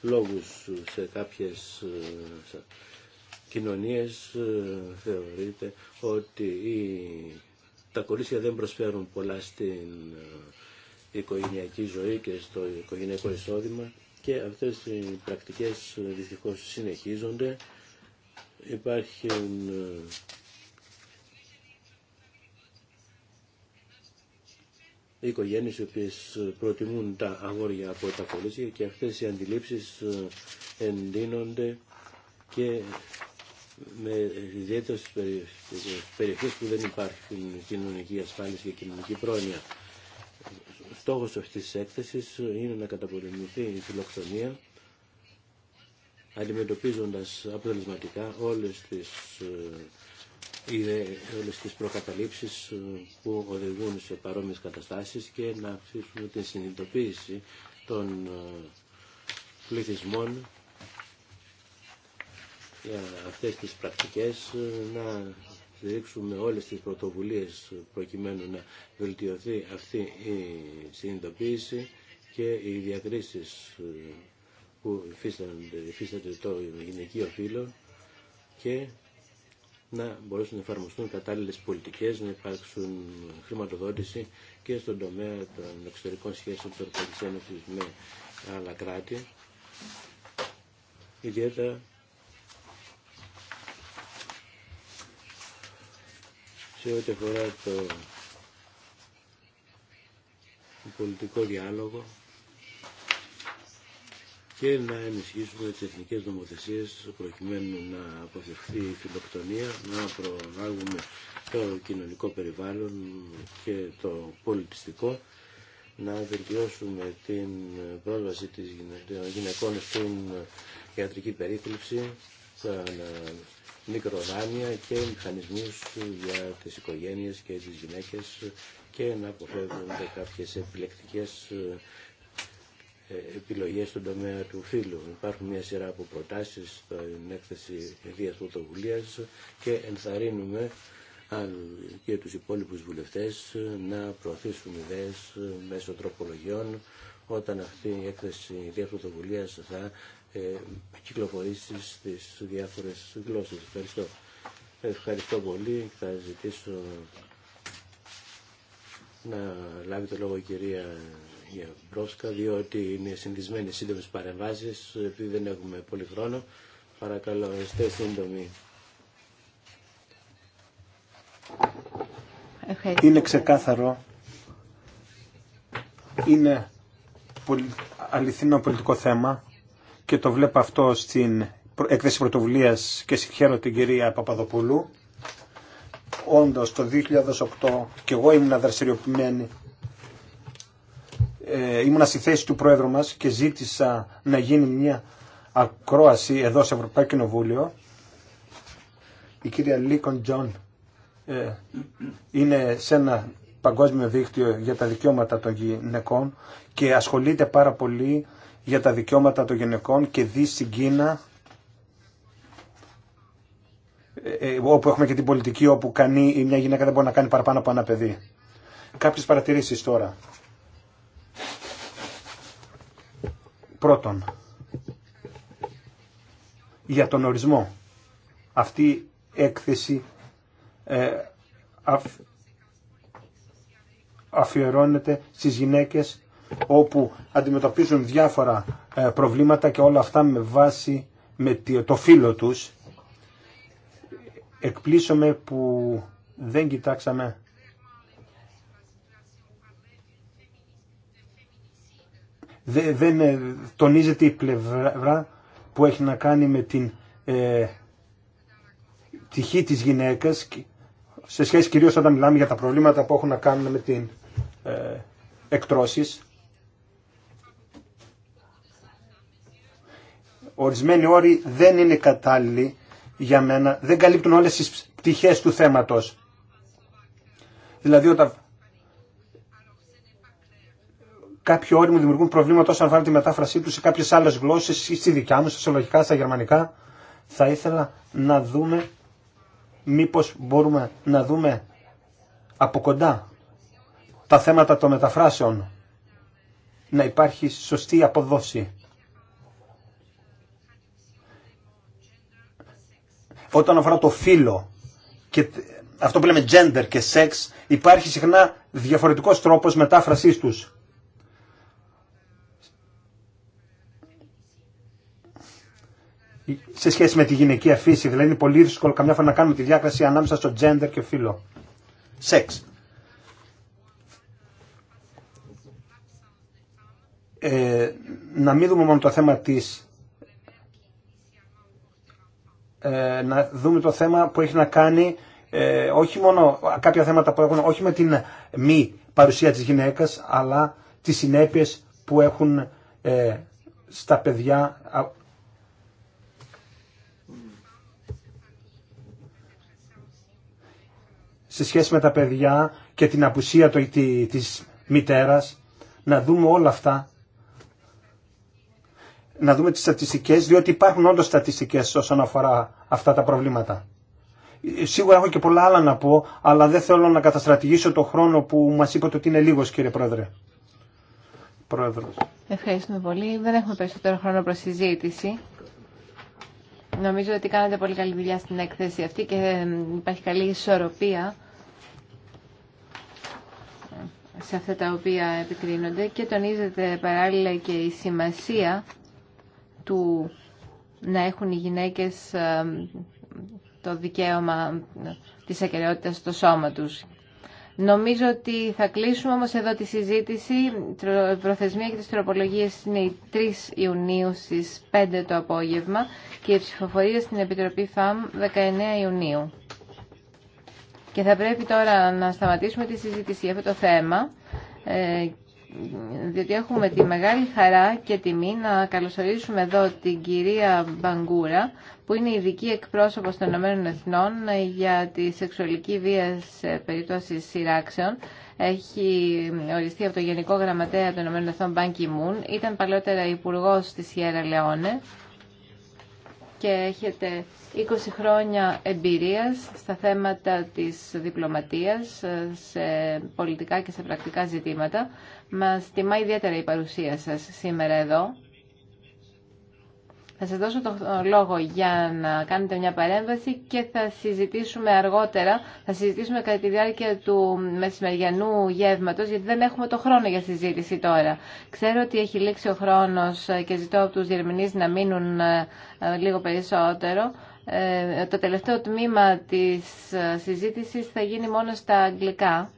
λόγους σε κάποιες ε, κοινωνίες ε, θεωρείται ότι οι... τα κορίτσια δεν προσφέρουν πολλά στην ε, οικογενειακή ζωή και στο οικογενειακό εισόδημα και αυτές οι πρακτικές δυστυχώς συνεχίζονται. Υπάρχουν οικογένειες οι οποίες ε, προτιμούν τα αγόρια από τα κορίτσια και αυτές οι αντιλήψεις ε, εντείνονται και με ιδιαίτερε περιοχές που δεν υπάρχουν κοινωνική ασφάλιση και κοινωνική πρόνοια. Στόχος αυτής της έκθεσης ε, είναι να καταπολεμηθεί η φιλοκτονία αντιμετωπίζοντας αποτελεσματικά όλες τις όλες τις προκαταλήψεις ε, που οδηγούν σε παρόμοιες καταστάσεις και να αυξήσουμε την συνειδητοποίηση των ε, πληθυσμών για αυτές τις πρακτικές, ε, να δείξουμε όλες τις πρωτοβουλίες προκειμένου να βελτιωθεί αυτή η συνειδητοποίηση και οι διακρίσεις που υφίστανται το γυναικείο φύλλο και να μπορέσουν να εφαρμοστούν κατάλληλες πολιτικές, να υπάρξουν χρηματοδότηση και στον τομέα των εξωτερικών σχέσεων των Ευρωπαϊκής Ένωσης με άλλα κράτη. Ιδιαίτερα σε ό,τι αφορά το πολιτικό διάλογο και να ενισχύσουμε τις εθνικές νομοθεσίες προκειμένου να αποφευχθεί η φιλοκτονία, να προλάβουμε το κοινωνικό περιβάλλον και το πολιτιστικό, να βελτιώσουμε την πρόσβαση της γυναικών στην ιατρική περίθλιψη, στα μικροδάνεια και μηχανισμούς για τις οικογένειες και τις γυναίκες και να αποφεύγονται κάποιες επιλεκτικές ε, επιλογές στον τομέα του φύλου. Υπάρχουν μια σειρά από προτάσεις στην έκθεση ιδίας πρωτοβουλία και ενθαρρύνουμε και τους υπόλοιπους βουλευτές να προωθήσουν ιδέες μέσω τροπολογιών όταν αυτή η έκθεση ιδίας πρωτοβουλία θα ε, κυκλοφορήσει στις διάφορες γλώσσες. Ευχαριστώ. Ευχαριστώ πολύ. Θα ζητήσω να λάβει το λόγο η κυρία για Μπρόσκα, διότι είναι συνδυσμένε σύντομε παρεμβάσει, επειδή δεν έχουμε πολύ χρόνο. Παρακαλώ, είστε σύντομοι. Είναι ξεκάθαρο. Είναι αληθινό πολιτικό θέμα και το βλέπω αυτό στην έκθεση πρωτοβουλία και συγχαίρω την κυρία Παπαδοπούλου. Όντω το 2008 και εγώ ήμουν δραστηριοποιημένη ε, ήμουνα στη θέση του Πρόεδρου μας και ζήτησα να γίνει μια ακρόαση εδώ σε Ευρωπαϊκό Κοινοβούλιο. Η κυρία Λίκον Τζον ε, είναι σε ένα παγκόσμιο δίκτυο για τα δικαιώματα των γυναικών και ασχολείται πάρα πολύ για τα δικαιώματα των γυναικών και δει στην Κίνα ε, όπου έχουμε και την πολιτική όπου κανεί, μια γυναίκα δεν μπορεί να κάνει παραπάνω από ένα παιδί. Κάποιες παρατηρήσεις τώρα Πρώτον, για τον ορισμό. Αυτή η έκθεση ε, αφιερώνεται στις γυναίκες όπου αντιμετωπίζουν διάφορα ε, προβλήματα και όλα αυτά με βάση με το φίλο τους. Εκπλήσωμε που δεν κοιτάξαμε δεν ε, τονίζεται η πλευρά που έχει να κάνει με την ε, τυχή της γυναίκας σε σχέση κυρίως όταν μιλάμε για τα προβλήματα που έχουν να κάνουν με την ε, εκτρώσεις. Ορισμένοι όροι δεν είναι κατάλληλοι για μένα, δεν καλύπτουν όλες τις πτυχές του θέματος. Δηλαδή όταν κάποιοι όροι μου δημιουργούν προβλήματα όσον αφορά τη μετάφρασή του σε κάποιε άλλε γλώσσε, ή στη δικιά μου, στα συλλογικά, στα γερμανικά. Θα ήθελα να δούμε μήπως μπορούμε να δούμε από κοντά τα θέματα των μεταφράσεων να υπάρχει σωστή αποδόση. Όταν αφορά το φύλλο και αυτό που λέμε gender και sex υπάρχει συχνά διαφορετικός τρόπος μετάφρασής τους. σε σχέση με τη γυναικεία φύση. Δηλαδή είναι πολύ δύσκολο καμιά φορά να κάνουμε τη διάκριση ανάμεσα στο gender και φύλλο. Σεξ. Ε, να μην δούμε μόνο το θέμα της ε, να δούμε το θέμα που έχει να κάνει ε, όχι μόνο κάποια θέματα που έχουν όχι με την μη παρουσία της γυναίκας αλλά τις συνέπειες που έχουν ε, στα παιδιά σε σχέση με τα παιδιά και την απουσία της μητέρας, να δούμε όλα αυτά, να δούμε τις στατιστικές, διότι υπάρχουν όντως στατιστικές όσον αφορά αυτά τα προβλήματα. Σίγουρα έχω και πολλά άλλα να πω, αλλά δεν θέλω να καταστρατηγήσω το χρόνο που μας είπατε ότι είναι λίγος κύριε Πρόεδρε. Πρόεδρος. Ευχαριστούμε πολύ. Δεν έχουμε περισσότερο χρόνο προς συζήτηση. Νομίζω ότι κάνατε πολύ καλή δουλειά στην έκθεση αυτή και ε, υπάρχει καλή ισορροπία σε αυτά τα οποία επικρίνονται και τονίζεται παράλληλα και η σημασία του να έχουν οι γυναίκες ε, το δικαίωμα της ακεραιότητας στο σώμα τους. Νομίζω ότι θα κλείσουμε όμως εδώ τη συζήτηση. Η προθεσμία και τις τροπολογίες είναι οι 3 Ιουνίου στις 5 το απόγευμα και η ψηφοφορία στην Επιτροπή ΦΑΜ 19 Ιουνίου. Και θα πρέπει τώρα να σταματήσουμε τη συζήτηση για αυτό το θέμα ε, διότι έχουμε τη μεγάλη χαρά και τιμή να καλωσορίσουμε εδώ την κυρία Μπαγκούρα, που είναι ειδική εκπρόσωπο των Ηνωμένων Εθνών για τη σεξουαλική βία σε περίπτωση σειράξεων. Έχει οριστεί από το Γενικό Γραμματέα των Ηνωμένων Εθνών Μουν. ήταν παλαιότερα υπουργό στη Σιέρα Λεόνε και έχετε 20 χρόνια εμπειρίας στα θέματα της διπλωματίας σε πολιτικά και σε πρακτικά ζητήματα. Μας τιμά ιδιαίτερα η παρουσία σας σήμερα εδώ. Θα σας δώσω τον λόγο για να κάνετε μια παρέμβαση και θα συζητήσουμε αργότερα, θα συζητήσουμε κατά τη διάρκεια του μεσημεριανού γεύματος, γιατί δεν έχουμε το χρόνο για συζήτηση τώρα. Ξέρω ότι έχει λήξει ο χρόνος και ζητώ από τους διερμηνείς να μείνουν ε, λίγο περισσότερο. Ε, το τελευταίο τμήμα της ε, συζήτησης θα γίνει μόνο στα αγγλικά.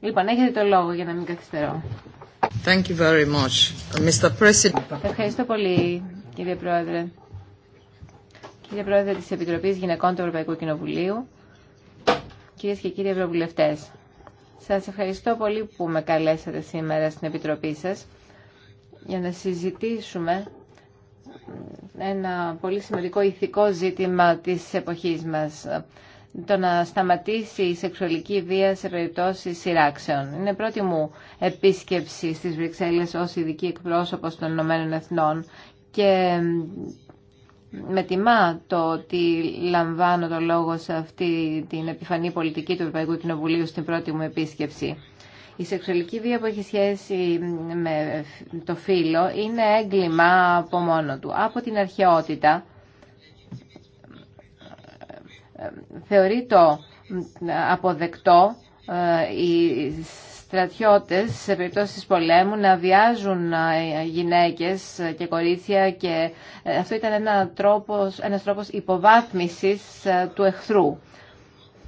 Λοιπόν, έχετε το λόγο για να μην καθυστερώ. Ευχαριστώ πολύ, κύριε Πρόεδρε. Κύριε Πρόεδρε της Επιτροπής Γυναικών του Ευρωπαϊκού Κοινοβουλίου, κυρίες και κύριοι Ευρωβουλευτές, σας ευχαριστώ πολύ που με καλέσατε σήμερα στην Επιτροπή σας για να συζητήσουμε ένα πολύ σημαντικό ηθικό ζήτημα της εποχής μας το να σταματήσει η σεξουαλική βία σε περιπτώσει σειράξεων. Είναι πρώτη μου επίσκεψη στις Βρυξέλλες ως ειδική εκπρόσωπος των Ηνωμένων Εθνών και με τιμά το ότι λαμβάνω το λόγο σε αυτή την επιφανή πολιτική του Ευρωπαϊκού Κοινοβουλίου στην πρώτη μου επίσκεψη. Η σεξουαλική βία που έχει σχέση με το φύλλο είναι έγκλημα από μόνο του. Από την αρχαιότητα θεωρεί το αποδεκτό ε, οι στρατιώτες σε περιπτώσεις πολέμου να βιάζουν ε, γυναίκες και κορίτσια και ε, αυτό ήταν ένα τρόπος, ένας τρόπος υποβάθμισης του εχθρού.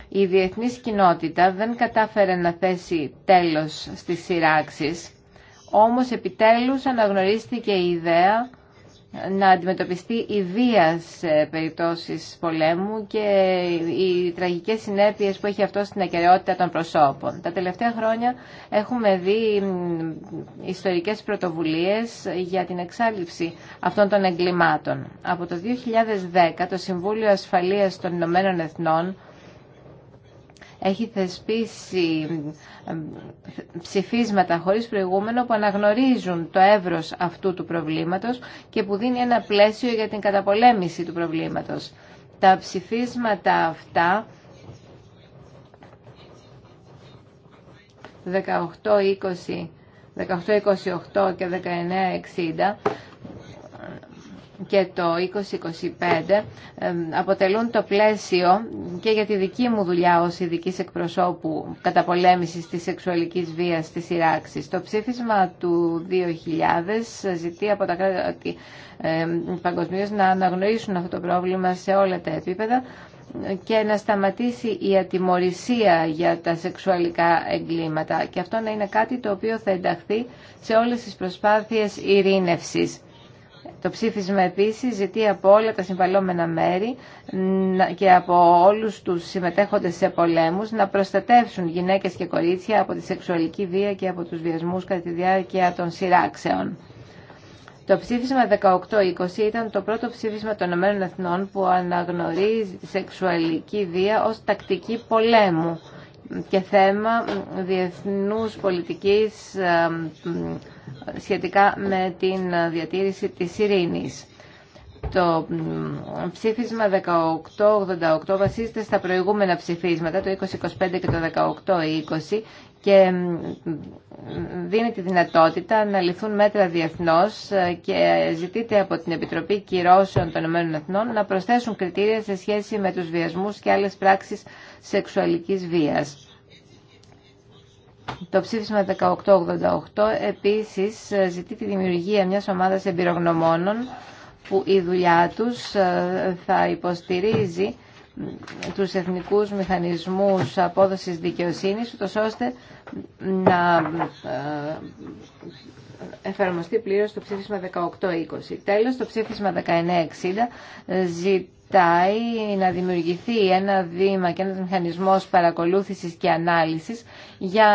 Η διεθνής κοινότητα δεν κατάφερε να θέσει τέλος στις σειράξεις, όμως επιτέλους αναγνωρίστηκε η ιδέα να αντιμετωπιστεί η βία σε περιπτώσεις πολέμου και οι τραγικές συνέπειες που έχει αυτό στην ακαιρεότητα των προσώπων. Τα τελευταία χρόνια έχουμε δει ιστορικές πρωτοβουλίες για την εξάλληψη αυτών των εγκλημάτων. Από το 2010 το Συμβούλιο Ασφαλείας των Ηνωμένων Εθνών έχει θεσπίσει ψηφίσματα χωρίς προηγούμενο που αναγνωρίζουν το εύρος αυτού του προβλήματος και που δίνει ένα πλαίσιο για την καταπολέμηση του προβλήματος. Τα ψηφίσματα αυτά 18 18-28 και 19-60 και το 2025 αποτελούν το πλαίσιο και για τη δική μου δουλειά ως ειδική εκπροσώπου καταπολέμησης της σεξουαλικής βίας της σειράξης. Το ψήφισμα του 2000 ζητεί από τα κράτη παγκοσμίω να αναγνωρίσουν αυτό το πρόβλημα σε όλα τα επίπεδα και να σταματήσει η ατιμορρησία για τα σεξουαλικά εγκλήματα και αυτό να είναι κάτι το οποίο θα ενταχθεί σε όλες τις προσπάθειες ειρήνευσης το ψήφισμα επίσης ζητεί από όλα τα συμβαλόμενα μέρη και από όλους τους συμμετέχοντες σε πολέμους να προστατεύσουν γυναίκες και κορίτσια από τη σεξουαλική βία και από τους βιασμούς κατά τη διάρκεια των σειράξεων. Το ψήφισμα 18-20 ήταν το πρώτο ψήφισμα των ΗΠΑ που αναγνωρίζει τη σεξουαλική βία ως τακτική πολέμου και θέμα διεθνούς πολιτικής ε, σχετικά με την διατήρηση της ειρήνης. Το ψήφισμα 1888 βασίζεται στα προηγούμενα ψηφίσματα, το 2025 και το 1820 και δίνει τη δυνατότητα να ληφθούν μέτρα διεθνώς ε, και ζητείται από την Επιτροπή Κυρώσεων των Ηνωμένων να προσθέσουν κριτήρια σε σχέση με τους βιασμούς και άλλες πράξεις σεξουαλικής βίας. Το ψήφισμα 1888 επίσης ε, ζητεί τη δημιουργία μιας ομάδας εμπειρογνωμόνων που η δουλειά τους ε, θα υποστηρίζει τους εθνικούς μηχανισμούς απόδοσης δικαιοσύνης, ώστε να ε, εφαρμοστεί πλήρως το ψήφισμα 18-20. Τέλος, το ψήφισμα 19-60 ζητάει να δημιουργηθεί ένα βήμα και ένα μηχανισμό παρακολούθησης και ανάλυσης για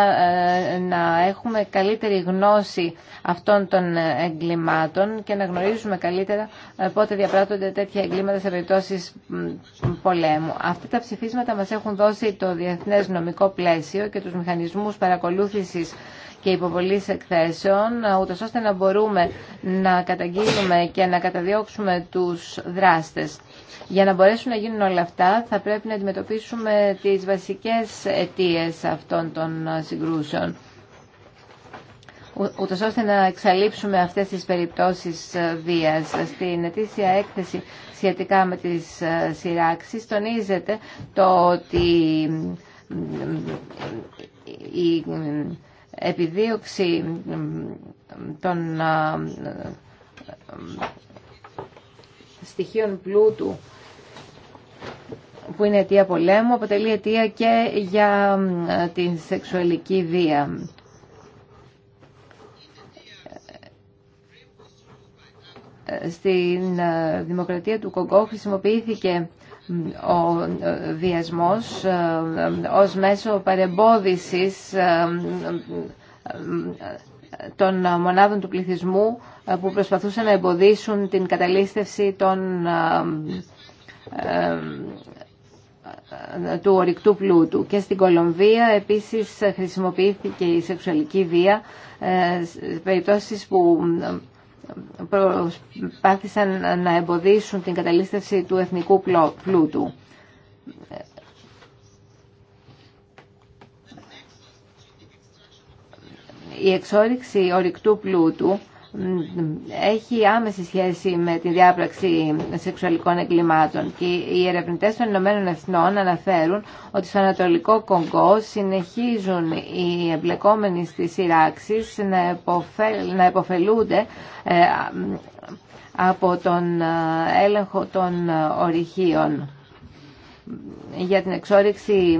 ε, να έχουμε καλύτερη γνώση αυτών των εγκλημάτων και να γνωρίζουμε καλύτερα ε, πότε διαπράττονται τέτοια εγκλήματα σε περιπτώσεις πολέμου. Αυτά τα ψηφίσματα μα έχουν δώσει το διεθνές νομικό πλαίσιο και του μηχανισμού παρακολούθηση και υποβολή εκθέσεων, ε, ούτω ώστε να μπορούμε να καταγγείλουμε και να καταδιώξουμε τους δράστες. Για να μπορέσουν να γίνουν όλα αυτά, θα πρέπει να αντιμετωπίσουμε τι βασικέ αιτίε αυτών των ε, συγκρούσεων ούτως ώστε να εξαλείψουμε αυτές τις περιπτώσεις ε, βίας. Στην ετήσια έκθεση σχετικά με τις σειράξεις τονίζεται το ότι επιδίωξη των στοιχείων πλούτου που είναι αιτία πολέμου αποτελεί αιτία και για την σεξουαλική βία. Στην ε, δημοκρατία του Κογκό χρησιμοποιήθηκε ο ε, βιασμός ε, ε, ως μέσο παρεμπόδισης των μονάδων του πληθυσμού που προσπαθούσαν να εμποδίσουν την καταλήστευση των, του ορυκτού πλούτου. Και στην Κολομβία επίσης χρησιμοποιήθηκε η σεξουαλική βία σε περιπτώσεις που προσπάθησαν να εμποδίσουν την καταλήστευση του εθνικού πλούτου. Η εξόριξη ορυκτού πλούτου έχει άμεση σχέση με τη διάπραξη σεξουαλικών εγκλημάτων και οι ερευνητές των Ηνωμένων Εθνών αναφέρουν ότι στο Ανατολικό Κονγκό συνεχίζουν οι εμπλεκόμενοι στις σειράξεις να εποφελούνται ε, από τον ε, έλεγχο των ορυχείων για την εξόριξη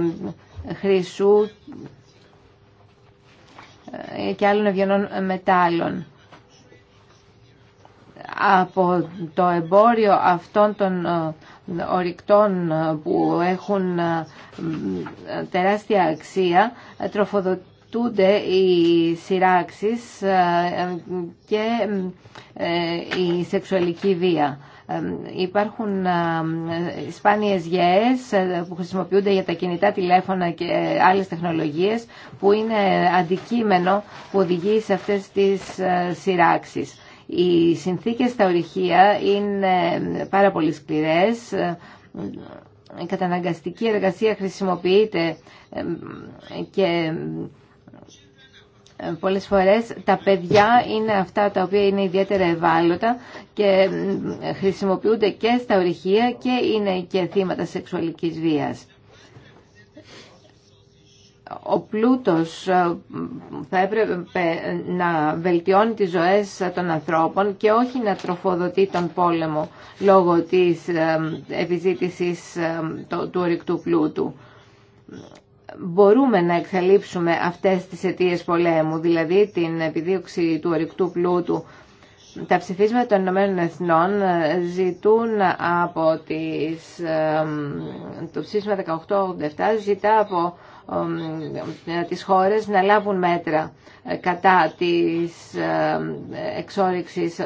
χρυσού ε, και άλλων ευγενών μετάλλων από το εμπόριο αυτών των ε, ορυκτών ε, που έχουν ε, τεράστια αξία τροφοδοτούνται οι σειράξεις και η σεξουαλική βία. Υπάρχουν σπάνιες γέες που χρησιμοποιούνται για τα κινητά τηλέφωνα και άλλες τεχνολογίες που είναι αντικείμενο που οδηγεί σε αυτές τις σειράξεις. Οι συνθήκες στα ορυχεία είναι πάρα πολύ σκληρές. Η καταναγκαστική εργασία χρησιμοποιείται και πολλές φορές τα παιδιά είναι αυτά τα οποία είναι ιδιαίτερα ευάλωτα και χρησιμοποιούνται και στα ορυχεία και είναι και θύματα σεξουαλικής βίας ο πλούτος ε, θα έπρεπε ε, να βελτιώνει τις ζωές των ανθρώπων και όχι να τροφοδοτεί τον πόλεμο λόγω της ε, επιζήτησης του ορυκτού πλούτου. Μπορούμε να εξαλείψουμε αυτές τις αιτίες πολέμου, δηλαδή την επιδίωξη του ορυκτού πλούτου. Τα ψηφίσματα των Ηνωμένων Εθνών ζητούν από τις... το ψήφισμα 1887 ζητά από ε, τις χώρες να λάβουν μέτρα ε, κατά της ε, εξόριξης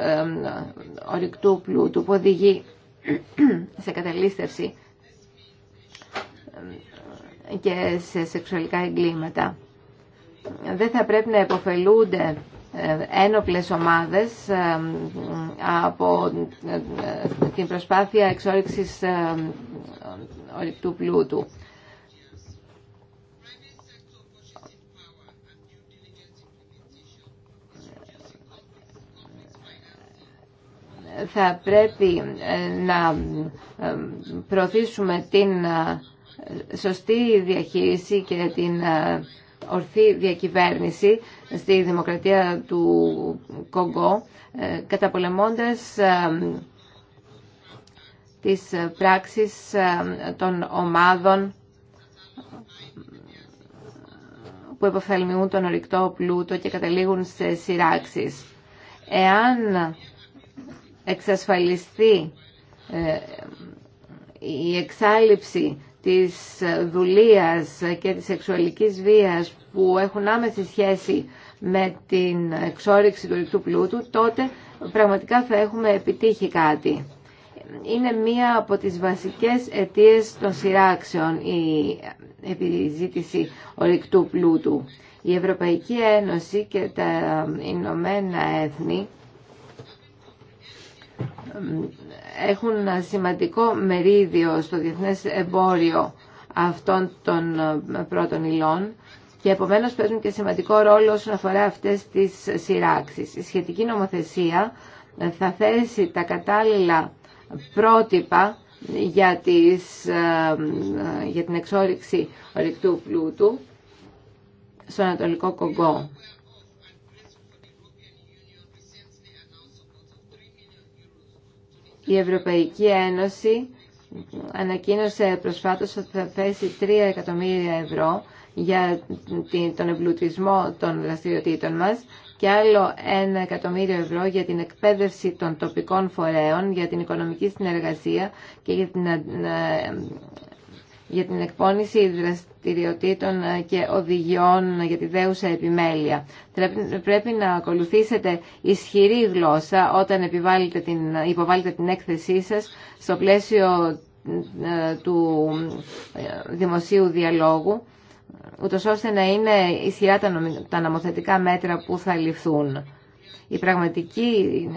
ορυκτού πλούτου που οδηγεί σε καταλήστευση και σε σεξουαλικά εγκλήματα. Δεν θα πρέπει να υποφελούνται ένοπλες ομάδες από την προσπάθεια εξόριξης ορυκτού πλούτου. θα πρέπει ε, να ε, προωθήσουμε την ε, σωστή διαχείριση και την ορθή διακυβέρνηση στη δημοκρατία του Κογκό καταπολεμώντας τις πράξεις των ομάδων που επωφελμιούν τον ορυκτό πλούτο και καταλήγουν σε σειράξεις. Εάν εξασφαλιστεί ε, η εξάλληψη της δουλείας και της σεξουαλικής βίας που έχουν άμεση σχέση με την εξόριξη του ρηκτού πλούτου, τότε πραγματικά θα έχουμε επιτύχει κάτι. Είναι μία από τις βασικές αιτίες των σειράξεων η επιζήτηση ορυκτού πλούτου. Η Ευρωπαϊκή Ένωση και τα Ηνωμένα Έθνη έχουν ένα σημαντικό μερίδιο στο διεθνές εμπόριο αυτών των ε, πρώτων υλών και επομένως παίζουν και σημαντικό ρόλο όσον αφορά αυτές τις σειράξεις. Η σχετική νομοθεσία ε, θα θέσει τα κατάλληλα πρότυπα για, τις, ε, την εξόριξη ορυκτού πλούτου στον Ανατολικό Κογκό. Η Ευρωπαϊκή Ένωση ανακοίνωσε προσφάτως ότι θα θέσει 3 εκατομμύρια ευρώ για τον εμπλουτισμό των δραστηριοτήτων μας και άλλο 1 εκατομμύριο ευρώ για την εκπαίδευση των τοπικών φορέων, για την οικονομική συνεργασία και για την ε, για την εκπόνηση δραστηριοτήτων και οδηγιών για τη δέουσα επιμέλεια. Πρέπει να ακολουθήσετε ισχυρή γλώσσα όταν επιβάλλετε την, υποβάλλετε την έκθεσή σας στο πλαίσιο ε, του ε, δημοσίου διαλόγου, ούτως ώστε να είναι ισχυρά τα νομοθετικά μέτρα που θα ληφθούν. Η πραγματική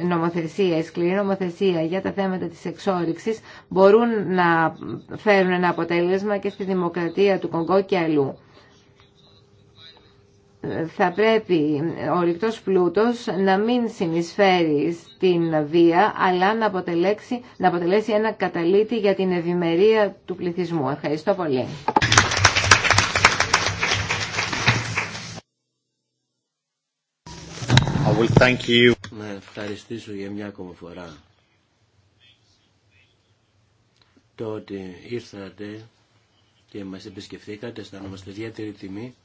νομοθεσία, η σκληρή νομοθεσία για τα θέματα της εξόριξης μπορούν να φέρουν ένα αποτέλεσμα και στη δημοκρατία του Κονγκό και αλλού. Θα πρέπει ο ρηκτός πλούτος να μην συνεισφέρει στην βία, αλλά να, αποτελέσει, να αποτελέσει ένα καταλήτη για την ευημερία του πληθυσμού. Ευχαριστώ πολύ. thank you. Να ευχαριστήσω για μια ακόμα φορά το ότι ήρθατε και μας επισκεφθήκατε, αισθανόμαστε ιδιαίτερη τιμή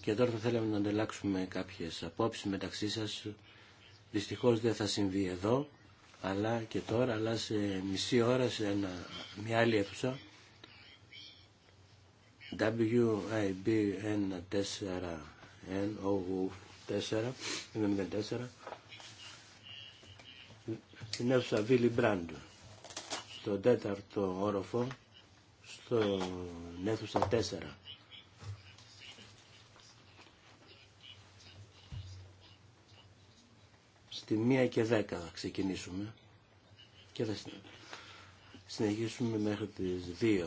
και τώρα θα θέλαμε να ανταλλάξουμε κάποιες απόψεις μεταξύ σας. Δυστυχώς δεν θα συμβεί εδώ, αλλά και τώρα, αλλά σε μισή ώρα σε ένα, μια άλλη αίθουσα. WIB 4 4 στην αίθουσα Βίλι Μπραντ, στον τέταρτο όροφο, στο αίθουσα 4. Στη 1 και 10 θα ξεκινήσουμε και θα συνεχίσουμε μέχρι τις 2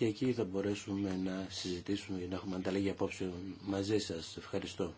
και εκεί θα μπορέσουμε να συζητήσουμε, να έχουμε ανταλλαγή απόψε μαζί σας. Ευχαριστώ.